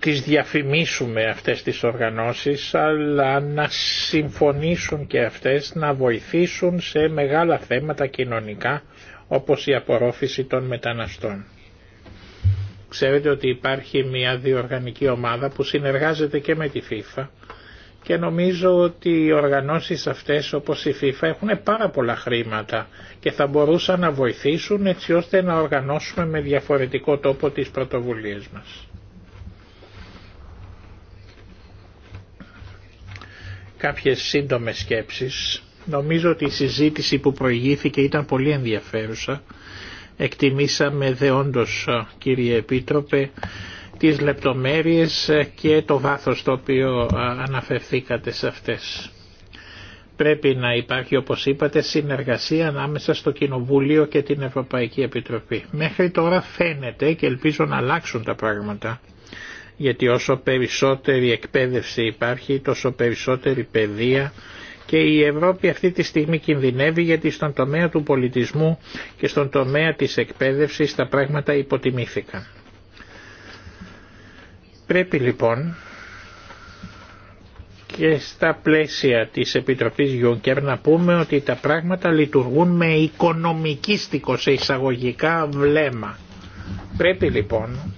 τις διαφημίσουμε αυτές τις οργανώσεις αλλά να συμφωνήσουν και αυτές να βοηθήσουν σε μεγάλα θέματα κοινωνικά όπως η απορρόφηση των μεταναστών. Ξέρετε ότι υπάρχει μια διοργανική ομάδα που συνεργάζεται και με τη FIFA και νομίζω ότι οι οργανώσεις αυτές όπως η FIFA έχουν πάρα πολλά χρήματα και θα μπορούσαν να βοηθήσουν έτσι ώστε να οργανώσουμε με διαφορετικό τόπο τις πρωτοβουλίες μας. κάποιες σύντομες σκέψεις. Νομίζω ότι η συζήτηση που προηγήθηκε ήταν πολύ ενδιαφέρουσα. Εκτιμήσαμε δεόντως, κύριε Επίτροπε, τις λεπτομέρειες και το βάθος το οποίο αναφερθήκατε σε αυτές. Πρέπει να υπάρχει, όπως είπατε, συνεργασία ανάμεσα στο Κοινοβούλιο και την Ευρωπαϊκή Επιτροπή. Μέχρι τώρα φαίνεται και ελπίζω να αλλάξουν τα πράγματα γιατί όσο περισσότερη εκπαίδευση υπάρχει τόσο περισσότερη παιδεία και η Ευρώπη αυτή τη στιγμή κινδυνεύει γιατί στον τομέα του πολιτισμού και στον τομέα της εκπαίδευσης τα πράγματα υποτιμήθηκαν. Πρέπει λοιπόν και στα πλαίσια της Επιτροπής Γιούνκερ να πούμε ότι τα πράγματα λειτουργούν με οικονομικίστικο σε εισαγωγικά βλέμμα. Πρέπει λοιπόν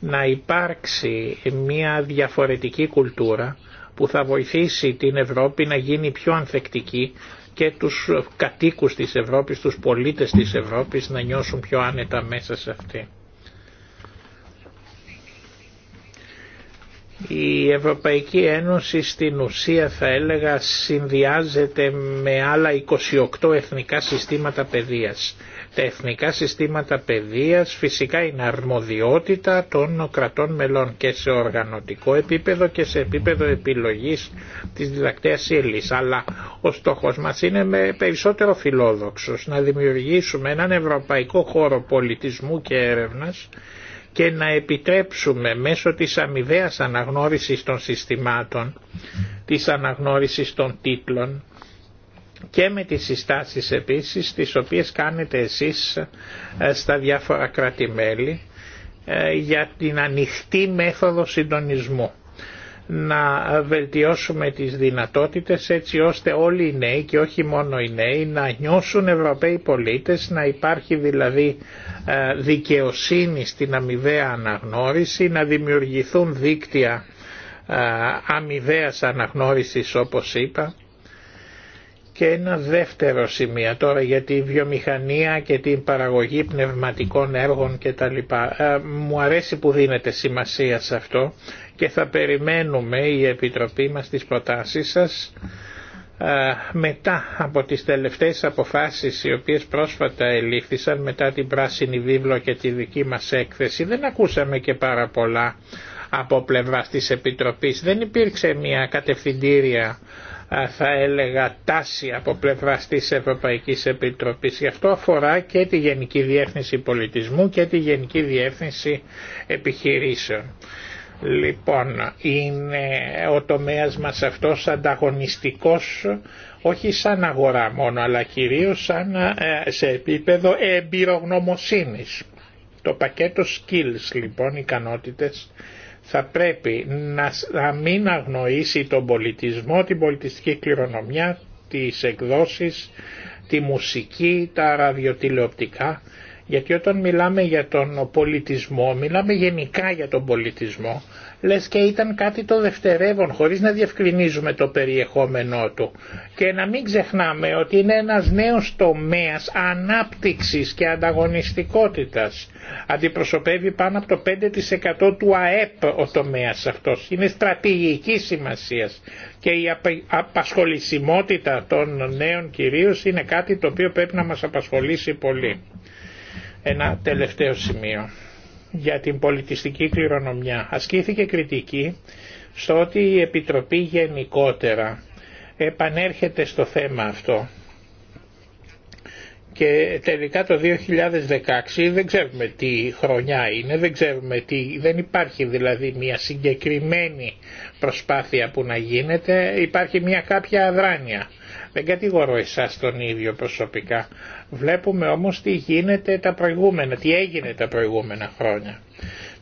να υπάρξει μια διαφορετική κουλτούρα που θα βοηθήσει την Ευρώπη να γίνει πιο ανθεκτική και τους κατοίκους της Ευρώπης, τους πολίτες της Ευρώπης να νιώσουν πιο άνετα μέσα σε αυτή. Η Ευρωπαϊκή Ένωση στην ουσία θα έλεγα συνδυάζεται με άλλα 28 εθνικά συστήματα παιδείας τα εθνικά συστήματα παιδείας φυσικά είναι αρμοδιότητα των κρατών μελών και σε οργανωτικό επίπεδο και σε επίπεδο επιλογής της διδακτέας ύλης. Αλλά ο στόχος μας είναι με περισσότερο φιλόδοξος να δημιουργήσουμε έναν ευρωπαϊκό χώρο πολιτισμού και έρευνας και να επιτρέψουμε μέσω της αμοιβαίας αναγνώρισης των συστημάτων, της αναγνώρισης των τίτλων, και με τις συστάσεις επίσης τις οποίες κάνετε εσείς ε, στα διάφορα κράτη-μέλη ε, για την ανοιχτή μέθοδο συντονισμού. Να βελτιώσουμε τις δυνατότητες έτσι ώστε όλοι οι νέοι και όχι μόνο οι νέοι να νιώσουν Ευρωπαίοι πολίτες, να υπάρχει δηλαδή ε, δικαιοσύνη στην αμοιβαία αναγνώριση, να δημιουργηθούν δίκτυα αμοιβαίας αναγνώρισης όπως είπα και ένα δεύτερο σημείο τώρα για τη βιομηχανία και την παραγωγή πνευματικών έργων κτλ. Ε, μου αρέσει που δίνετε σημασία σε αυτό και θα περιμένουμε η Επιτροπή μας τις προτάσεις σας ε, μετά από τις τελευταίες αποφάσεις οι οποίες πρόσφατα ελήφθησαν μετά την Πράσινη Βίβλο και τη δική μας έκθεση δεν ακούσαμε και πάρα πολλά από πλευρά της Επιτροπής. Δεν υπήρξε μια κατευθυντήρια θα έλεγα τάση από πλευρά τη Ευρωπαϊκή Επιτροπής. Γι' αυτό αφορά και τη Γενική Διεύθυνση Πολιτισμού και τη Γενική Διεύθυνση Επιχειρήσεων. Λοιπόν, είναι ο τομέας μας αυτός ανταγωνιστικός όχι σαν αγορά μόνο αλλά κυρίως σαν, ε, σε επίπεδο εμπειρογνωμοσύνης. Το πακέτο skills λοιπόν, ικανότητες, θα πρέπει να μην αγνοήσει τον πολιτισμό, την πολιτιστική κληρονομιά, τις εκδόσεις, τη μουσική, τα ραδιοτηλεοπτικά γιατί όταν μιλάμε για τον πολιτισμό, μιλάμε γενικά για τον πολιτισμό, λες και ήταν κάτι το δευτερεύον χωρίς να διευκρινίζουμε το περιεχόμενό του. Και να μην ξεχνάμε ότι είναι ένας νέος τομέας ανάπτυξης και ανταγωνιστικότητας. Αντιπροσωπεύει πάνω από το 5% του ΑΕΠ ο τομέας αυτός. Είναι στρατηγική σημασίας και η απασχολησιμότητα των νέων κυρίως είναι κάτι το οποίο πρέπει να μας απασχολήσει πολύ. Ένα τελευταίο σημείο για την πολιτιστική κληρονομιά. Ασκήθηκε κριτική στο ότι η Επιτροπή γενικότερα επανέρχεται στο θέμα αυτό και τελικά το 2016 δεν ξέρουμε τι χρονιά είναι, δεν ξέρουμε τι, δεν υπάρχει δηλαδή μια συγκεκριμένη προσπάθεια που να γίνεται, υπάρχει μια κάποια αδράνεια. Δεν κατηγορώ εσάς τον ίδιο προσωπικά. Βλέπουμε όμως τι γίνεται τα προηγούμενα, τι έγινε τα προηγούμενα χρόνια.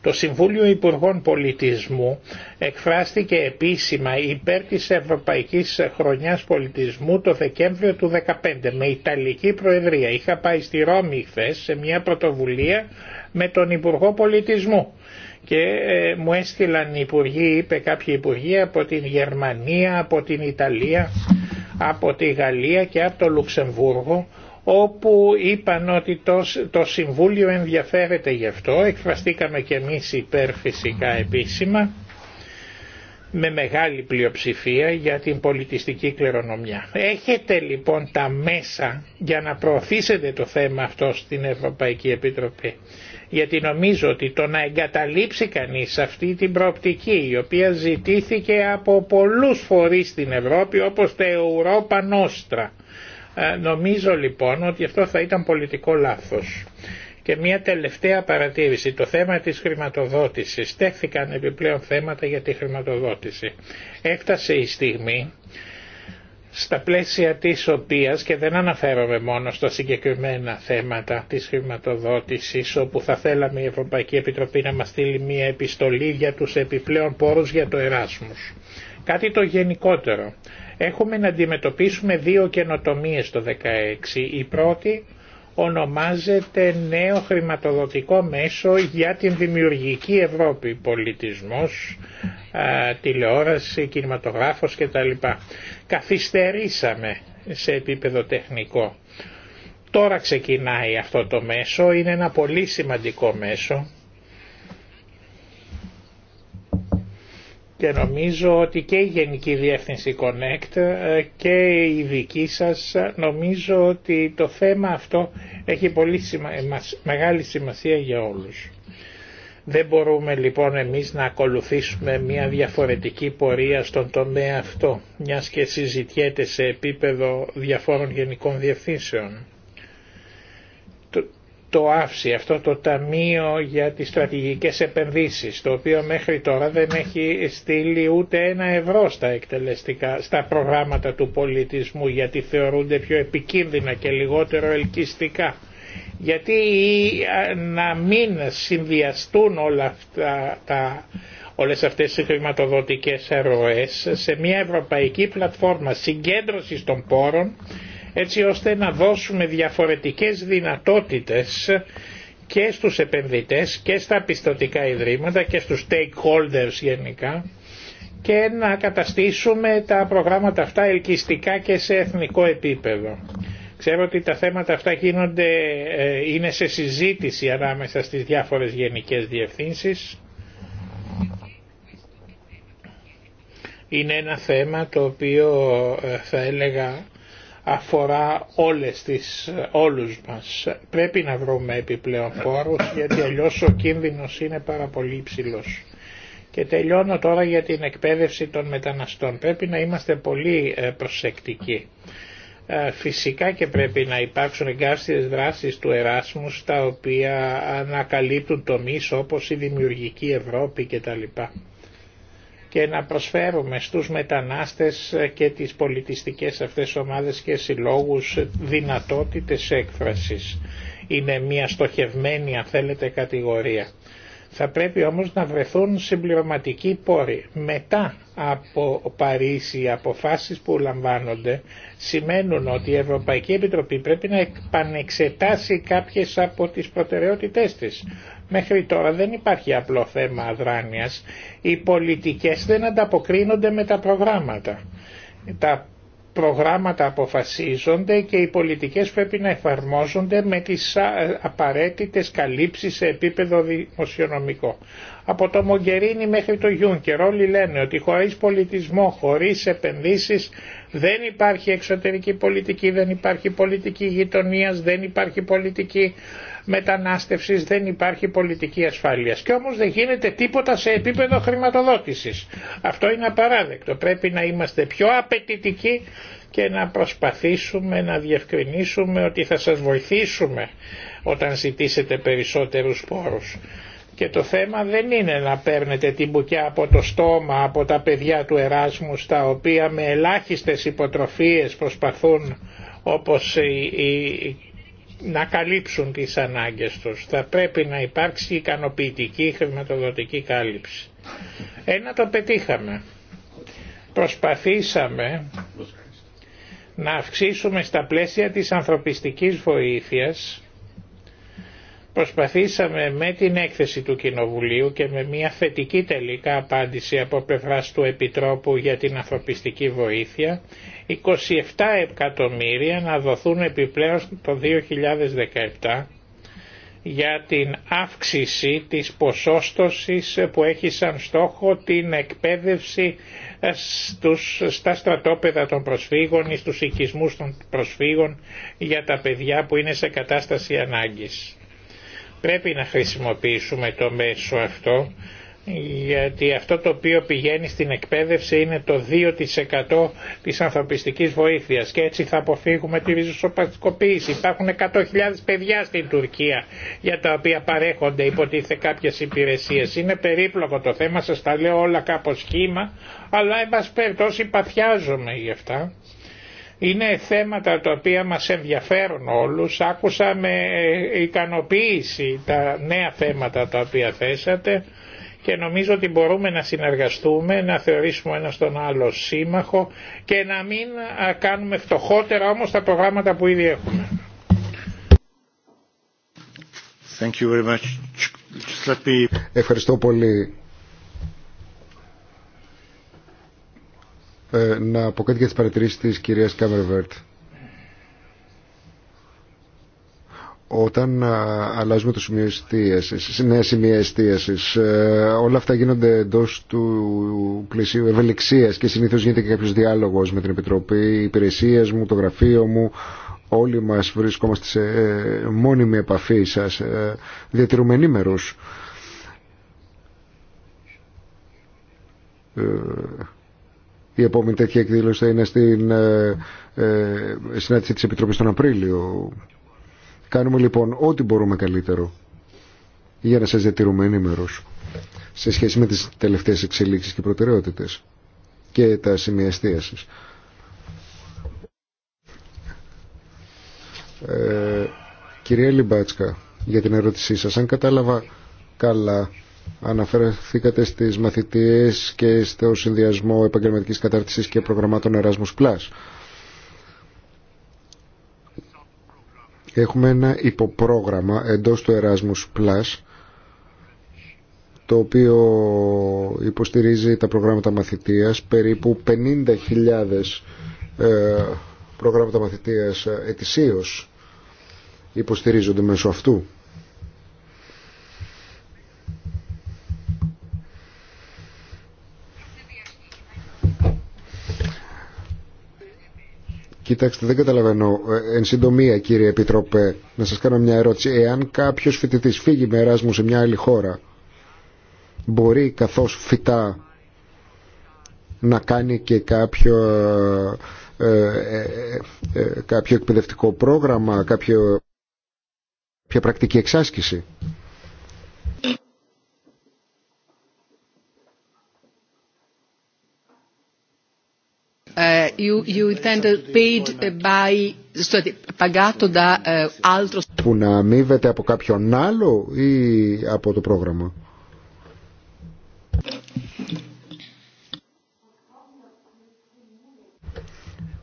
Το Συμβούλιο Υπουργών Πολιτισμού εκφράστηκε επίσημα υπέρ της Ευρωπαϊκής Χρονιάς Πολιτισμού το Δεκέμβριο του 2015 με Ιταλική Προεδρία. Είχα πάει στη Ρώμη χθε σε μια πρωτοβουλία με τον Υπουργό Πολιτισμού και ε, μου έστειλαν υπουργοί, είπε κάποιοι υπουργοί από την Γερμανία, από την Ιταλία από τη Γαλλία και από το Λουξεμβούργο όπου είπαν ότι το, Συμβούλιο ενδιαφέρεται γι' αυτό, εκφραστήκαμε και εμείς υπέρ φυσικά επίσημα, με μεγάλη πλειοψηφία για την πολιτιστική κληρονομιά. Έχετε λοιπόν τα μέσα για να προωθήσετε το θέμα αυτό στην Ευρωπαϊκή Επιτροπή γιατί νομίζω ότι το να εγκαταλείψει κανείς αυτή την προοπτική η οποία ζητήθηκε από πολλούς φορείς στην Ευρώπη όπως τα Europa Nostra. Ε, νομίζω λοιπόν ότι αυτό θα ήταν πολιτικό λάθος. Και μια τελευταία παρατήρηση, το θέμα της χρηματοδότησης. Στέχθηκαν επιπλέον θέματα για τη χρηματοδότηση. Έφτασε η στιγμή στα πλαίσια της οποίας και δεν αναφέρομαι μόνο στα συγκεκριμένα θέματα της χρηματοδότησης όπου θα θέλαμε η Ευρωπαϊκή Επιτροπή να μας στείλει μια επιστολή για τους επιπλέον πόρους για το Εράσμους. Κάτι το γενικότερο. Έχουμε να αντιμετωπίσουμε δύο καινοτομίε το 2016. Η πρώτη ονομάζεται νέο χρηματοδοτικό μέσο για την δημιουργική Ευρώπη, πολιτισμός, τηλεόραση, κινηματογράφος κτλ καθυστερήσαμε σε επίπεδο τεχνικό. Τώρα ξεκινάει αυτό το μέσο, είναι ένα πολύ σημαντικό μέσο και νομίζω ότι και η Γενική Διεύθυνση Connect ε, και η δική σας νομίζω ότι το θέμα αυτό έχει πολύ μεγάλη σημασία για όλους. Δεν μπορούμε λοιπόν εμείς να ακολουθήσουμε μια διαφορετική πορεία στον τομέα αυτό, μιας και συζητιέται σε επίπεδο διαφόρων γενικών διευθύνσεων. Το, το αυτό το Ταμείο για τις Στρατηγικές Επενδύσεις, το οποίο μέχρι τώρα δεν έχει στείλει ούτε ένα ευρώ στα εκτελεστικά, στα προγράμματα του πολιτισμού, γιατί θεωρούνται πιο επικίνδυνα και λιγότερο ελκυστικά γιατί να μην συνδυαστούν όλα αυτά τα όλες αυτές οι χρηματοδοτικές ροές σε μια ευρωπαϊκή πλατφόρμα συγκέντρωσης των πόρων έτσι ώστε να δώσουμε διαφορετικές δυνατότητες και στους επενδυτές και στα πιστοτικά ιδρύματα και στους stakeholders γενικά και να καταστήσουμε τα προγράμματα αυτά ελκυστικά και σε εθνικό επίπεδο. Ξέρω ότι τα θέματα αυτά γίνονται, ε, είναι σε συζήτηση ανάμεσα στις διάφορες γενικές διευθύνσεις. Είναι ένα θέμα το οποίο ε, θα έλεγα αφορά όλες τις, ε, όλους μας. Πρέπει να βρούμε επιπλέον πόρους γιατί αλλιώς ο κίνδυνος είναι πάρα πολύ υψηλός. Και τελειώνω τώρα για την εκπαίδευση των μεταναστών. Πρέπει να είμαστε πολύ προσεκτικοί. Ε, φυσικά και πρέπει να υπάρξουν εγκάρσιες δράσεις του Εράσμου τα οποία ανακαλύπτουν τομείς όπως η δημιουργική Ευρώπη κτλ. Και να προσφέρουμε στους μετανάστες και τις πολιτιστικές αυτές ομάδες και συλλόγους δυνατότητες έκφρασης. Είναι μια στοχευμένη αν θέλετε κατηγορία. Θα πρέπει όμως να βρεθούν συμπληρωματικοί πόροι μετά από Παρίσι, οι αποφάσεις που λαμβάνονται σημαίνουν ότι η Ευρωπαϊκή Επιτροπή πρέπει να επανεξετάσει κάποιες από τις προτεραιότητές της. Μέχρι τώρα δεν υπάρχει απλό θέμα αδράνειας. Οι πολιτικές δεν ανταποκρίνονται με τα προγράμματα. Τα προγράμματα αποφασίζονται και οι πολιτικές πρέπει να εφαρμόζονται με τις απαραίτητες καλύψεις σε επίπεδο δημοσιονομικό από το Μογκερίνι μέχρι το Γιούνκερ όλοι λένε ότι χωρίς πολιτισμό, χωρίς επενδύσεις δεν υπάρχει εξωτερική πολιτική, δεν υπάρχει πολιτική γειτονία, δεν υπάρχει πολιτική μετανάστευσης, δεν υπάρχει πολιτική ασφάλειας. Και όμως δεν γίνεται τίποτα σε επίπεδο χρηματοδότησης. Αυτό είναι απαράδεκτο. Πρέπει να είμαστε πιο απαιτητικοί και να προσπαθήσουμε να διευκρινίσουμε ότι θα σας βοηθήσουμε όταν ζητήσετε περισσότερους πόρους. Και το θέμα δεν είναι να παίρνετε την μπουκιά από το στόμα, από τα παιδιά του Εράσμου τα οποία με ελάχιστες υποτροφίες προσπαθούν όπως να καλύψουν τις ανάγκες τους. Θα πρέπει να υπάρξει ικανοποιητική χρηματοδοτική κάλυψη. Ένα το πετύχαμε. Προσπαθήσαμε να αυξήσουμε στα πλαίσια της ανθρωπιστικής βοήθειας Προσπαθήσαμε με την έκθεση του Κοινοβουλίου και με μια θετική τελικά απάντηση από πλευράς του Επιτρόπου για την ανθρωπιστική βοήθεια 27 εκατομμύρια να δοθούν επιπλέον το 2017 για την αύξηση της ποσόστοσης που έχει σαν στόχο την εκπαίδευση ε, στους, στα στρατόπεδα των προσφύγων ή στους οικισμούς των προσφύγων για τα παιδιά που είναι σε κατάσταση ανάγκης. Πρέπει να χρησιμοποιήσουμε το μέσο αυτό γιατί αυτό το οποίο πηγαίνει στην εκπαίδευση είναι το 2% της ανθρωπιστικής βοήθειας και έτσι θα αποφύγουμε τη ριζοσπαστικοποίηση. Υπάρχουν 100.000 παιδιά στην Τουρκία για τα οποία παρέχονται υποτίθεται κάποιες υπηρεσίες. Είναι περίπλοκο το θέμα, σας τα λέω όλα κάπως σχήμα, αλλά εν πάση παθιάζομαι γι' αυτά. Είναι θέματα τα οποία μας ενδιαφέρουν όλους. Άκουσα με ικανοποίηση τα νέα θέματα τα οποία θέσατε και νομίζω ότι μπορούμε να συνεργαστούμε, να θεωρήσουμε ένα τον άλλο σύμμαχο και να μην κάνουμε φτωχότερα όμως τα προγράμματα που ήδη έχουμε. Ευχαριστώ πολύ. Ε, να πω κάτι για τις παρατηρήσεις της κυρίας Κάμερβερτ. Όταν αλλάζουμε το σημείο εστίασης, νέα σημεία εστίασης, ε, όλα αυτά γίνονται εντό του πλαισίου ευελιξίας και συνήθως γίνεται και κάποιος διάλογος με την Επιτροπή, οι υπηρεσίες μου, το γραφείο μου, όλοι μας βρισκόμαστε σε ε, μόνιμη επαφή σας, διατηρούμε ενήμερους. Η επόμενη τέτοια εκδήλωση θα είναι στην ε, ε, συνάντηση της Επιτροπής τον Απρίλιο. Κάνουμε λοιπόν ό,τι μπορούμε καλύτερο για να σας διατηρούμε ενήμερος σε σχέση με τις τελευταίες εξελίξεις και προτεραιότητες και τα σημεία εστίασης. Ε, κυρία Λιμπάτσκα, για την ερώτησή σας, αν κατάλαβα καλά, Αναφερθήκατε στις μαθητείες και στο συνδυασμό επαγγελματικής κατάρτισης και προγραμμάτων Erasmus+. Έχουμε ένα υποπρόγραμμα εντός του Erasmus+, το οποίο υποστηρίζει τα προγράμματα μαθητείας, περίπου 50.000 ε, προγράμματα μαθητείας ετησίως υποστηρίζονται μέσω αυτού. Κοιτάξτε, δεν καταλαβαίνω. Ε, εν συντομία, κύριε Επίτροπε, να σα κάνω μια ερώτηση. Εάν κάποιος φοιτητή φύγει με εράσμου σε μια άλλη χώρα, μπορεί καθώς φυτά να κάνει και κάποιο, ε, ε, ε, ε κάποιο εκπαιδευτικό πρόγραμμα, κάποιο, κάποια πρακτική εξάσκηση. Eh, you paid by, eh, Που να αμείβεται από κάποιον άλλο ή από το πρόγραμμα.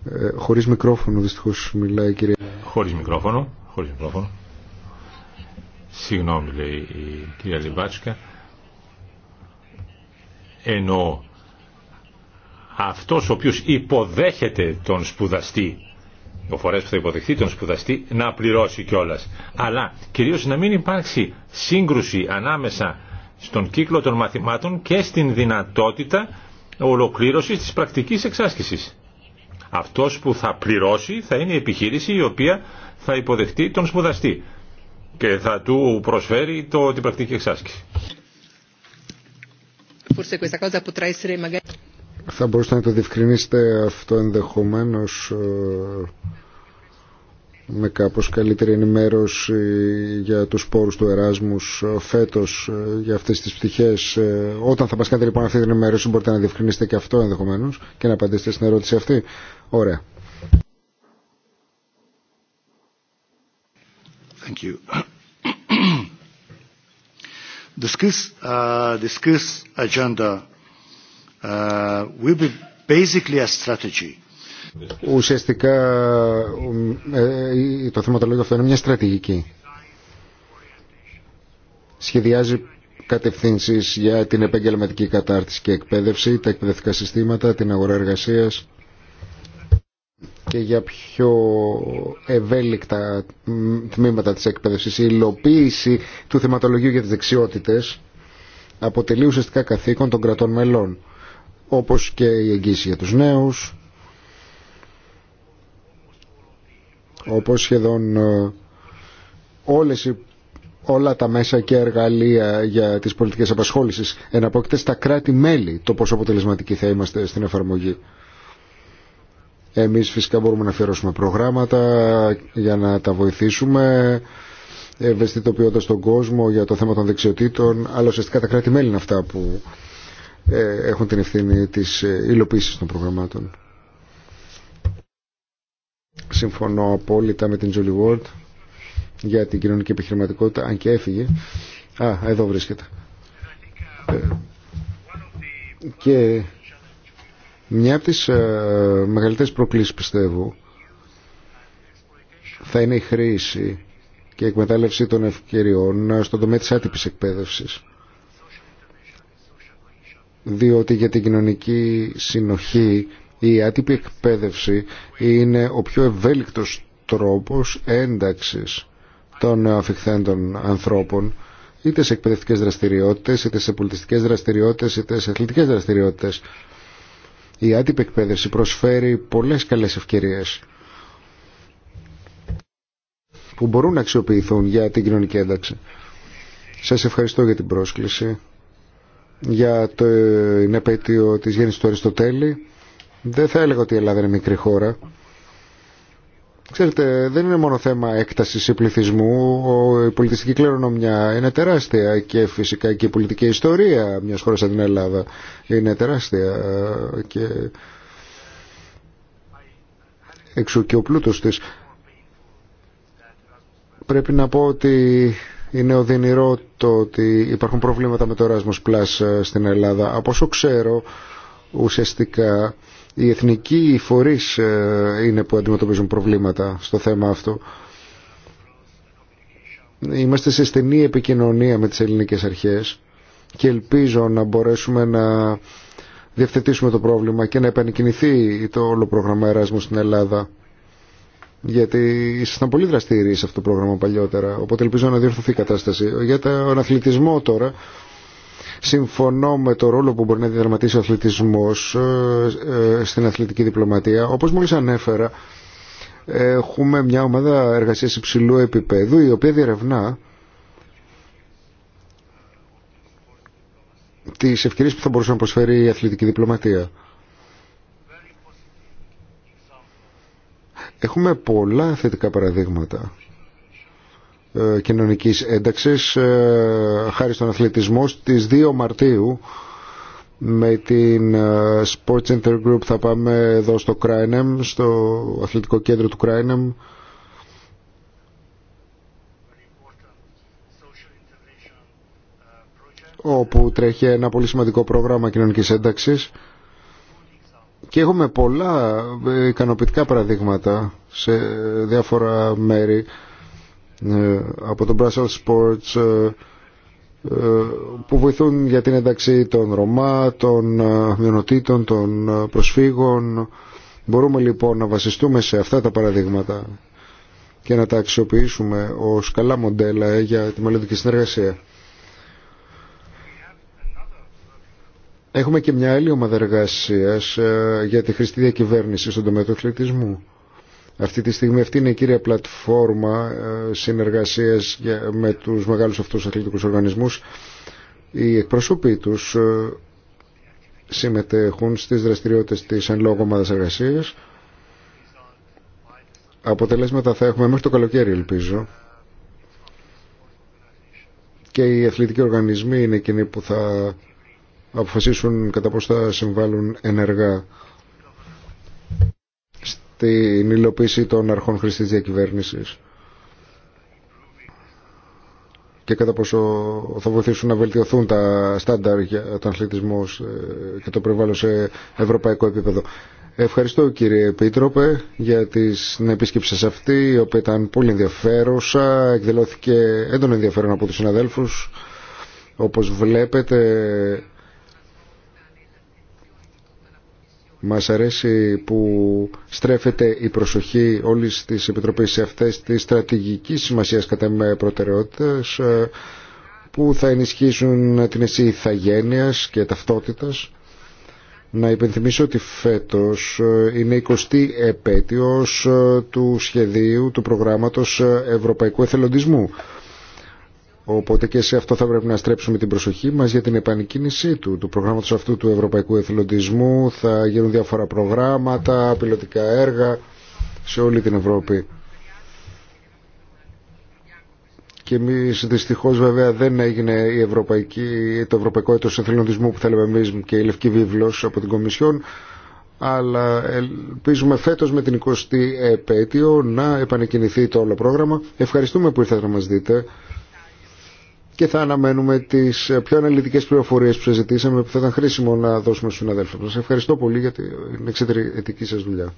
Ε, χωρίς μικρόφωνο δυστυχώς μιλάει η κυρία. Χωρίς χωρίς μικρόφωνο. Συγγνώμη λέει η κυρία Λιμπάτσικα. κυρια λιμπατσικα ενω αυτός ο οποίος υποδέχεται τον σπουδαστή ο φορέας που θα υποδεχθεί τον σπουδαστή να πληρώσει κιόλα. Αλλά κυρίως να μην υπάρξει σύγκρουση ανάμεσα στον κύκλο των μαθημάτων και στην δυνατότητα ολοκλήρωσης της πρακτικής εξάσκησης. Αυτός που θα πληρώσει θα είναι η επιχείρηση η οποία θα υποδεχτεί τον σπουδαστή και θα του προσφέρει το, την πρακτική εξάσκηση. Θα μπορούσατε να το διευκρινίσετε αυτό ενδεχομένως ε, με κάπως καλύτερη ενημέρωση για τους πόρους του Εράσμους ε, φέτος ε, για αυτές τις πτυχές. Όταν θα μα κάνετε λοιπόν αυτή την ενημέρωση μπορείτε να διευκρινίσετε και αυτό ενδεχομένως και να απαντήσετε στην ερώτηση αυτή. Ωραία. Thank you. Uh, discuss, agenda Uh, ουσιαστικά ε, ε, το θεματολόγιο αυτό είναι μια στρατηγική. Σχεδιάζει κατευθύνσεις για την επαγγελματική κατάρτιση και εκπαίδευση, τα εκπαιδευτικά συστήματα, την αγορά εργασίας και για πιο ευέλικτα τμήματα της εκπαίδευσης. Η υλοποίηση του θεματολογίου για τις δεξιότητες αποτελεί ουσιαστικά καθήκον των κρατών μελών όπως και η εγγύηση για τους νέους, όπως σχεδόν ε, όλες όλα τα μέσα και εργαλεία για τις πολιτικές απασχόλησης εναπόκειται στα κράτη-μέλη το πόσο αποτελεσματικοί θα είμαστε στην εφαρμογή. Εμείς φυσικά μπορούμε να αφιερώσουμε προγράμματα για να τα βοηθήσουμε ευαισθητοποιώντας τον κόσμο για το θέμα των δεξιοτήτων αλλά ουσιαστικά τα κράτη-μέλη είναι αυτά που ε, έχουν την ευθύνη της ε, υλοποίησης των προγραμμάτων. Συμφωνώ απόλυτα με την Τζολι Βόρτ για την κοινωνική επιχειρηματικότητα, αν και έφυγε. Α, εδώ βρίσκεται. Ε, και μια από τις μεγαλύτερες προκλήσεις πιστεύω θα είναι η χρήση και η εκμετάλλευση των ευκαιριών στον τομέα της άτυπης εκπαίδευσης διότι για την κοινωνική συνοχή η άτυπη εκπαίδευση είναι ο πιο ευέλικτος τρόπος ένταξης των αφιχθέντων ανθρώπων είτε σε εκπαιδευτικές δραστηριότητες, είτε σε πολιτιστικές δραστηριότητες, είτε σε αθλητικές δραστηριότητες. Η άτυπη εκπαίδευση προσφέρει πολλές καλές ευκαιρίες που μπορούν να αξιοποιηθούν για την κοινωνική ένταξη. Σας ευχαριστώ για την πρόσκληση για ε, την επέτειο της γέννησης του Αριστοτέλη. Δεν θα έλεγα ότι η Ελλάδα είναι μικρή χώρα. Ξέρετε, δεν είναι μόνο θέμα έκτασης ή πληθυσμού. Η πολιτιστική κληρονομιά είναι τεράστια και φυσικά και η πολιτική ιστορία μιας χώρας σαν την Ελλάδα είναι τεράστια. Και εξού και ο πλούτος της. Πρέπει να πω ότι είναι οδυνηρό το ότι υπάρχουν προβλήματα με το Erasmus Plus ε, στην Ελλάδα. Από όσο ξέρω, ουσιαστικά οι εθνικοί φορείς ε, είναι που αντιμετωπίζουν προβλήματα στο θέμα αυτό. Είμαστε σε στενή επικοινωνία με τις ελληνικές αρχές και ελπίζω να μπορέσουμε να διευθετήσουμε το πρόβλημα και να επανεκκινηθεί το όλο πρόγραμμα Erasmus στην Ελλάδα γιατί ήσασταν πολύ δραστήριοι σε αυτό το πρόγραμμα παλιότερα, οπότε ελπίζω να διορθωθεί η κατάσταση. Για τον αθλητισμό τώρα, συμφωνώ με το ρόλο που μπορεί να διαδραματίσει ο αθλητισμός ε, ε, στην αθλητική διπλωματία. Όπως μόλι ανέφερα, έχουμε μια ομάδα εργασίας υψηλού επίπεδου, η οποία διερευνά τι ευκαιρίε που θα μπορούσε να προσφέρει η αθλητική διπλωματία. Έχουμε πολλά θετικά παραδείγματα ε, κοινωνικής ένταξης ε, χάρη στον αθλητισμό στις 2 Μαρτίου με την ε, Sports Intergroup Group θα πάμε εδώ στο Κράινεμ στο αθλητικό κέντρο του Κράινεμ όπου τρέχει ένα πολύ σημαντικό πρόγραμμα κοινωνικής ένταξης και έχουμε πολλά ε, ικανοποιητικά παραδείγματα σε διάφορα μέρη ε, από τον Brussels Sports ε, που βοηθούν για την ένταξη των Ρωμά, των μειονοτήτων, των προσφύγων. Μπορούμε λοιπόν να βασιστούμε σε αυτά τα παραδείγματα και να τα αξιοποιήσουμε ως καλά μοντέλα για τη μελλοντική συνεργασία. Έχουμε και μια άλλη ομάδα εργασία ε, για τη χρηστή διακυβέρνηση στον τομέα του αθλητισμού. Αυτή τη στιγμή αυτή είναι η κύρια πλατφόρμα ε, συνεργασία με του μεγάλου αυτού αθλητικού οργανισμού. Οι εκπροσωποί τους ε, συμμετέχουν στις δραστηριότητες της εν λόγω ομάδας εργασίας. Αποτελέσματα θα έχουμε μέχρι το καλοκαίρι ελπίζω. Και οι αθλητικοί οργανισμοί είναι εκείνοι που θα αποφασίσουν κατά πώς θα συμβάλλουν ενεργά στην υλοποίηση των αρχών χρηστής διακυβέρνησης και κατά πόσο θα βοηθήσουν να βελτιωθούν τα στάνταρ για τον αθλητισμό και το περιβάλλον σε ευρωπαϊκό επίπεδο. Ευχαριστώ κύριε Επίτροπε για την επίσκεψη αυτή, η οποία ήταν πολύ ενδιαφέρουσα, εκδηλώθηκε έντονο ενδιαφέρον από τους συναδέλφους. Όπως βλέπετε Μας αρέσει που στρέφεται η προσοχή όλης της Επιτροπής σε αυτές τις στρατηγικής σημασίας κατά με προτεραιότητες ε, που θα ενισχύσουν την αισθή ηθαγένειας και ταυτότητας. Να υπενθυμίσω ότι φέτος ε, είναι 20η επέτειος ε, του σχεδίου του προγράμματος Ευρωπαϊκού Εθελοντισμού Οπότε και σε αυτό θα πρέπει να στρέψουμε την προσοχή μας για την επανεκκίνησή του, του προγράμματος αυτού του Ευρωπαϊκού Εθελοντισμού. Θα γίνουν διάφορα προγράμματα, πιλωτικά έργα σε όλη την Ευρώπη. Και εμεί δυστυχώ βέβαια δεν έγινε η Ευρωπαϊκή, το Ευρωπαϊκό Έτο Εθελοντισμού που θέλαμε εμεί και η Λευκή Βίβλο από την Κομισιόν. Αλλά ελπίζουμε φέτο με την 20η επέτειο να επανεκκινηθεί το όλο πρόγραμμα. Ευχαριστούμε που ήρθατε να μα δείτε και θα αναμένουμε τις ε, πιο αναλυτικέ πληροφορίε που σας ζητήσαμε που θα ήταν χρήσιμο να δώσουμε στους μα. Σα ευχαριστώ πολύ για την εξαιρετική σας δουλειά.